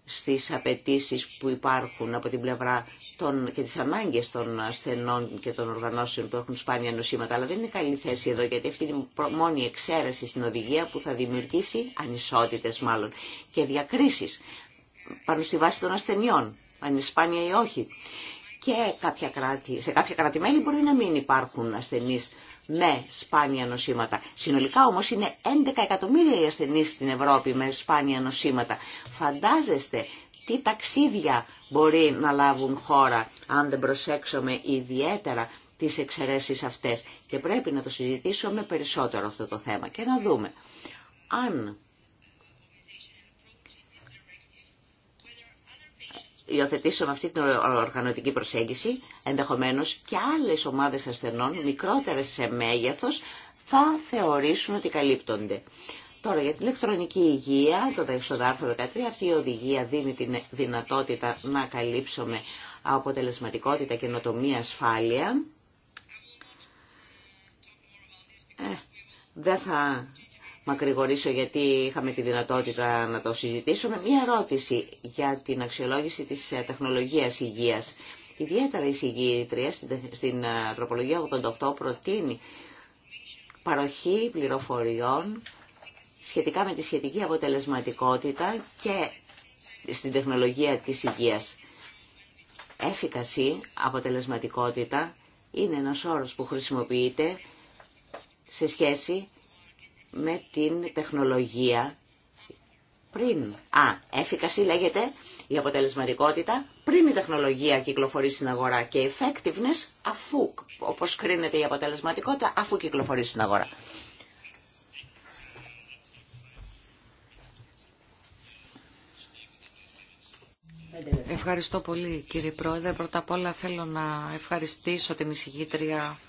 Speaker 1: στις απαιτήσει που υπάρχουν από την πλευρά των, και τις ανάγκες των ασθενών και των οργανώσεων που έχουν σπάνια νοσήματα. Αλλά δεν είναι καλή θέση εδώ γιατί αυτή είναι η μόνη εξαίρεση στην οδηγία που θα δημιουργήσει ανισότητες μάλλον και διακρίσεις πάνω στη βάση των ασθενειών, αν είναι σπάνια ή όχι. Και κράτη, σε κάποια μπορεί να μην υπάρχουν ασθενείς με σπάνια νοσήματα. Συνολικά όμως είναι 11 εκατομμύρια οι ασθενείς στην Ευρώπη με σπάνια νοσήματα. Φαντάζεστε τι ταξίδια μπορεί να λάβουν χώρα αν δεν προσέξουμε ιδιαίτερα τις εξαιρέσεις αυτές. Και πρέπει να το συζητήσουμε περισσότερο αυτό το θέμα και να δούμε αν υιοθετήσουμε αυτή την οργανωτική προσέγγιση, ενδεχομένως και άλλες ομάδες ασθενών, μικρότερες σε μέγεθος, θα θεωρήσουν ότι καλύπτονται. Τώρα για την ηλεκτρονική υγεία, το άρθρο 13, αυτή η οδηγία δίνει τη δυνατότητα να καλύψουμε αποτελεσματικότητα, και καινοτομία, ασφάλεια. Ε, δεν θα μακρηγορήσω γιατί είχαμε τη δυνατότητα να το συζητήσουμε. Μία ερώτηση για την αξιολόγηση της ε, τεχνολογίας υγείας. Ιδιαίτερα η συγγύητρια στην ε, τροπολογία 88 προτείνει παροχή πληροφοριών σχετικά με τη σχετική αποτελεσματικότητα και στην τεχνολογία της υγείας. Έφικαση, αποτελεσματικότητα είναι ένας όρος που χρησιμοποιείται σε σχέση με την τεχνολογία πριν. Α, efficacy λέγεται η αποτελεσματικότητα πριν η τεχνολογία κυκλοφορεί στην αγορά και effectiveness αφού, όπως κρίνεται η αποτελεσματικότητα, αφού κυκλοφορεί στην αγορά.
Speaker 4: Ευχαριστώ πολύ κύριε Πρόεδρε. Πρώτα απ' όλα θέλω να ευχαριστήσω την εισηγήτρια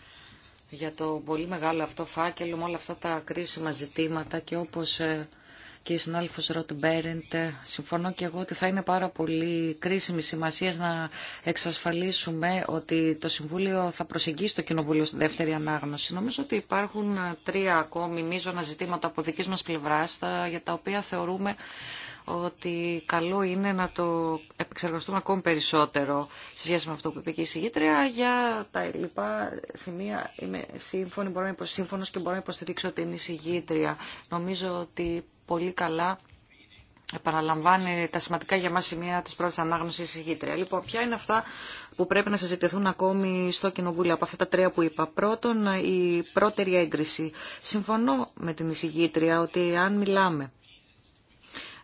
Speaker 4: για το πολύ μεγάλο αυτό φάκελο με όλα αυτά τα κρίσιμα ζητήματα και όπως ε, και η συνάδελφος Ροτ Μπέρεντ, ε, συμφωνώ και εγώ ότι θα είναι πάρα πολύ κρίσιμη σημασία να εξασφαλίσουμε ότι το Συμβούλιο θα προσεγγίσει το Κοινοβούλιο στη δεύτερη ανάγνωση. Νομίζω ότι υπάρχουν ε, τρία ακόμη μείζωνα ζητήματα από δική μας πλευράς για τα οποία θεωρούμε ότι καλό είναι να το επεξεργαστούμε ακόμη περισσότερο σε σχέση με αυτό που είπε και η συγγήτρια.
Speaker 2: Για
Speaker 4: τα λοιπά σημεία είμαι σύμφωνη, μπορώ να σύμφωνος και μπορώ να υποστηρίξω ότι είναι η συγγήτρια. Νομίζω ότι πολύ καλά επαναλαμβάνει τα σημαντικά για μας σημεία της πρώτης ανάγνωσης συγγήτρια. Λοιπόν, ποια είναι αυτά που πρέπει να συζητηθούν ακόμη στο Κοινοβούλιο από αυτά τα τρία που είπα. Πρώτον, η πρώτερη έγκριση. Συμφωνώ με την εισηγήτρια ότι αν μιλάμε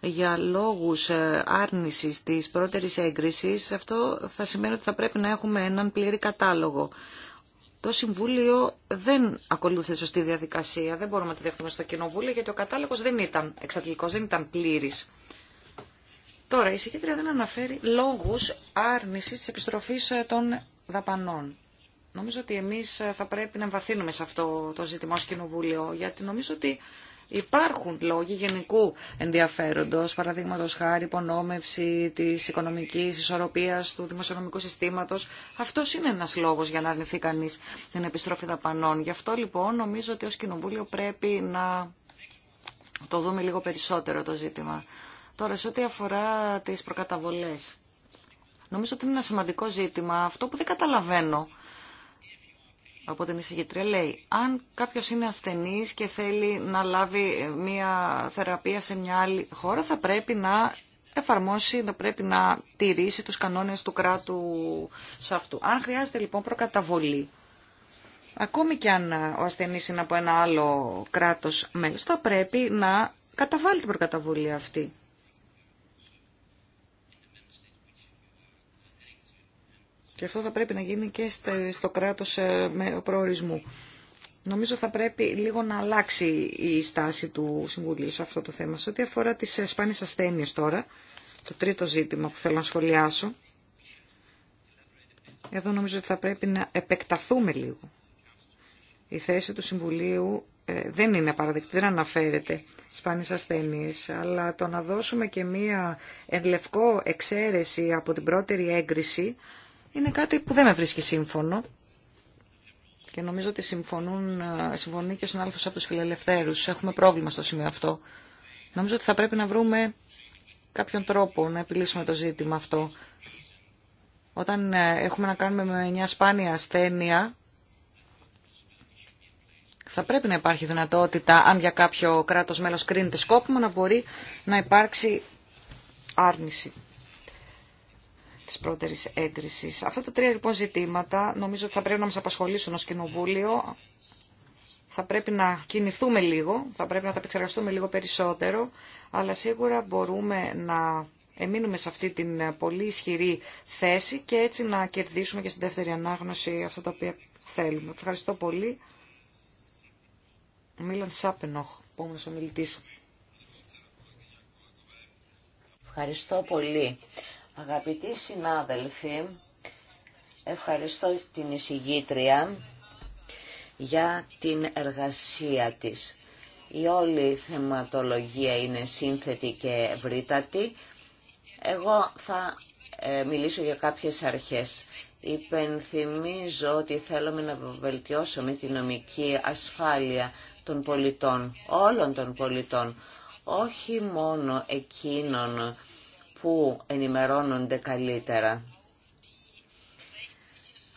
Speaker 4: για λόγους ε, άρνησης της πρώτερης έγκρισης, αυτό θα σημαίνει ότι θα πρέπει να έχουμε έναν πλήρη κατάλογο. Το Συμβούλιο δεν ακολούθησε σωστή διαδικασία, δεν μπορούμε να τη δεχτούμε στο Κοινοβούλιο, γιατί ο κατάλογος δεν ήταν εξατλικός, δεν ήταν πλήρης. Τώρα, η συγκέντρια δεν αναφέρει λόγους άρνησης της επιστροφής ε, των δαπανών. Νομίζω ότι εμείς ε, θα πρέπει να εμβαθύνουμε σε αυτό το ζήτημα ως Κοινοβούλιο, γιατί νομίζω ότι Υπάρχουν λόγοι γενικού ενδιαφέροντος, παραδείγματο χάρη υπονόμευση της οικονομικής ισορροπίας του δημοσιονομικού συστήματος. Αυτό είναι ένας λόγος για να αρνηθεί κανείς την επιστροφή δαπανών. Γι' αυτό λοιπόν νομίζω ότι ως Κοινοβούλιο πρέπει να το δούμε λίγο περισσότερο το ζήτημα. Τώρα, σε ό,τι αφορά τις προκαταβολές. Νομίζω ότι είναι ένα σημαντικό ζήτημα. Αυτό που δεν καταλαβαίνω από την εισηγητρία λέει αν κάποιος είναι ασθενής και θέλει να λάβει μια θεραπεία σε μια άλλη χώρα θα πρέπει να εφαρμόσει, να πρέπει να τηρήσει τους κανόνες του κράτου σε αυτού. Αν χρειάζεται λοιπόν προκαταβολή, ακόμη και αν ο ασθενής είναι από ένα άλλο κράτος μέλος, θα πρέπει να καταβάλει την προκαταβολή αυτή. Και αυτό θα πρέπει να γίνει και στο κράτος ε, με προορισμού. Νομίζω θα πρέπει λίγο να αλλάξει η στάση του Συμβουλίου σε αυτό το θέμα. Σε ό,τι αφορά τις ε, σπάνιες ασθένειες τώρα, το τρίτο ζήτημα που θέλω να σχολιάσω, εδώ νομίζω ότι θα πρέπει να επεκταθούμε λίγο. Η θέση του Συμβουλίου ε, δεν είναι παραδεκτή, δεν αναφέρεται σπάνιες ασθένειες, αλλά το να δώσουμε και μία ενλευκό εξαίρεση από την πρώτερη έγκριση είναι κάτι που δεν με βρίσκει σύμφωνο και νομίζω ότι συμφωνούν, ε, συμφωνεί και ο συνάδελφος από τους φιλελευθέρους. Έχουμε πρόβλημα στο σημείο αυτό. Νομίζω ότι θα πρέπει να βρούμε κάποιον τρόπο να επιλύσουμε το ζήτημα αυτό. Όταν ε, έχουμε να κάνουμε με μια σπάνια ασθένεια, θα πρέπει να υπάρχει δυνατότητα, αν για κάποιο κράτος μέλος κρίνεται σκόπιμο, να μπορεί να υπάρξει άρνηση Τη πρώτερη έγκριση. Αυτά τα τρία λοιπόν ζητήματα νομίζω ότι θα πρέπει να μας απασχολήσουν ω Κοινοβούλιο. Θα πρέπει να κινηθούμε λίγο, θα πρέπει να τα επεξεργαστούμε λίγο περισσότερο, αλλά σίγουρα μπορούμε να εμείνουμε σε αυτή την πολύ ισχυρή θέση και έτσι να κερδίσουμε και στην δεύτερη ανάγνωση αυτά τα οποία θέλουμε. Ευχαριστώ πολύ.
Speaker 1: Ευχαριστώ πολύ. Αγαπητοί συνάδελφοι, ευχαριστώ την εισηγήτρια για την εργασία της. Η όλη θεματολογία είναι σύνθετη και ευρύτατη. Εγώ θα ε, μιλήσω για κάποιες αρχές. Υπενθυμίζω ότι θέλουμε να βελτιώσουμε τη νομική ασφάλεια των πολιτών, όλων των πολιτών, όχι μόνο εκείνων που ενημερώνονται καλύτερα.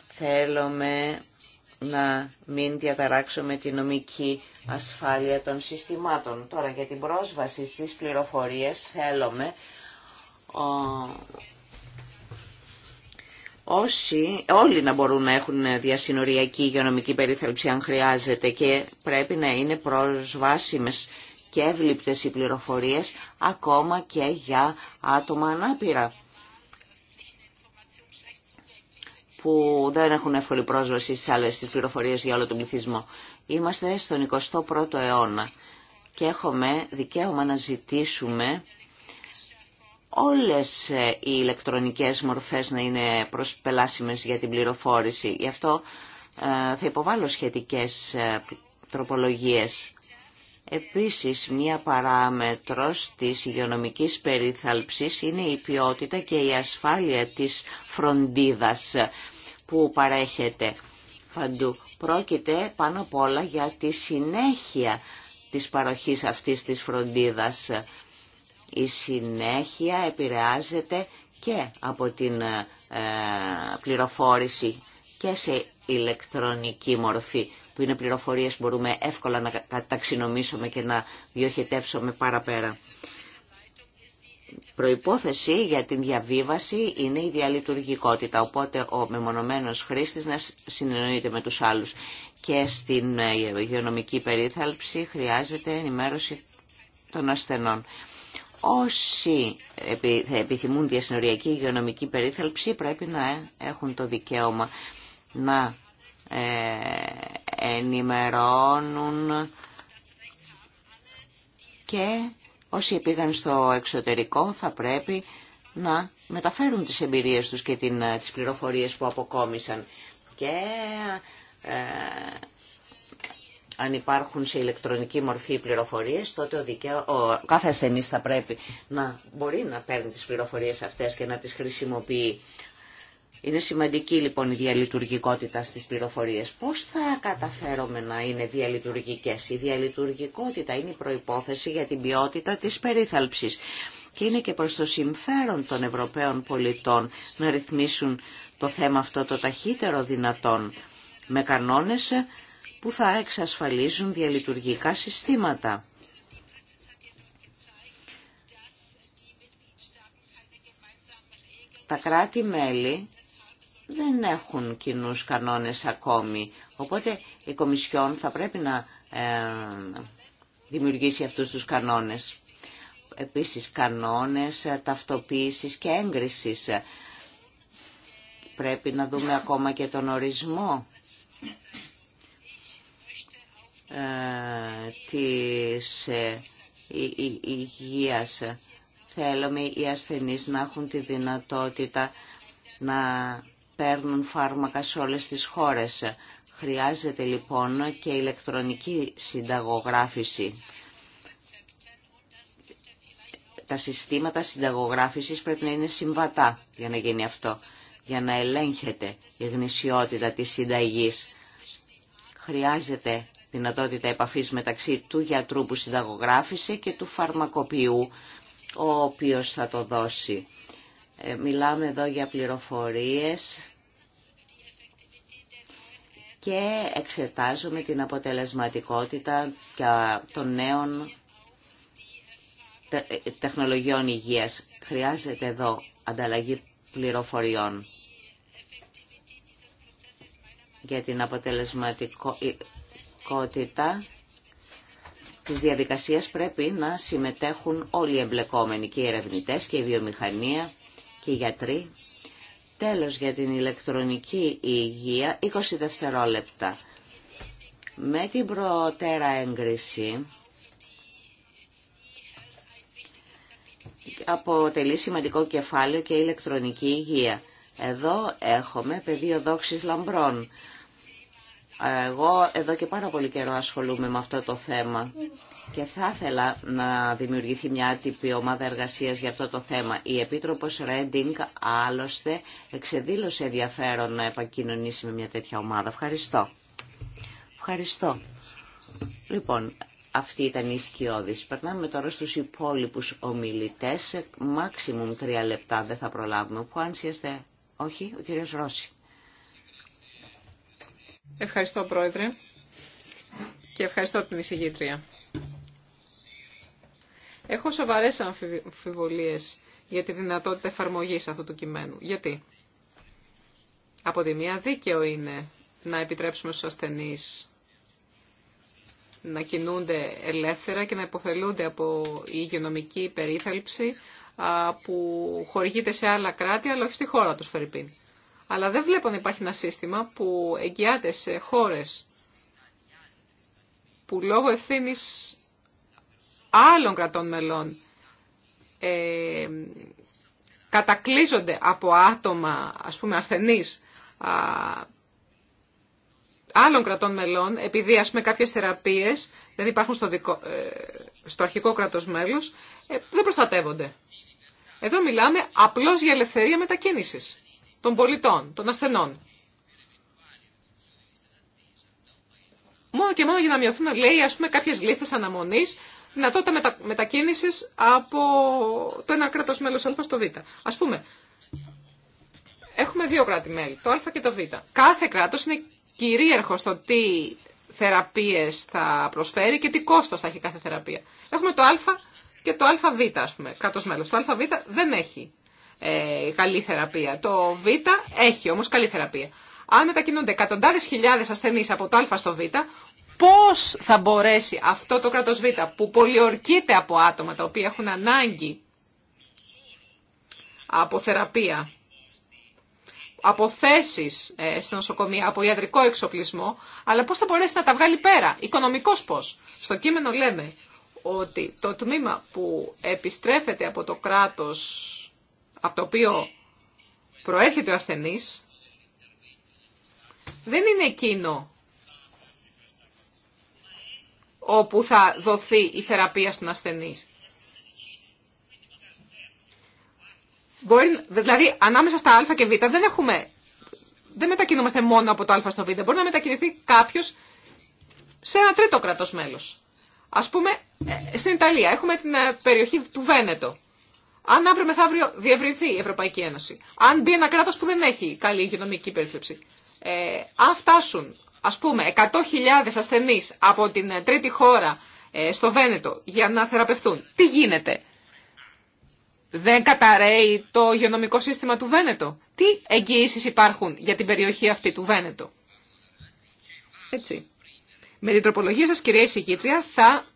Speaker 1: Θέλουμε να μην διαταράξουμε τη νομική ασφάλεια των συστημάτων. Τώρα για την πρόσβαση στις πληροφορίες θέλουμε όσοι, όλοι να μπορούν να έχουν διασυνοριακή υγειονομική περίθαλψη αν χρειάζεται και πρέπει να είναι προσβάσιμες και εύληπτες οι πληροφορίες ακόμα και για άτομα ανάπηρα που δεν έχουν εύκολη πρόσβαση στις άλλες τις πληροφορίες για όλο τον πληθυσμό. Είμαστε στον 21ο αιώνα και έχουμε δικαίωμα να ζητήσουμε όλες ε, οι ηλεκτρονικές μορφές να είναι προσπελάσιμες για την πληροφόρηση. Γι' αυτό ε, θα υποβάλω σχετικές ε, τροπολογίες. Επίσης, μία παράμετρος της υγειονομικής περιθαλψής είναι η ποιότητα και η ασφάλεια της φροντίδας που παρέχεται παντού. Πρόκειται πάνω απ' όλα για τη συνέχεια της παροχής αυτής της φροντίδας. Η συνέχεια επηρεάζεται και από την ε, πληροφόρηση και σε ηλεκτρονική μορφή που είναι πληροφορίες που μπορούμε εύκολα να ταξινομήσουμε και να διοχετεύσουμε παραπέρα. Προϋπόθεση για την διαβίβαση είναι η διαλειτουργικότητα, οπότε ο μεμονωμένος χρήστης να συνεννοείται με τους άλλους. Και στην ε, υγειονομική περίθαλψη χρειάζεται ενημέρωση των ασθενών. Όσοι θα επιθυμούν διασυνοριακή υγειονομική περίθαλψη πρέπει να ε, έχουν το δικαίωμα να ε, ενημερώνουν και όσοι πήγαν στο εξωτερικό θα πρέπει να μεταφέρουν τις εμπειρίες τους και την, ε, τις πληροφορίες που αποκόμισαν. Και ε, αν υπάρχουν σε ηλεκτρονική μορφή πληροφορίες, τότε ο, δικαιο, ο κάθε ασθενής θα πρέπει να μπορεί να παίρνει τις πληροφορίες αυτές και να τις χρησιμοποιεί. Είναι σημαντική λοιπόν η διαλειτουργικότητα στις πληροφορίες. Πώς θα καταφέρομαι να είναι διαλειτουργικές. Η διαλειτουργικότητα είναι η προϋπόθεση για την ποιότητα της περίθαλψης. Και είναι και προς το συμφέρον των Ευρωπαίων πολιτών να ρυθμίσουν το θέμα αυτό το ταχύτερο δυνατόν με κανόνες που θα εξασφαλίζουν διαλειτουργικά συστήματα. Τα κράτη-μέλη δεν έχουν κοινού κανόνες ακόμη. Οπότε η Κομισιόν θα πρέπει να ε, δημιουργήσει αυτούς τους κανόνες. Επίσης κανόνες ε, ταυτοποίησης και έγκρισης. Πρέπει να δούμε ακόμα και τον ορισμό ε, της υγείας. Θέλουμε οι ασθενείς να έχουν τη δυνατότητα να παίρνουν φάρμακα σε όλες τις χώρες. Χρειάζεται λοιπόν και ηλεκτρονική συνταγογράφηση. Τα συστήματα συνταγογράφησης πρέπει να είναι συμβατά για να γίνει αυτό, για να ελέγχεται η γνησιότητα της συνταγής. Χρειάζεται δυνατότητα επαφής μεταξύ του γιατρού που συνταγογράφησε και του φαρμακοποιού, ο οποίος θα το δώσει. Ε, μιλάμε εδώ για πληροφορίες και εξετάζουμε την αποτελεσματικότητα των νέων τεχνολογιών υγείας. Χρειάζεται εδώ ανταλλαγή πληροφοριών για την αποτελεσματικότητα της διαδικασίας πρέπει να συμμετέχουν όλοι οι εμπλεκόμενοι και οι ερευνητές και η βιομηχανία και οι γιατροί Τέλος για την ηλεκτρονική υγεία 20 δευτερόλεπτα. Με την προτέρα έγκριση αποτελεί σημαντικό κεφάλαιο και ηλεκτρονική υγεία. Εδώ έχουμε πεδίο δόξης λαμπρών. Εγώ εδώ και πάρα πολύ καιρό ασχολούμαι με αυτό το θέμα και θα ήθελα να δημιουργηθεί μια άτυπη ομάδα εργασίας για αυτό το θέμα. Η Επίτροπος Ρέντινγκ άλλωστε εξεδήλωσε ενδιαφέρον να επακοινωνήσει με μια τέτοια ομάδα. Ευχαριστώ. Ευχαριστώ. Λοιπόν, αυτή ήταν η σκιώδηση. Περνάμε τώρα στους υπόλοιπους ομιλητές. Μάξιμουμ τρία λεπτά δεν θα προλάβουμε.
Speaker 2: Που αν όχι, ο κύριος Ρώση. Ευχαριστώ, Πρόεδρε, και ευχαριστώ την εισηγήτρια. Έχω σοβαρές αμφιβολίες για τη δυνατότητα εφαρμογής αυτού του κειμένου. Γιατί? Από τη μία δίκαιο είναι να επιτρέψουμε στους ασθενείς να κινούνται ελεύθερα και να υποφελούνται από η υγειονομική περίθαλψη που χορηγείται σε άλλα κράτη, αλλά όχι στη χώρα τους, Φερρυπίν. Αλλά δεν βλέπω να υπάρχει ένα σύστημα που εγγυάται σε χώρες που λόγω ευθύνη άλλων κρατών μελών ε, κατακλείζονται από άτομα, ας πούμε, ασθενείς άλλων κρατών μελών, επειδή, ας πούμε, κάποιες θεραπείες δεν υπάρχουν στο, ε, αρχικό κράτος μέλος, ε, δεν προστατεύονται. Εδώ μιλάμε απλώς για ελευθερία μετακίνησης των πολιτών, των ασθενών. Μόνο και μόνο για να μειωθούν, λέει, ας πούμε, κάποιες λίστες αναμονής, δυνατότητα μετα... μετακίνησης από το ένα κράτος μέλος α στο β. Ας πούμε, έχουμε δύο κράτη-μέλη, το α και το β. Κάθε κράτος είναι κυρίαρχο στο τι θεραπείες θα προσφέρει και τι κόστος θα έχει κάθε θεραπεία. Έχουμε το α και το αβ, ας πούμε, κράτος μέλος. Το αβ δεν έχει ε, καλή θεραπεία. Το Β έχει όμως καλή θεραπεία. Αν μετακινούνται εκατοντάδες χιλιάδες ασθενείς από το Α στο Β, πώς θα μπορέσει αυτό το κράτος Β που πολιορκείται από άτομα τα οποία έχουν ανάγκη από θεραπεία, από θέσεις ε, νοσοκομεία, από ιατρικό εξοπλισμό, αλλά πώς θα μπορέσει να τα βγάλει πέρα, οικονομικός πώς. Στο κείμενο λέμε ότι το τμήμα που επιστρέφεται από το κράτος από το οποίο προέρχεται ο ασθενής δεν είναι εκείνο όπου θα δοθεί η θεραπεία στον ασθενή. Μπορεί, δηλαδή, ανάμεσα στα α και β δεν έχουμε... Δεν μετακινούμαστε μόνο από το α στο β. Μπορεί να μετακινηθεί κάποιος σε ένα τρίτο κράτος μέλος. Ας πούμε, ε, στην Ιταλία έχουμε την ε, περιοχή του Βένετο. Αν αύριο μεθαύριο διευρυνθεί η Ευρωπαϊκή Ένωση, αν μπει ένα κράτο που δεν έχει καλή οικονομική υπέρφλεψη, ε, αν φτάσουν ας πούμε 100.000 ασθενεί από την ε, τρίτη χώρα ε, στο Βένετο για να θεραπευθούν, τι γίνεται. Δεν καταραίει το υγειονομικό σύστημα του Βένετο. Τι εγγυήσει υπάρχουν για την περιοχή αυτή του Βένετο. Έτσι. Με την τροπολογία σας, κυρία εισηγήτρια, θα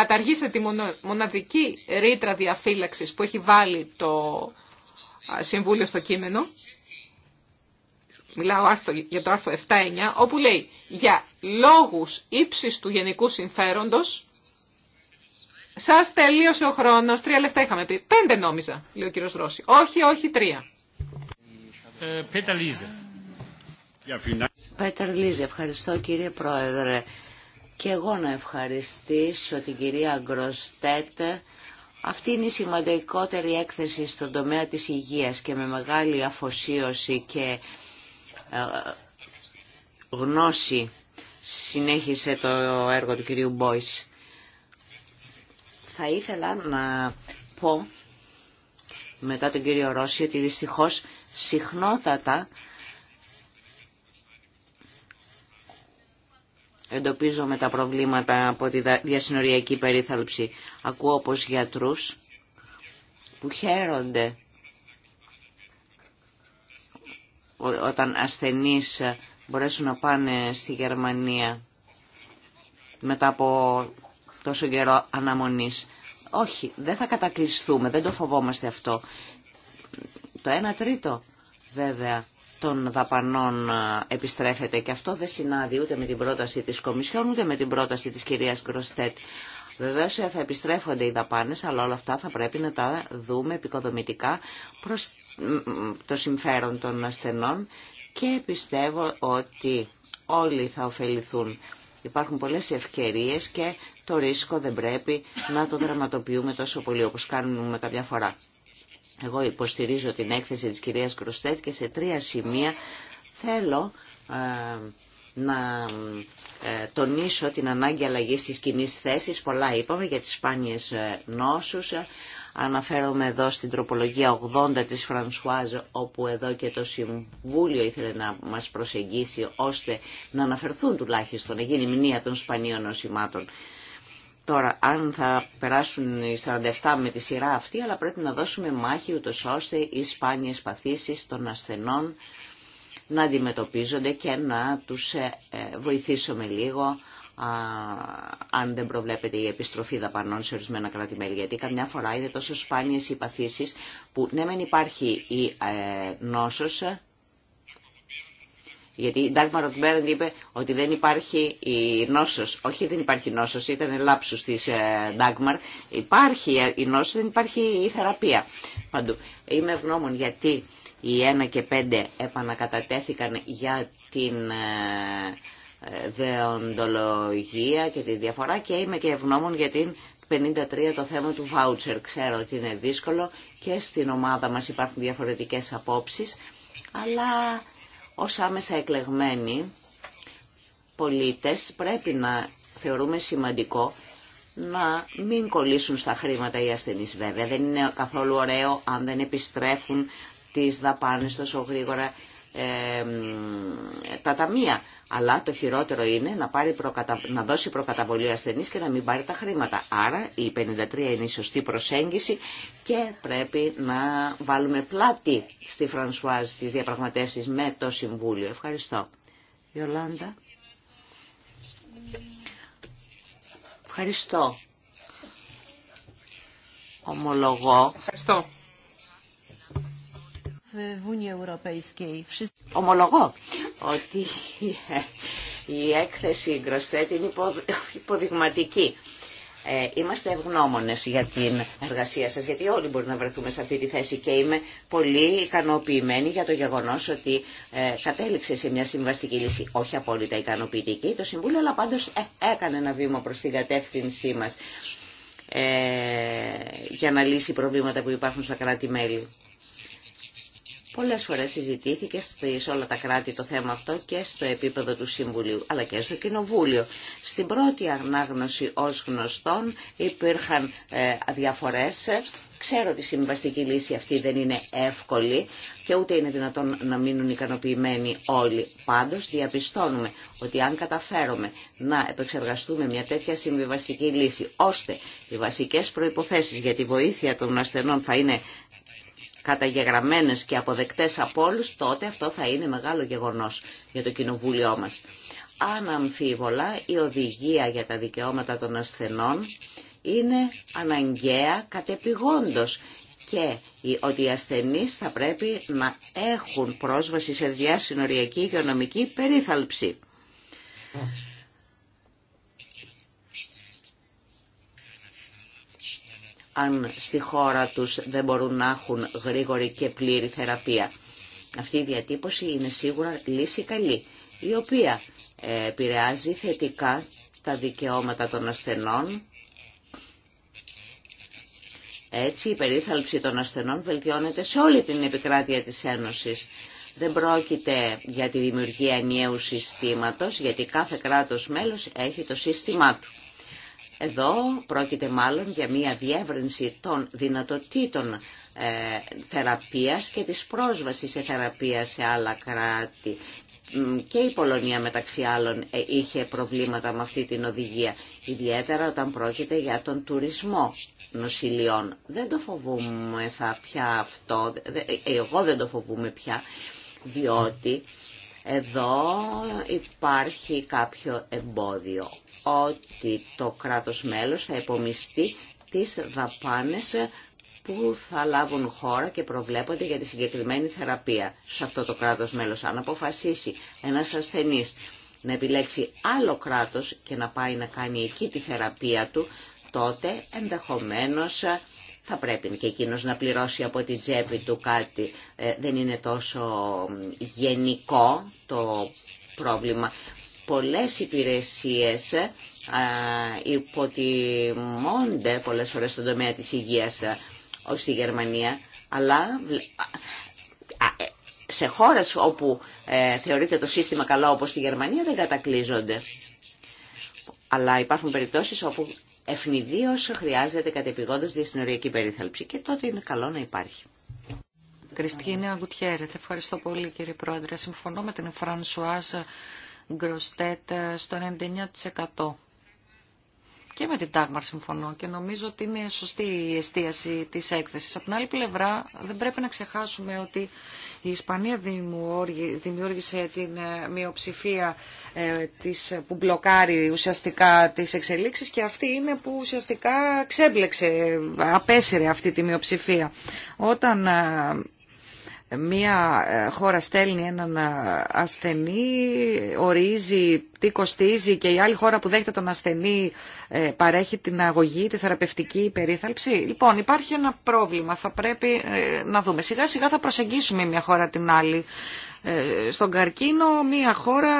Speaker 2: καταργήσετε τη μοναδική ρήτρα διαφύλαξης που έχει βάλει το Συμβούλιο στο κείμενο, μιλάω για το άρθρο 7-9, όπου λέει για λόγους ύψης του γενικού συμφέροντος, σας τελείωσε ο χρόνος, τρία λεφτά είχαμε πει. Πέντε νόμιζα, λέει ο κύριος Ρώση. Όχι, όχι, τρία. Ε, Πέτα Λίζε, ευχαριστώ
Speaker 1: κύριε Πρόεδρε και εγώ να ευχαριστήσω την κυρία Γκροστέτ. Αυτή είναι η σημαντικότερη έκθεση στον τομέα της υγείας και με μεγάλη αφοσίωση και ε, γνώση συνέχισε το έργο του κυρίου Μπόις. Θα ήθελα να πω μετά τον κύριο Ρώση ότι δυστυχώς συχνότατα εντοπίζομαι τα προβλήματα από τη διασυνοριακή περίθαλψη. Ακούω όπως γιατρούς που χαίρονται όταν ασθενείς ε, μπορέσουν να πάνε στη Γερμανία μετά από τόσο καιρό αναμονής. Όχι, δεν θα κατακλειστούμε, δεν το φοβόμαστε αυτό. Το 1 τρίτο βέβαια των δαπανών επιστρέφεται και αυτό δεν συνάδει ούτε με την πρόταση της Κομισιόν ούτε με την πρόταση της κυρίας Γκροστέτ. Βεβαίως ε, θα επιστρέφονται οι δαπάνες, αλλά όλα αυτά θα πρέπει να τα δούμε επικοδομητικά προς το συμφέρον των ασθενών και πιστεύω ότι όλοι θα ωφεληθούν. Υπάρχουν πολλές ευκαιρίες και το ρίσκο δεν πρέπει να το δραματοποιούμε τόσο πολύ όπως κάνουμε κάποια φορά. Εγώ υποστηρίζω την έκθεση της κυρίας Κροστέτ και σε τρία σημεία θέλω ε, να ε, τονίσω την ανάγκη αλλαγής της κοινή θέση. Πολλά είπαμε για τις σπάνιες ε, νόσους. Αναφέρομαι εδώ στην τροπολογία 80 της Φρανσουάζ, όπου εδώ και το Συμβούλιο ήθελε να μας προσεγγίσει, ώστε να αναφερθούν τουλάχιστον, να γίνει μνήα των σπανίων νοσημάτων. Τώρα, αν θα περάσουν οι 47 με τη σειρά αυτή, αλλά πρέπει να δώσουμε μάχη ούτω ώστε οι σπάνιες παθήσεις των ασθενών να αντιμετωπίζονται και να τους ε, ε, βοηθήσουμε λίγο αν δεν προβλέπεται η επιστροφή δαπανών σε ορισμένα κράτη-μέλη. Γιατί καμιά φορά είναι τόσο σπάνιες οι παθήσεις που ναι δεν υπάρχει η ε, νόσος, γιατί η Ντάγμα Ροτμπέρντ είπε ότι δεν υπάρχει η νόσος. Όχι δεν υπάρχει νόσος, ήταν λάψους της Ντάγμαρ. Ε, υπάρχει η νόσος, δεν υπάρχει η θεραπεία παντού. Είμαι ευγνώμων γιατί οι 1 και 5 επανακατατέθηκαν για την ε, ε, δεοντολογία και τη διαφορά και είμαι και ευγνώμων για την 53 το θέμα του Βάουτσερ, Ξέρω ότι είναι δύσκολο και στην ομάδα μας υπάρχουν διαφορετικές απόψεις, αλλά ως άμεσα εκλεγμένοι πολίτες πρέπει να θεωρούμε σημαντικό να μην κολλήσουν στα χρήματα οι ασθενείς βέβαια. Δεν είναι καθόλου ωραίο αν δεν επιστρέφουν τις δαπάνες τόσο γρήγορα ε, τα ταμεία. Αλλά το χειρότερο είναι να, πάρει προκατα... να δώσει προκαταβολή ασθενή και να μην πάρει τα χρήματα. Άρα η 53 είναι η σωστή προσέγγιση και πρέπει να βάλουμε πλάτη στη Φρανσουάζ στις διαπραγματεύσεις με το Συμβούλιο. Ευχαριστώ. Ιολάντα. Ευχαριστώ. Ομολογώ. Ευχαριστώ. Ομολογώ ότι η έκθεση Γκροστέτ είναι υποδειγματική. Ε, είμαστε ευγνώμονες για την εργασία σας, γιατί όλοι μπορεί να βρεθούμε σε αυτή τη θέση και είμαι πολύ ικανοποιημένη για το γεγονός ότι ε, κατέληξε σε μια συμβαστική λύση, όχι απόλυτα ικανοποιητική, το Συμβούλιο, αλλά πάντως ε, έκανε ένα βήμα προς την κατεύθυνσή μας για να λύσει προβλήματα που υπάρχουν στα κράτη-μέλη. Πολλές φορές συζητήθηκε σε όλα τα κράτη το θέμα αυτό και στο επίπεδο του Συμβουλίου, αλλά και στο Κοινοβούλιο. Στην πρώτη ανάγνωση ως γνωστόν υπήρχαν ε, διαφορές. Ξέρω ότι η συμβαστική λύση αυτή δεν είναι εύκολη και ούτε είναι δυνατόν να μείνουν ικανοποιημένοι όλοι. Πάντως διαπιστώνουμε ότι αν καταφέρουμε να επεξεργαστούμε μια τέτοια συμβιβαστική λύση, ώστε οι βασικές προϋποθέσεις για τη βοήθεια των ασθενών θα είναι καταγεγραμμένες και αποδεκτές από όλους, τότε αυτό θα είναι μεγάλο γεγονός για το κοινοβούλιο μας. Αναμφίβολα, η οδηγία για τα δικαιώματα των ασθενών είναι αναγκαία κατεπηγόντως και ότι οι ασθενείς θα πρέπει να έχουν πρόσβαση σε διασυνοριακή υγειονομική περίθαλψη. αν στη χώρα τους δεν μπορούν να έχουν γρήγορη και πλήρη θεραπεία. Αυτή η διατύπωση είναι σίγουρα λύση καλή, η οποία ε, επηρεάζει θετικά τα δικαιώματα των ασθενών. Έτσι, η περίθαλψη των ασθενών βελτιώνεται σε όλη την επικράτεια της Ένωσης. Δεν πρόκειται για τη δημιουργία ενιαίου συστήματος, γιατί κάθε κράτος μέλος έχει το σύστημά του. Εδώ πρόκειται μάλλον για μια διεύρυνση των δυνατοτήτων ε, θεραπείας και της πρόσβασης σε θεραπεία σε άλλα κράτη. Και η Πολωνία μεταξύ άλλων ε, είχε προβλήματα με αυτή την οδηγία, ιδιαίτερα όταν πρόκειται για τον τουρισμό νοσηλειών. Δεν το φοβούμε θα πια αυτό, ε, εγώ δεν το φοβούμε πια, διότι εδώ υπάρχει κάποιο εμπόδιο ότι το κράτος μέλος θα επομιστεί τις δαπάνες που θα λάβουν χώρα και προβλέπονται για τη συγκεκριμένη θεραπεία σε αυτό το κράτος μέλος. Αν αποφασίσει ένας ασθενής να επιλέξει άλλο κράτος και να πάει να κάνει εκεί τη θεραπεία του, τότε ενδεχομένως θα πρέπει και εκείνος να πληρώσει από την τσέπη του κάτι. Ε, δεν είναι τόσο γενικό το πρόβλημα πολλές υπηρεσίες ε, υποτιμώνται πολλές φορές στον τομέα της υγείας, ε, όχι στη Γερμανία, αλλά ε, σε χώρες όπου θεωρείται το σύστημα καλό όπως στη Γερμανία δεν κατακλείζονται. Αλλά υπάρχουν περιπτώσεις όπου ευνηδίως χρειάζεται κατεπηγόντως διασυνοριακή περίθαλψη και τότε είναι καλό να υπάρχει. Κριστίνα
Speaker 4: Γκουτιέρετ, ευχαριστώ πολύ κύριε Πρόεδρε. Συμφωνώ με την Φρανσουάζ Γκροστέτ ε, στο 99%. Και με την Τάγμαρ συμφωνώ και νομίζω ότι είναι σωστή η εστίαση της έκθεσης. Από την άλλη πλευρά δεν πρέπει να ξεχάσουμε ότι η Ισπανία δημιούργησε την ε, μειοψηφία ε, της, που μπλοκάρει ουσιαστικά τις εξελίξεις και αυτή είναι που ουσιαστικά ξέμπλεξε, απέσυρε αυτή τη μειοψηφία. Όταν Μία ε, χώρα στέλνει έναν ε, ασθενή, ορίζει τι κοστίζει και η άλλη χώρα που δέχεται τον ασθενή ε, παρέχει την αγωγή, τη θεραπευτική περίθαλψη. Λοιπόν, υπάρχει ένα πρόβλημα, θα πρέπει να δούμε. Σιγά σιγά θα προσεγγίσουμε μια χώρα την άλλη. Στον καρκίνο μια χώρα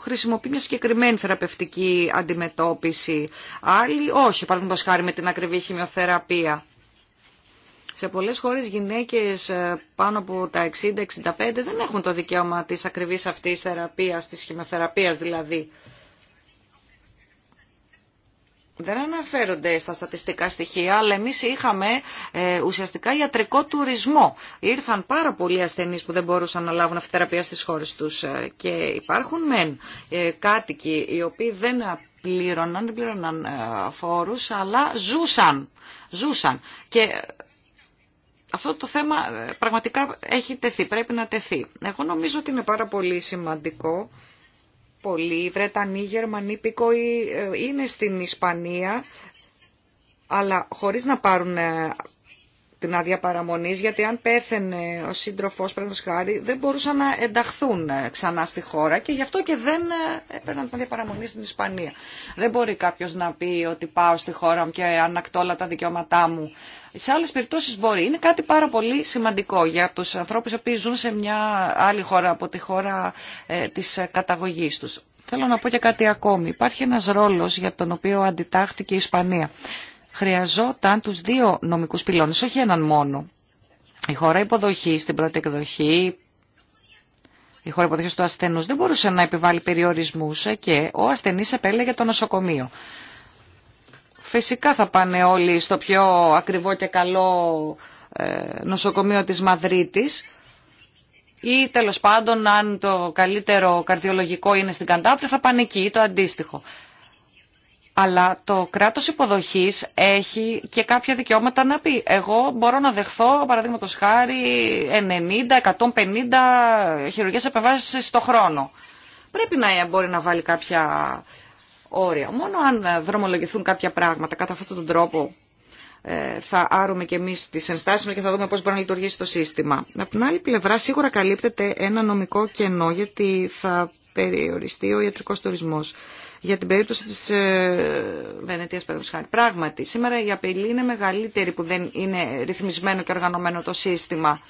Speaker 4: χρησιμοποιεί μια συγκεκριμένη θεραπευτική αντιμετώπιση, άλλη όχι, παραδείγματος χάρη με την ακριβή χημειοθεραπεία. Σε πολλές χώρες γυναίκες ε, πάνω από τα 60-65 δεν έχουν το δικαίωμα της ακριβής αυτής θεραπείας, της χημεθεραπείας δηλαδή. Δεν αναφέρονται στα στατιστικά στοιχεία, αλλά εμείς είχαμε ε, ουσιαστικά ιατρικό τουρισμό. Ήρθαν πάρα πολλοί ασθενείς που δεν μπορούσαν να λάβουν θεραπεία στις χώρες τους ε, και υπάρχουν μεν κάτοικοι οι οποίοι δεν πλήρωναν, δεν πλήρωναν φόρους, αλλά ζούσαν. ζούσαν. Και αυτό το θέμα ε, πραγματικά έχει τεθεί, πρέπει να τεθεί. Εγώ νομίζω ότι είναι πάρα πολύ σημαντικό. Πολλοί Βρετανοί, Γερμανοί, Πικοί, ε, είναι στην Ισπανία, αλλά χωρίς να πάρουν ε, την άδεια παραμονή, γιατί αν πέθαινε ο σύντροφο, παραδείγματο χάρη, δεν μπορούσαν να ενταχθούν ε, ξανά στη χώρα και γι' αυτό και δεν ε, έπαιρναν την άδεια παραμονή στην Ισπανία. Δεν μπορεί κάποιο να πει ότι πάω στη χώρα μου και ανακτώ όλα τα δικαιώματά μου. Σε άλλε περιπτώσει μπορεί. Είναι κάτι πάρα πολύ σημαντικό για του ανθρώπου που ζουν σε μια άλλη χώρα από τη χώρα ε, τη καταγωγή του. Θέλω να πω και κάτι ακόμη. Υπάρχει ένας ρόλος για τον οποίο αντιτάχθηκε η Ισπανία χρειαζόταν τους δύο νομικούς πυλώνες, όχι έναν μόνο. Η χώρα υποδοχή στην πρώτη εκδοχή, η χώρα υποδοχή του ασθενούς δεν μπορούσε να επιβάλλει περιορισμούς ε, και ο ασθενής επέλεγε το νοσοκομείο. Φυσικά θα πάνε όλοι στο πιο ακριβό και καλό ε, νοσοκομείο της Μαδρίτης ή τέλος πάντων αν το καλύτερο καρδιολογικό είναι στην θα πάνε εκεί το αντίστοιχο αλλά το κράτος υποδοχής έχει και κάποια δικαιώματα να πει εγώ μπορώ να δεχθώ παραδείγματο χάρη 90, 150 χειρουργές επεμβάσεις στο χρόνο. Πρέπει να μπορεί να βάλει κάποια όρια. Μόνο αν δρομολογηθούν κάποια πράγματα κατά αυτόν τον τρόπο ε, θα άρουμε και εμείς τις ενστάσεις μας και θα δούμε πώς μπορεί να λειτουργήσει το σύστημα. Από την άλλη πλευρά σίγουρα καλύπτεται ένα νομικό κενό γιατί θα περιοριστεί ο ιατρικός τουρισμός. Για την περίπτωση της ε, Βενετίας χάρη. Πράγματι, σήμερα η απειλή είναι μεγαλύτερη που δεν είναι ρυθμισμένο και οργανωμένο το σύστημα.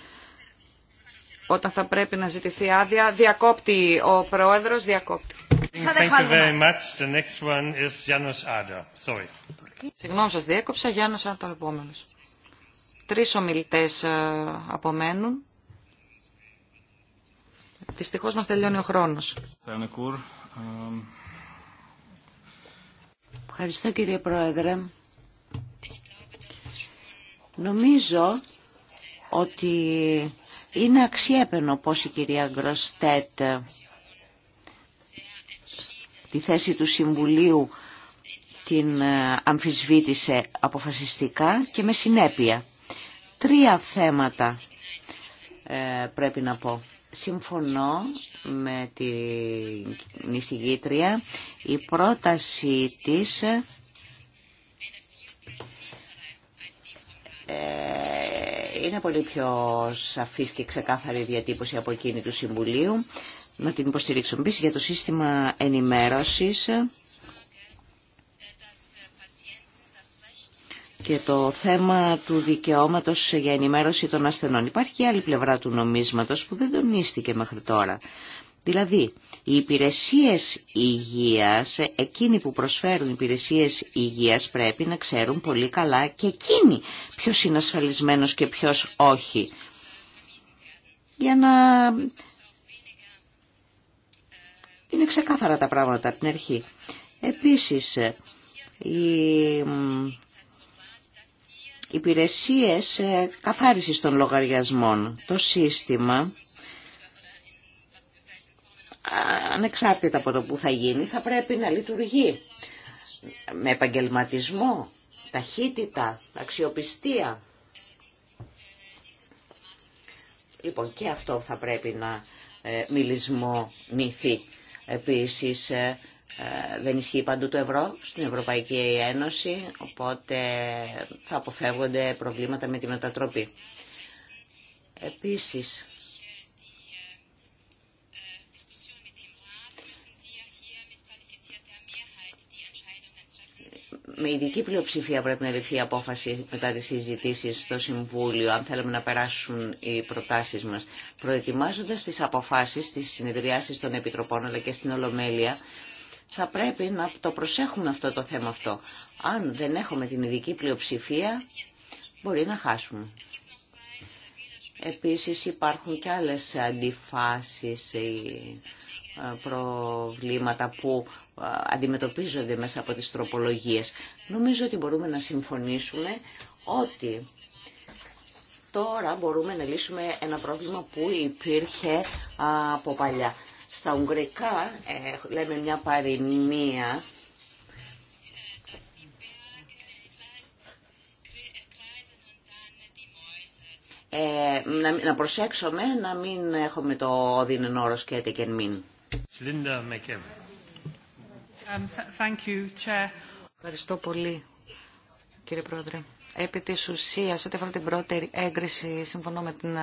Speaker 4: Όταν θα πρέπει να ζητηθεί άδεια, διακόπτει ο πρόεδρος, διακόπτει. Συγγνώμη σας διέκοψα, Γιάννος Άντα, επόμενος. Τρεις ομιλητές ε, απομένουν. Δυστυχώς μας τελειώνει ο χρόνος.
Speaker 1: Ευχαριστώ κύριε Πρόεδρε. Νομίζω ότι είναι αξιέπαινο πως η κυρία Γκροστέτ τη θέση του Συμβουλίου την ε, αμφισβήτησε αποφασιστικά και με συνέπεια. Τρία θέματα ε, πρέπει να πω. Συμφωνώ με την εισηγήτρια. Η πρόταση της ε, είναι πολύ πιο σαφής και ξεκάθαρη διατύπωση από εκείνη του Συμβουλίου. Να την υποστηρίξουμε επίσης για το σύστημα ενημέρωσης. και το θέμα του δικαιώματος για ενημέρωση των ασθενών. Υπάρχει και άλλη πλευρά του νομίσματος που δεν τονίστηκε μέχρι τώρα. Δηλαδή, οι υπηρεσίες υγείας, εκείνοι που προσφέρουν υπηρεσίες υγείας πρέπει να ξέρουν πολύ καλά και εκείνοι ποιος είναι ασφαλισμένος και ποιος όχι. Για να είναι ξεκάθαρα τα πράγματα από την αρχή. Επίσης, η υπηρεσίες ε, καθάρισης των λογαριασμών. Το σύστημα, ανεξάρτητα από το που θα γίνει, θα πρέπει να λειτουργεί με επαγγελματισμό, ταχύτητα, αξιοπιστία. Λοιπόν, και αυτό θα πρέπει να ε, μιλισμονηθεί. Επίσης, ε, ε, δεν ισχύει παντού το ευρώ στην Ευρωπαϊκή Ένωση, οπότε θα αποφεύγονται προβλήματα με τη μετατροπή. Επίσης, με ειδική πλειοψηφία πρέπει να ληφθεί η απόφαση μετά τις συζητήσεις στο Συμβούλιο, αν θέλουμε να περάσουν οι προτάσεις μας. Προετοιμάζοντας τις αποφάσεις, τις συνεδριάσεις των Επιτροπών, αλλά και στην Ολομέλεια, θα πρέπει να το προσέχουμε αυτό το θέμα αυτό. Αν δεν έχουμε την ειδική πλειοψηφία, μπορεί να χάσουμε. Επίσης υπάρχουν και άλλες αντιφάσεις ε, προβλήματα που ε, αντιμετωπίζονται μέσα από τις τροπολογίες. Νομίζω ότι μπορούμε να συμφωνήσουμε ότι τώρα μπορούμε να λύσουμε ένα πρόβλημα που υπήρχε από παλιά. Στα Ουγγρικά ε, λέμε μια παροιμία ε, να, να προσέξουμε να μην έχουμε το όρος όρο έτσι και μην.
Speaker 3: Linda um,
Speaker 4: Ευχαριστώ πολύ, κύριε Πρόεδρε. Επί της ουσίας, ό,τι αφορά την πρώτη έγκριση, συμφωνώ με την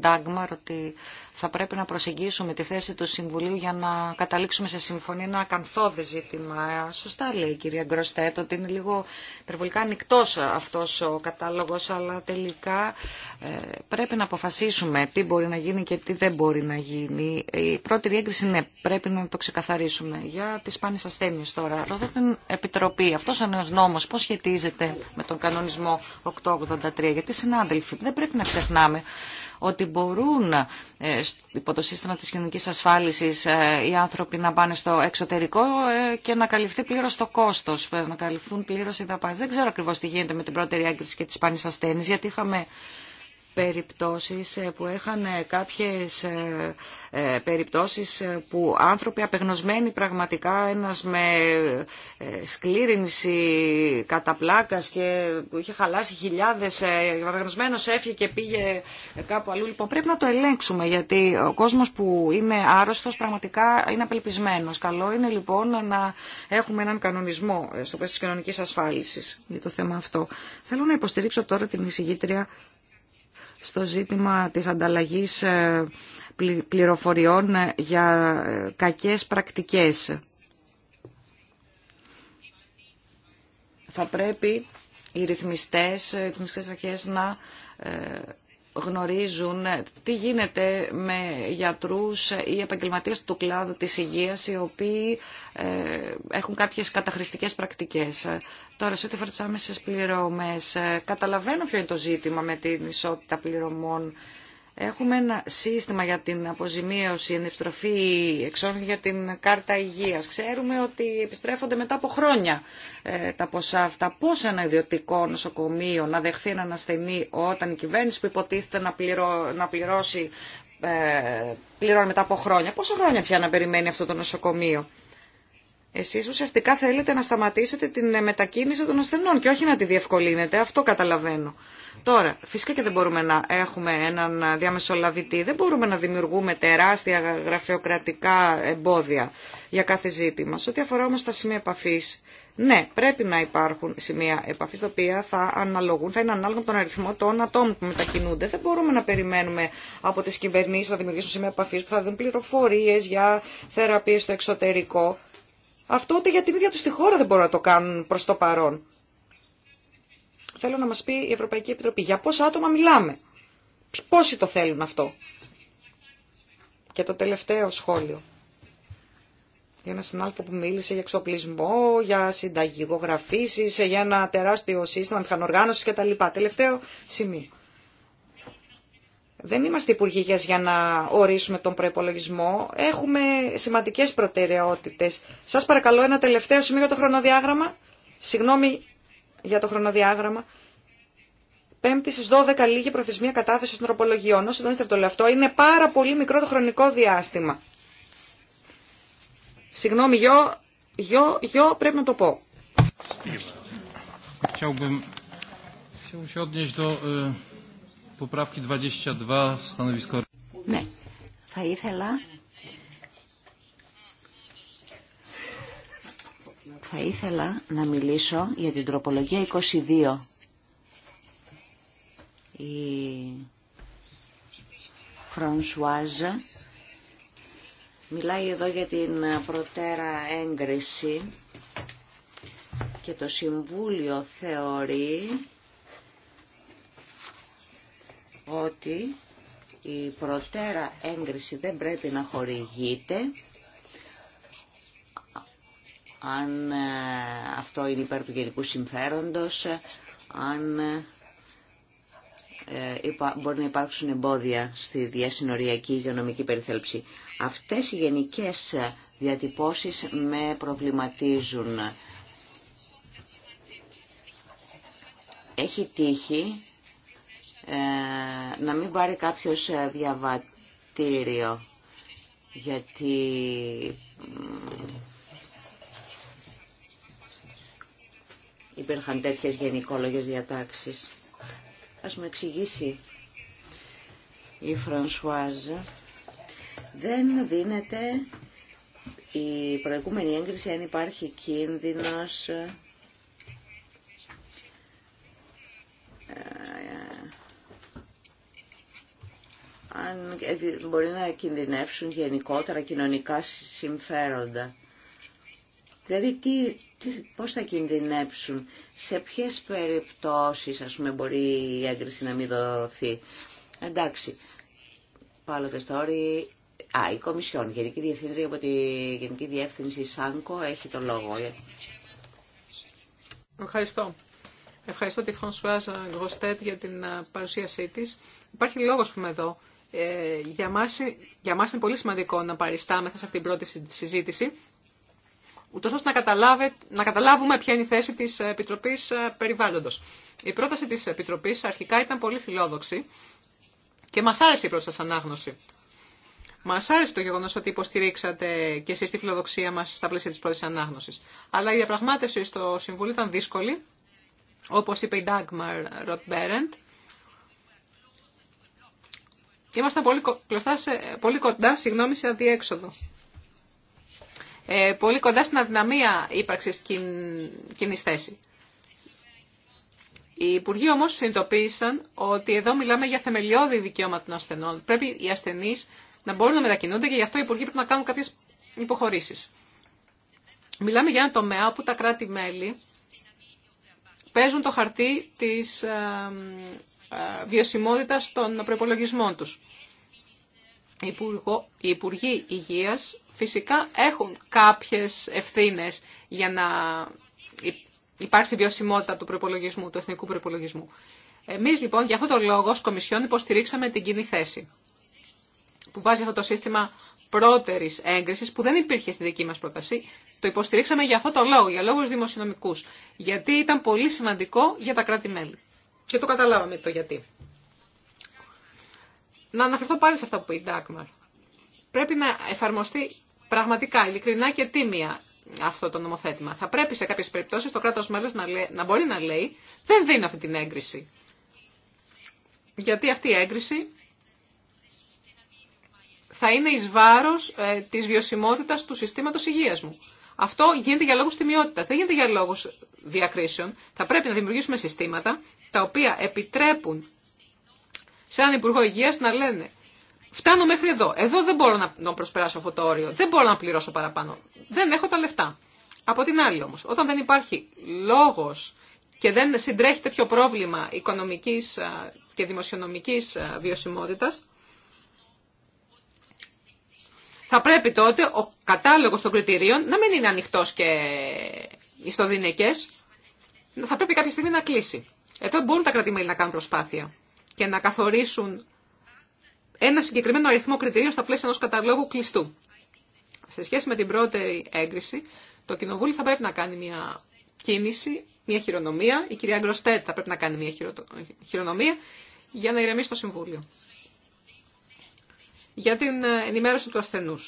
Speaker 4: Ντάγμαρ ε, ότι θα πρέπει να προσεγγίσουμε τη θέση του Συμβουλίου για να καταλήξουμε σε συμφωνία ένα ακανθόδη ζήτημα. Ε, σωστά λέει η κυρία Γκροστέτ ότι είναι λίγο υπερβολικά ανοιχτό αυτός ο κατάλογος, αλλά τελικά ε, πρέπει να αποφασίσουμε τι μπορεί να γίνει και τι δεν μπορεί να γίνει. Η πρώτη έγκριση, ναι, πρέπει να το ξεκαθαρίσουμε. Για τις πάνες ασθένειες τώρα, ρωτώ την Επιτροπή, αυτός ο νέος νόμος πώς σχετίζεται με τον κανονισμό 883. Γιατί συνάδελφοι, δεν πρέπει να ξεχνάμε ότι μπορούν ε, υπό το σύστημα της κοινωνικής ασφάλισης ε, οι άνθρωποι να πάνε στο εξωτερικό ε, και να καλυφθεί πλήρως το κόστος, να καλυφθούν πλήρως οι δαπάνες. Δεν ξέρω ακριβώς τι γίνεται με την πρώτερη άγκριση και τις σπάνιες ασθένειες, γιατί είχαμε περιπτώσεις ε, που είχαν κάποιες ε, ε, περιπτώσεις που άνθρωποι απεγνωσμένοι πραγματικά ένας με σκλήρινση κατά και που είχε χαλάσει χιλιάδες απεγνωσμένος έφυγε και πήγε κάπου αλλού λοιπόν πρέπει να το ελέγξουμε γιατί ο κόσμος που είναι άρρωστος πραγματικά είναι απελπισμένος καλό είναι λοιπόν να έχουμε έναν κανονισμό στο πλαίσιο της κοινωνικής ασφάλισης για το θέμα αυτό θέλω να υποστηρίξω τώρα την εισηγήτρια στο ζήτημα της ανταλλαγής ε, πληροφοριών ε, για ε, κακές πρακτικές. Θα πρέπει οι ρυθμιστές, οι αρχές να γνωρίζουν τι γίνεται με γιατρούς ή επαγγελματίες του κλάδου της υγείας οι οποίοι ε, έχουν κάποιες καταχρηστικές πρακτικές. Τώρα, σε ό,τι αφορά τις πληρωμές, ε, καταλαβαίνω ποιο είναι το ζήτημα με την ισότητα πληρωμών Έχουμε ένα σύστημα για την αποζημίωση, την επιστροφή για την κάρτα υγείας. Ξέρουμε ότι επιστρέφονται μετά από χρόνια ε, τα ποσά αυτά. Πώς ένα ιδιωτικό νοσοκομείο να δεχθεί έναν ασθενή όταν η κυβέρνηση που υποτίθεται να, πληρώ, να πληρώσει ε, πληρώνει μετά από χρόνια. Πόσα χρόνια πια να περιμένει αυτό το νοσοκομείο. Εσείς ουσιαστικά θέλετε να σταματήσετε την μετακίνηση των ασθενών και όχι να τη διευκολύνετε. Αυτό καταλαβαίνω. Τώρα, φυσικά και δεν μπορούμε να έχουμε έναν διαμεσολαβητή, δεν μπορούμε να δημιουργούμε τεράστια γραφειοκρατικά εμπόδια για κάθε ζήτημα. Σε ό,τι αφορά όμως τα σημεία επαφής, ναι, πρέπει να υπάρχουν σημεία επαφή τα οποία θα αναλογούν, θα είναι ανάλογα με τον αριθμό των ατόμων που μετακινούνται. Δεν μπορούμε να περιμένουμε από τι κυβερνήσει να δημιουργήσουν σημεία επαφή που θα δουν πληροφορίε για θεραπείε στο εξωτερικό. Αυτό ούτε για την ίδια του τη χώρα δεν μπορούν να το κάνουν προ το παρόν θέλω να μας πει η Ευρωπαϊκή Επιτροπή. Για πόσα άτομα μιλάμε. Πόσοι το θέλουν αυτό. Και το τελευταίο σχόλιο. Για ένα συνάλφο που μίλησε για εξοπλισμό, για συνταγηγογραφήσεις, για ένα τεράστιο σύστημα μηχανοργάνωσης κτλ. Τελευταίο σημείο. Δεν είμαστε υπουργοί για να ορίσουμε τον προπολογισμό. Έχουμε σημαντικέ προτεραιότητε. Σα παρακαλώ ένα τελευταίο σημείο για το χρονοδιάγραμμα. Συγγνώμη για το χρονοδιάγραμμα. Πέμπτη στι 12 λίγη προθεσμία κατάθεση των τροπολογιών. Όσοι τον το λέω αυτό, είναι πάρα πολύ μικρό το χρονικό διάστημα. Συγγνώμη, γιο, γιο, γιο πρέπει να το πω.
Speaker 3: E, ναι,
Speaker 1: θα ήθελα Θα ήθελα να μιλήσω για την τροπολογία 22. Η Φρανσουάζ μιλάει εδώ για την προτέρα έγκριση και το Συμβούλιο θεωρεί ότι η προτέρα έγκριση δεν πρέπει να χορηγείται αν ε, αυτό είναι υπέρ του γενικού συμφέροντος, ε, αν ε, μπορεί να υπάρξουν εμπόδια στη διασυνοριακή υγειονομική περιθέλψη. Αυτές οι γενικές διατυπώσεις με προβληματίζουν. Έχει τύχει να μην πάρει κάποιος διαβατήριο γιατί υπήρχαν τέτοιες γενικόλογες διατάξεις. Ας μου εξηγήσει η Φρανσουάζ. Δεν δίνεται η προηγούμενη έγκριση αν υπάρχει κίνδυνος ε, ε, αν ε, μπορεί να κινδυνεύσουν γενικότερα κοινωνικά συμφέροντα. Δηλαδή τι, τι, πώς θα κινδυνεύσουν, σε ποιες περιπτώσεις ας μπορεί η έγκριση να μην δοθεί. Εντάξει, πάλι θεωρεί... Α, η Κομισιόν, Γενική Διευθύντρια από τη Γενική Διεύθυνση ΣΑΝΚΟ έχει το λόγο.
Speaker 2: Ευχαριστώ. Ευχαριστώ τη Φρανσουάζ Γκροστέτ για την παρουσίασή της. Υπάρχει λόγος που είμαι εδώ. Ε, για, μας, είναι πολύ σημαντικό να παριστάμεθα σε αυτήν την πρώτη συζήτηση ούτως ώστε να, να καταλάβουμε ποια είναι η θέση της Επιτροπής ε, Περιβάλλοντος. Η πρόταση της Επιτροπής αρχικά ήταν πολύ φιλόδοξη και μας άρεσε η πρόταση ανάγνωση. Μα άρεσε το γεγονό ότι υποστηρίξατε και εσεί τη φιλοδοξία μα στα πλαίσια τη πρώτη ανάγνωση. Αλλά η διαπραγμάτευση στο Συμβούλιο ήταν δύσκολη, όπω είπε η Dagmar Ροτμπέρεντ. Ήμασταν πολύ, κοντά πολύ κοντά συγγνώμη, σε αδιέξοδο. Ε, πολύ κοντά στην αδυναμία ύπαρξης κοινή θέση. Οι Υπουργοί όμω συνειδητοποίησαν ότι εδώ μιλάμε για θεμελιώδη δικαίωμα των ασθενών. Πρέπει οι ασθενεί να μπορούν να μετακινούνται και γι' αυτό οι Υπουργοί πρέπει να κάνουν κάποιε υποχωρήσει. Μιλάμε για ένα τομέα όπου τα κράτη-μέλη παίζουν το χαρτί της ε, ε, βιωσιμότητα των προπολογισμών του. Οι Υπουργοί Υγεία φυσικά έχουν κάποιες ευθύνες για να υπάρξει βιωσιμότητα του προπολογισμού, του εθνικού προπολογισμού. Εμείς λοιπόν για αυτό τον λόγο ως Κομισιόν υποστηρίξαμε την κοινή θέση που βάζει αυτό το σύστημα πρώτερη έγκριση που δεν υπήρχε στη δική μα πρόταση. Το υποστηρίξαμε για αυτό το λόγο, για λόγου δημοσιονομικού. Γιατί ήταν πολύ σημαντικό για τα κράτη-μέλη. Και το καταλάβαμε το γιατί. Να αναφερθώ πάλι σε αυτά που είπε η Ντάκμαρ. Πρέπει να εφαρμοστεί πραγματικά, ειλικρινά και τίμια αυτό το νομοθέτημα. Θα πρέπει σε κάποιε περιπτώσει το κράτος μέλος να, μπορεί να λέει δεν δίνω αυτή την έγκριση. Γιατί αυτή η έγκριση θα είναι εις βάρος ε, της βιωσιμότητας του συστήματος υγείας μου. Αυτό γίνεται για λόγους τιμιότητας, δεν γίνεται για λόγους διακρίσεων. Θα πρέπει να δημιουργήσουμε συστήματα τα οποία επιτρέπουν σε έναν Υπουργό Υγείας να λένε Φτάνω μέχρι εδώ. Εδώ δεν μπορώ να προσπεράσω αυτό το όριο. Δεν μπορώ να πληρώσω παραπάνω. Δεν έχω τα λεφτά. Από την άλλη όμω, όταν δεν υπάρχει λόγο και δεν συντρέχει τέτοιο πρόβλημα οικονομική και δημοσιονομική βιωσιμότητα, θα πρέπει τότε ο κατάλογο των κριτηρίων να μην είναι ανοιχτό και ιστοδυναικέ. Θα πρέπει κάποια στιγμή να κλείσει. Εδώ μπορούν τα κρατημέλη να κάνουν προσπάθεια και να καθορίσουν ένα συγκεκριμένο αριθμό κριτηρίων στα πλαίσια ενό καταλόγου κλειστού. Σε σχέση με την πρώτερη έγκριση, το Κοινοβούλιο θα πρέπει να κάνει μια κίνηση, μια χειρονομία. Η κυρία Γκροστέτ θα πρέπει να κάνει μια χειρονομία για να ηρεμήσει το Συμβούλιο. Για την ε, ενημέρωση του ασθενού.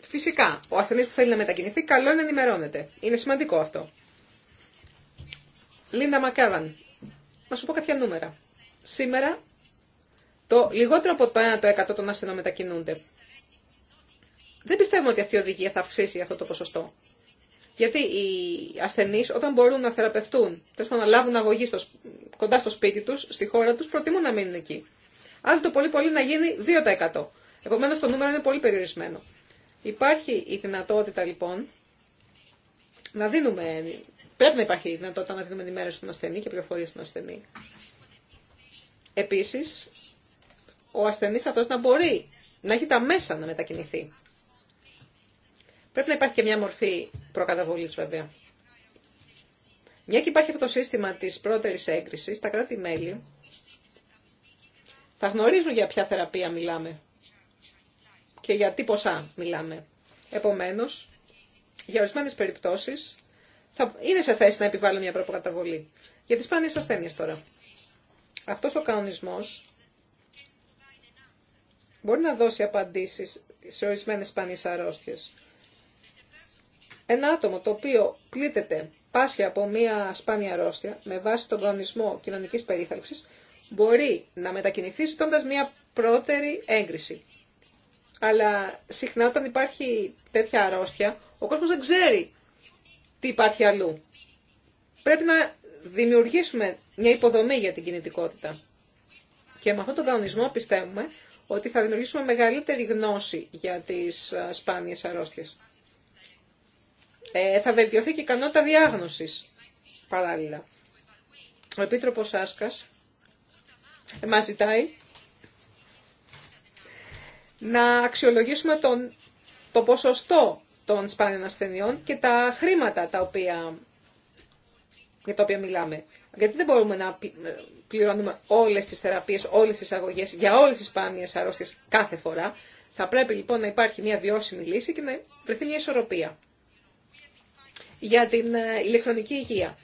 Speaker 2: Φυσικά, ο ασθενή που θέλει να μετακινηθεί, καλό είναι να ενημερώνεται. Είναι σημαντικό αυτό. Λίντα Μακέβαν, να σου πω κάποια νούμερα. Σήμερα το λιγότερο από το 1% των ασθενών μετακινούνται. Δεν πιστεύουμε ότι αυτή η οδηγία θα αυξήσει αυτό το ποσοστό. Γιατί οι ασθενεί, όταν μπορούν να θεραπευτούν, τέλο πάντων να λάβουν αγωγή κοντά στο σπίτι του, στη χώρα του, προτιμούν να μείνουν εκεί. Αν το πολύ πολύ να γίνει 2%. Επομένω το νούμερο είναι πολύ περιορισμένο. Υπάρχει η δυνατότητα λοιπόν να δίνουμε, πρέπει να υπάρχει η δυνατότητα να δίνουμε ενημέρωση στον ασθενή και πληροφορίε στον ασθενή. Επίση, ο ασθενής αυτός να μπορεί να έχει τα μέσα να μετακινηθεί. Πρέπει να υπάρχει και μια μορφή προκαταβολής βέβαια. Μια και υπάρχει αυτό το σύστημα της πρώτερης έγκρισης, τα κράτη-μέλη θα γνωρίζουν για ποια θεραπεία μιλάμε και για τι ποσά μιλάμε. Επομένως, για ορισμένε περιπτώσεις θα είναι σε θέση να επιβάλλουν μια προκαταβολή. Για τις σπάνιες ασθένειες τώρα. Αυτός ο κανονισμός μπορεί να δώσει απαντήσεις σε ορισμένες σπανείς αρρώστιες. Ένα άτομο το οποίο πλήττεται πάσχει από μία σπάνια αρρώστια με βάση τον κανονισμό κοινωνικής περίθαλψης μπορεί να μετακινηθεί ζητώντα μία πάσια κόσμος δεν ξέρει τι υπάρχει αλλού. Πρέπει να δημιουργήσουμε μια υποδομή για την κινητικότητα. Και με αυτόν τον κανονισμό πιστεύουμε ότι θα δημιουργήσουμε μεγαλύτερη γνώση για τις ε, σπάνιες αρρώστιες. Ε, θα βελτιωθεί και η ικανότητα διάγνωσης παράλληλα. Ο Επίτροπος Άσκας ε, μας ζητάει να αξιολογήσουμε τον, το ποσοστό των σπάνιων ασθενειών και τα χρήματα τα οποία, για τα οποία μιλάμε. Γιατί δεν μπορούμε να πληρώνουμε όλε τι θεραπείες, όλε τι αγωγέ για όλε τι σπάνιες αρρώστιε κάθε φορά. Θα πρέπει λοιπόν να υπάρχει μια βιώσιμη λύση και να βρεθεί μια ισορροπία για την ε, ηλεκτρονική υγεία.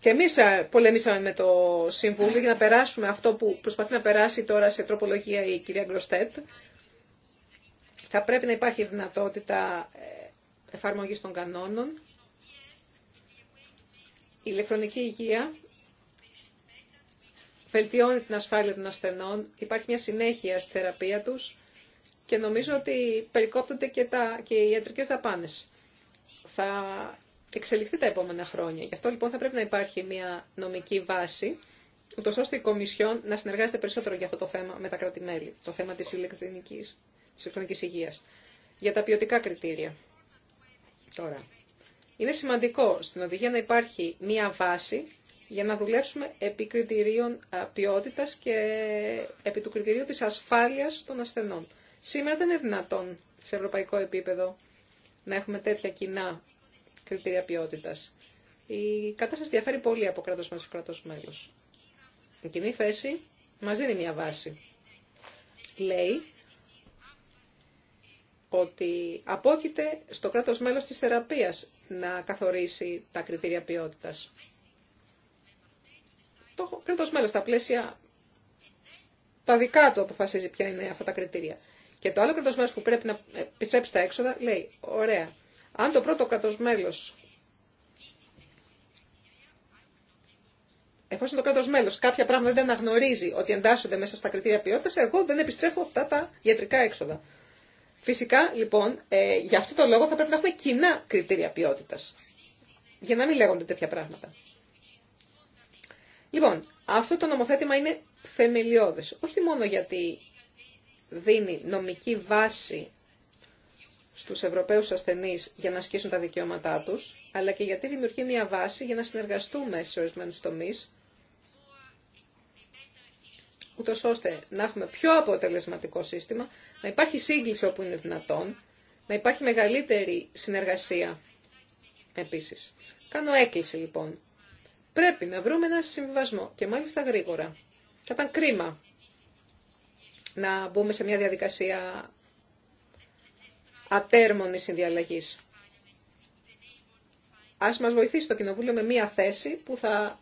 Speaker 2: Και εμεί ε, πολεμήσαμε με το Συμβούλιο για να περάσουμε αυτό που προσπαθεί να περάσει τώρα σε τροπολογία η κυρία Γκροστέτ. Θα πρέπει να υπάρχει δυνατότητα ε, εφαρμογή των κανόνων, η ηλεκτρονική υγεία βελτιώνει την ασφάλεια των ασθενών, υπάρχει μια συνέχεια στη θεραπεία τους και νομίζω ότι περικόπτονται και, τα, και οι ιατρικές δαπάνες. Θα εξελιχθεί τα επόμενα χρόνια. Γι' αυτό λοιπόν θα πρέπει να υπάρχει μια νομική βάση, ούτως ώστε η Κομισιόν να συνεργάζεται περισσότερο για αυτό το θέμα με τα κράτη-μέλη, το θέμα της ηλεκτρονικής, της ηλεκτρονικής υγείας, για τα ποιοτικά κριτήρια. Τώρα, είναι σημαντικό στην οδηγία να υπάρχει μία βάση για να δουλέψουμε επί κριτηρίων ποιότητας και επί του κριτηρίου της ασφάλειας των ασθενών. Σήμερα δεν είναι δυνατόν σε ευρωπαϊκό επίπεδο να έχουμε τέτοια κοινά κριτήρια ποιότητας. Η κατάσταση διαφέρει πολύ από κράτος μας και κράτος μέλος. Η κοινή θέση μας δίνει μια βάση. Λέει ότι απόκειται στο κράτος μέλος της θεραπείας να καθορίσει τα κριτήρια ποιότητας. Το κράτος μέλος στα πλαίσια τα δικά του αποφασίζει ποια είναι αυτά τα κριτήρια. Και το άλλο κράτος μέλος που πρέπει να επιστρέψει τα έξοδα λέει, ωραία, αν το πρώτο κράτος μέλος εφόσον το κράτος μέλος κάποια πράγματα δεν αναγνωρίζει ότι εντάσσονται μέσα στα κριτήρια ποιότητας, εγώ δεν επιστρέφω αυτά τα ιατρικά έξοδα. Φυσικά, λοιπόν, ε, για αυτό το λόγο θα πρέπει να έχουμε κοινά κριτήρια ποιότητας. Για να μην λέγονται τέτοια πράγματα. Λοιπόν, αυτό το νομοθέτημα είναι θεμελιώδες. Όχι μόνο γιατί δίνει νομική βάση στους Ευρωπαίους ασθενείς για να ασκήσουν τα δικαιώματά τους, αλλά και γιατί δημιουργεί μια βάση για να συνεργαστούμε σε ορισμένους τομείς, ούτω ώστε να έχουμε πιο αποτελεσματικό σύστημα, να υπάρχει σύγκληση όπου είναι δυνατόν, να υπάρχει μεγαλύτερη συνεργασία επίση. Κάνω έκκληση λοιπόν. Πρέπει να βρούμε ένα συμβιβασμό και μάλιστα γρήγορα. Θα ήταν κρίμα να μπούμε σε μια διαδικασία ατέρμονης συνδιαλλαγής. Α μα βοηθήσει το Κοινοβούλιο με μια θέση που θα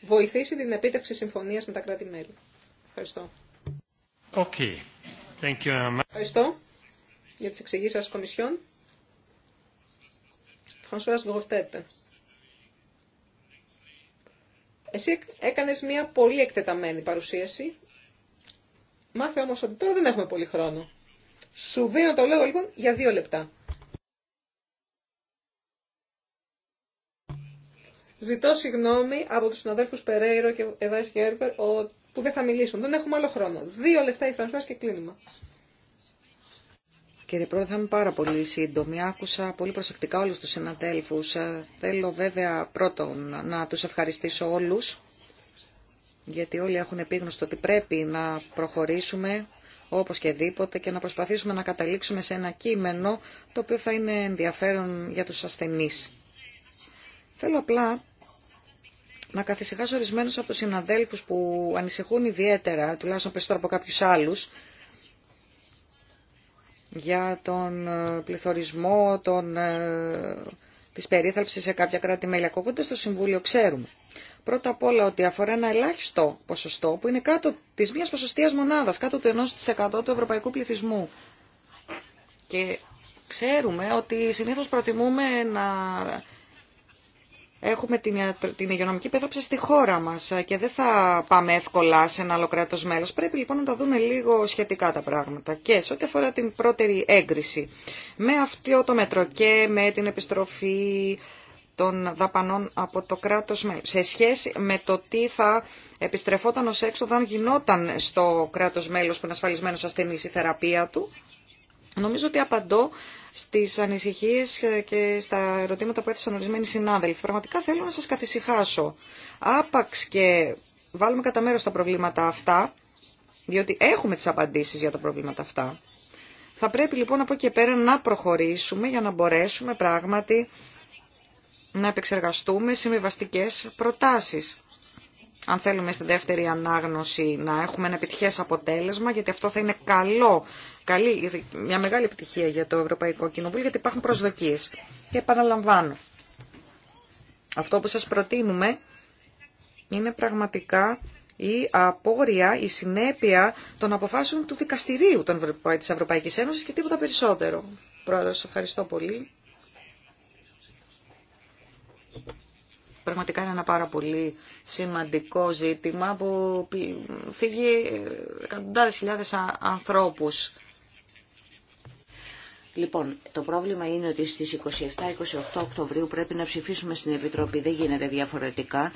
Speaker 2: βοηθήσει την επίτευξη συμφωνία με τα κράτη-μέλη. Ευχαριστώ.
Speaker 3: Okay. Thank you. Uh,
Speaker 2: Ευχαριστώ για τις εξηγήσεις σας κομισιόν. Φρανσουάς Γκοστέτε. Εσύ έκανες μια πολύ εκτεταμένη παρουσίαση. Μάθε όμως ότι τώρα δεν έχουμε πολύ χρόνο. Σου δίνω το λόγο λοιπόν για δύο λεπτά. Ζητώ συγγνώμη από τους συναδέλφους Περέιρο και Εβάης Γέρπερ ότι που δεν θα μιλήσουν. Δεν έχουμε άλλο χρόνο. Δύο λεφτά η Φρανσουά και κλείνουμε.
Speaker 4: Κύριε Πρόεδρε, θα είμαι πάρα πολύ σύντομη. Άκουσα πολύ προσεκτικά όλους τους συναδέλφους. Ε, θέλω βέβαια πρώτον να τους ευχαριστήσω όλους, γιατί όλοι έχουν επίγνωστο ότι πρέπει να προχωρήσουμε όπως και δίποτε και να προσπαθήσουμε να καταλήξουμε σε ένα κείμενο το οποίο θα είναι ενδιαφέρον για τους ασθενείς. Θέλω απλά να καθησυχάσω ορισμένου από του συναδέλφου που ανησυχούν ιδιαίτερα, τουλάχιστον περισσότερο από κάποιου άλλου, για τον ε, πληθωρισμό τον ε, της περίθαλψης σε κάποια κράτη-μέλη. Ακούγονται στο Συμβούλιο, ξέρουμε πρώτα απ' όλα ότι αφορά ένα ελάχιστο ποσοστό που είναι κάτω της μίας ποσοστίας μονάδας, κάτω του 1% του ευρωπαϊκού πληθυσμού. Και ξέρουμε ότι συνήθως προτιμούμε να Έχουμε την, την υγειονομική πέθαψη στη χώρα μας ε, και δεν θα πάμε εύκολα σε ένα άλλο κράτος μέλος. Πρέπει λοιπόν να τα δούμε λίγο σχετικά τα πράγματα. Και σε ό,τι αφορά την πρώτερη έγκριση, με αυτό το μέτρο και με την επιστροφή των δαπανών από το κράτος μέλος. Σε σχέση με το τι θα επιστρεφόταν ως έξοδο αν γινόταν στο κράτος μέλος που είναι ασφαλισμένος ασθενής η θεραπεία του, νομίζω ότι απαντώ στις ανησυχίες και στα ερωτήματα που έθεσαν ορισμένοι συνάδελφοι. Πραγματικά θέλω να σας καθησυχάσω. Άπαξ και βάλουμε κατά μέρος τα προβλήματα αυτά, διότι έχουμε τις απαντήσεις για τα προβλήματα αυτά. Θα πρέπει λοιπόν από εκεί και πέρα να προχωρήσουμε για να μπορέσουμε πράγματι να επεξεργαστούμε συμβιβαστικέ προτάσεις. Αν θέλουμε στη δεύτερη ανάγνωση να έχουμε ένα επιτυχές αποτέλεσμα, γιατί αυτό θα είναι καλό καλή, μια μεγάλη επιτυχία για το Ευρωπαϊκό Κοινοβούλιο γιατί υπάρχουν προσδοκίες. Και επαναλαμβάνω, αυτό που σας προτείνουμε είναι πραγματικά η απόρρια, η συνέπεια των αποφάσεων του δικαστηρίου της Ευρωπαϊκής Ένωσης και τίποτα περισσότερο. Πρόεδρος, ευχαριστώ πολύ. Πραγματικά είναι ένα πάρα πολύ σημαντικό ζήτημα που φύγει εκατοντάδες χιλιάδες ανθρώπους
Speaker 1: Λοιπόν, το πρόβλημα είναι ότι στις 27-28 Οκτωβρίου πρέπει να ψηφίσουμε στην Επιτροπή. Δεν γίνεται διαφορετικά.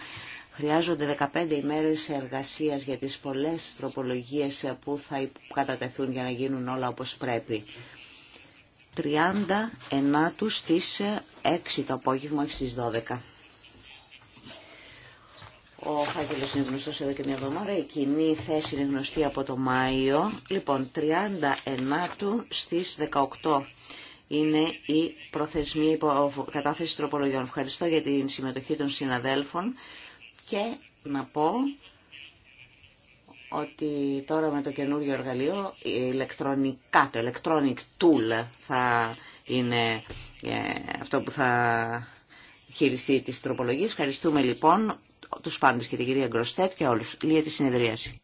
Speaker 1: Χρειάζονται 15 ημέρες εργασίας για τις πολλές τροπολογίες που θα κατατεθούν για να γίνουν όλα όπως πρέπει. 39 του στις 6 το απόγευμα, στις 12. Ο Φάκελος είναι γνωστό εδώ και μια εβδομάδα. Η κοινή θέση είναι γνωστή από το Μάιο. Λοιπόν, 39 του στι 18 είναι η προθεσμία κατάθεση τροπολογιών. Ευχαριστώ για την συμμετοχή των συναδέλφων και να πω ότι τώρα με το καινούργιο εργαλείο ηλεκτρονικά, το electronic tool θα είναι ε, αυτό που θα χειριστεί τις τροπολογίες. Ευχαριστούμε λοιπόν τους πάντες και την κυρία Γκροστέτ και όλους. Λύεται τη συνεδρίαση.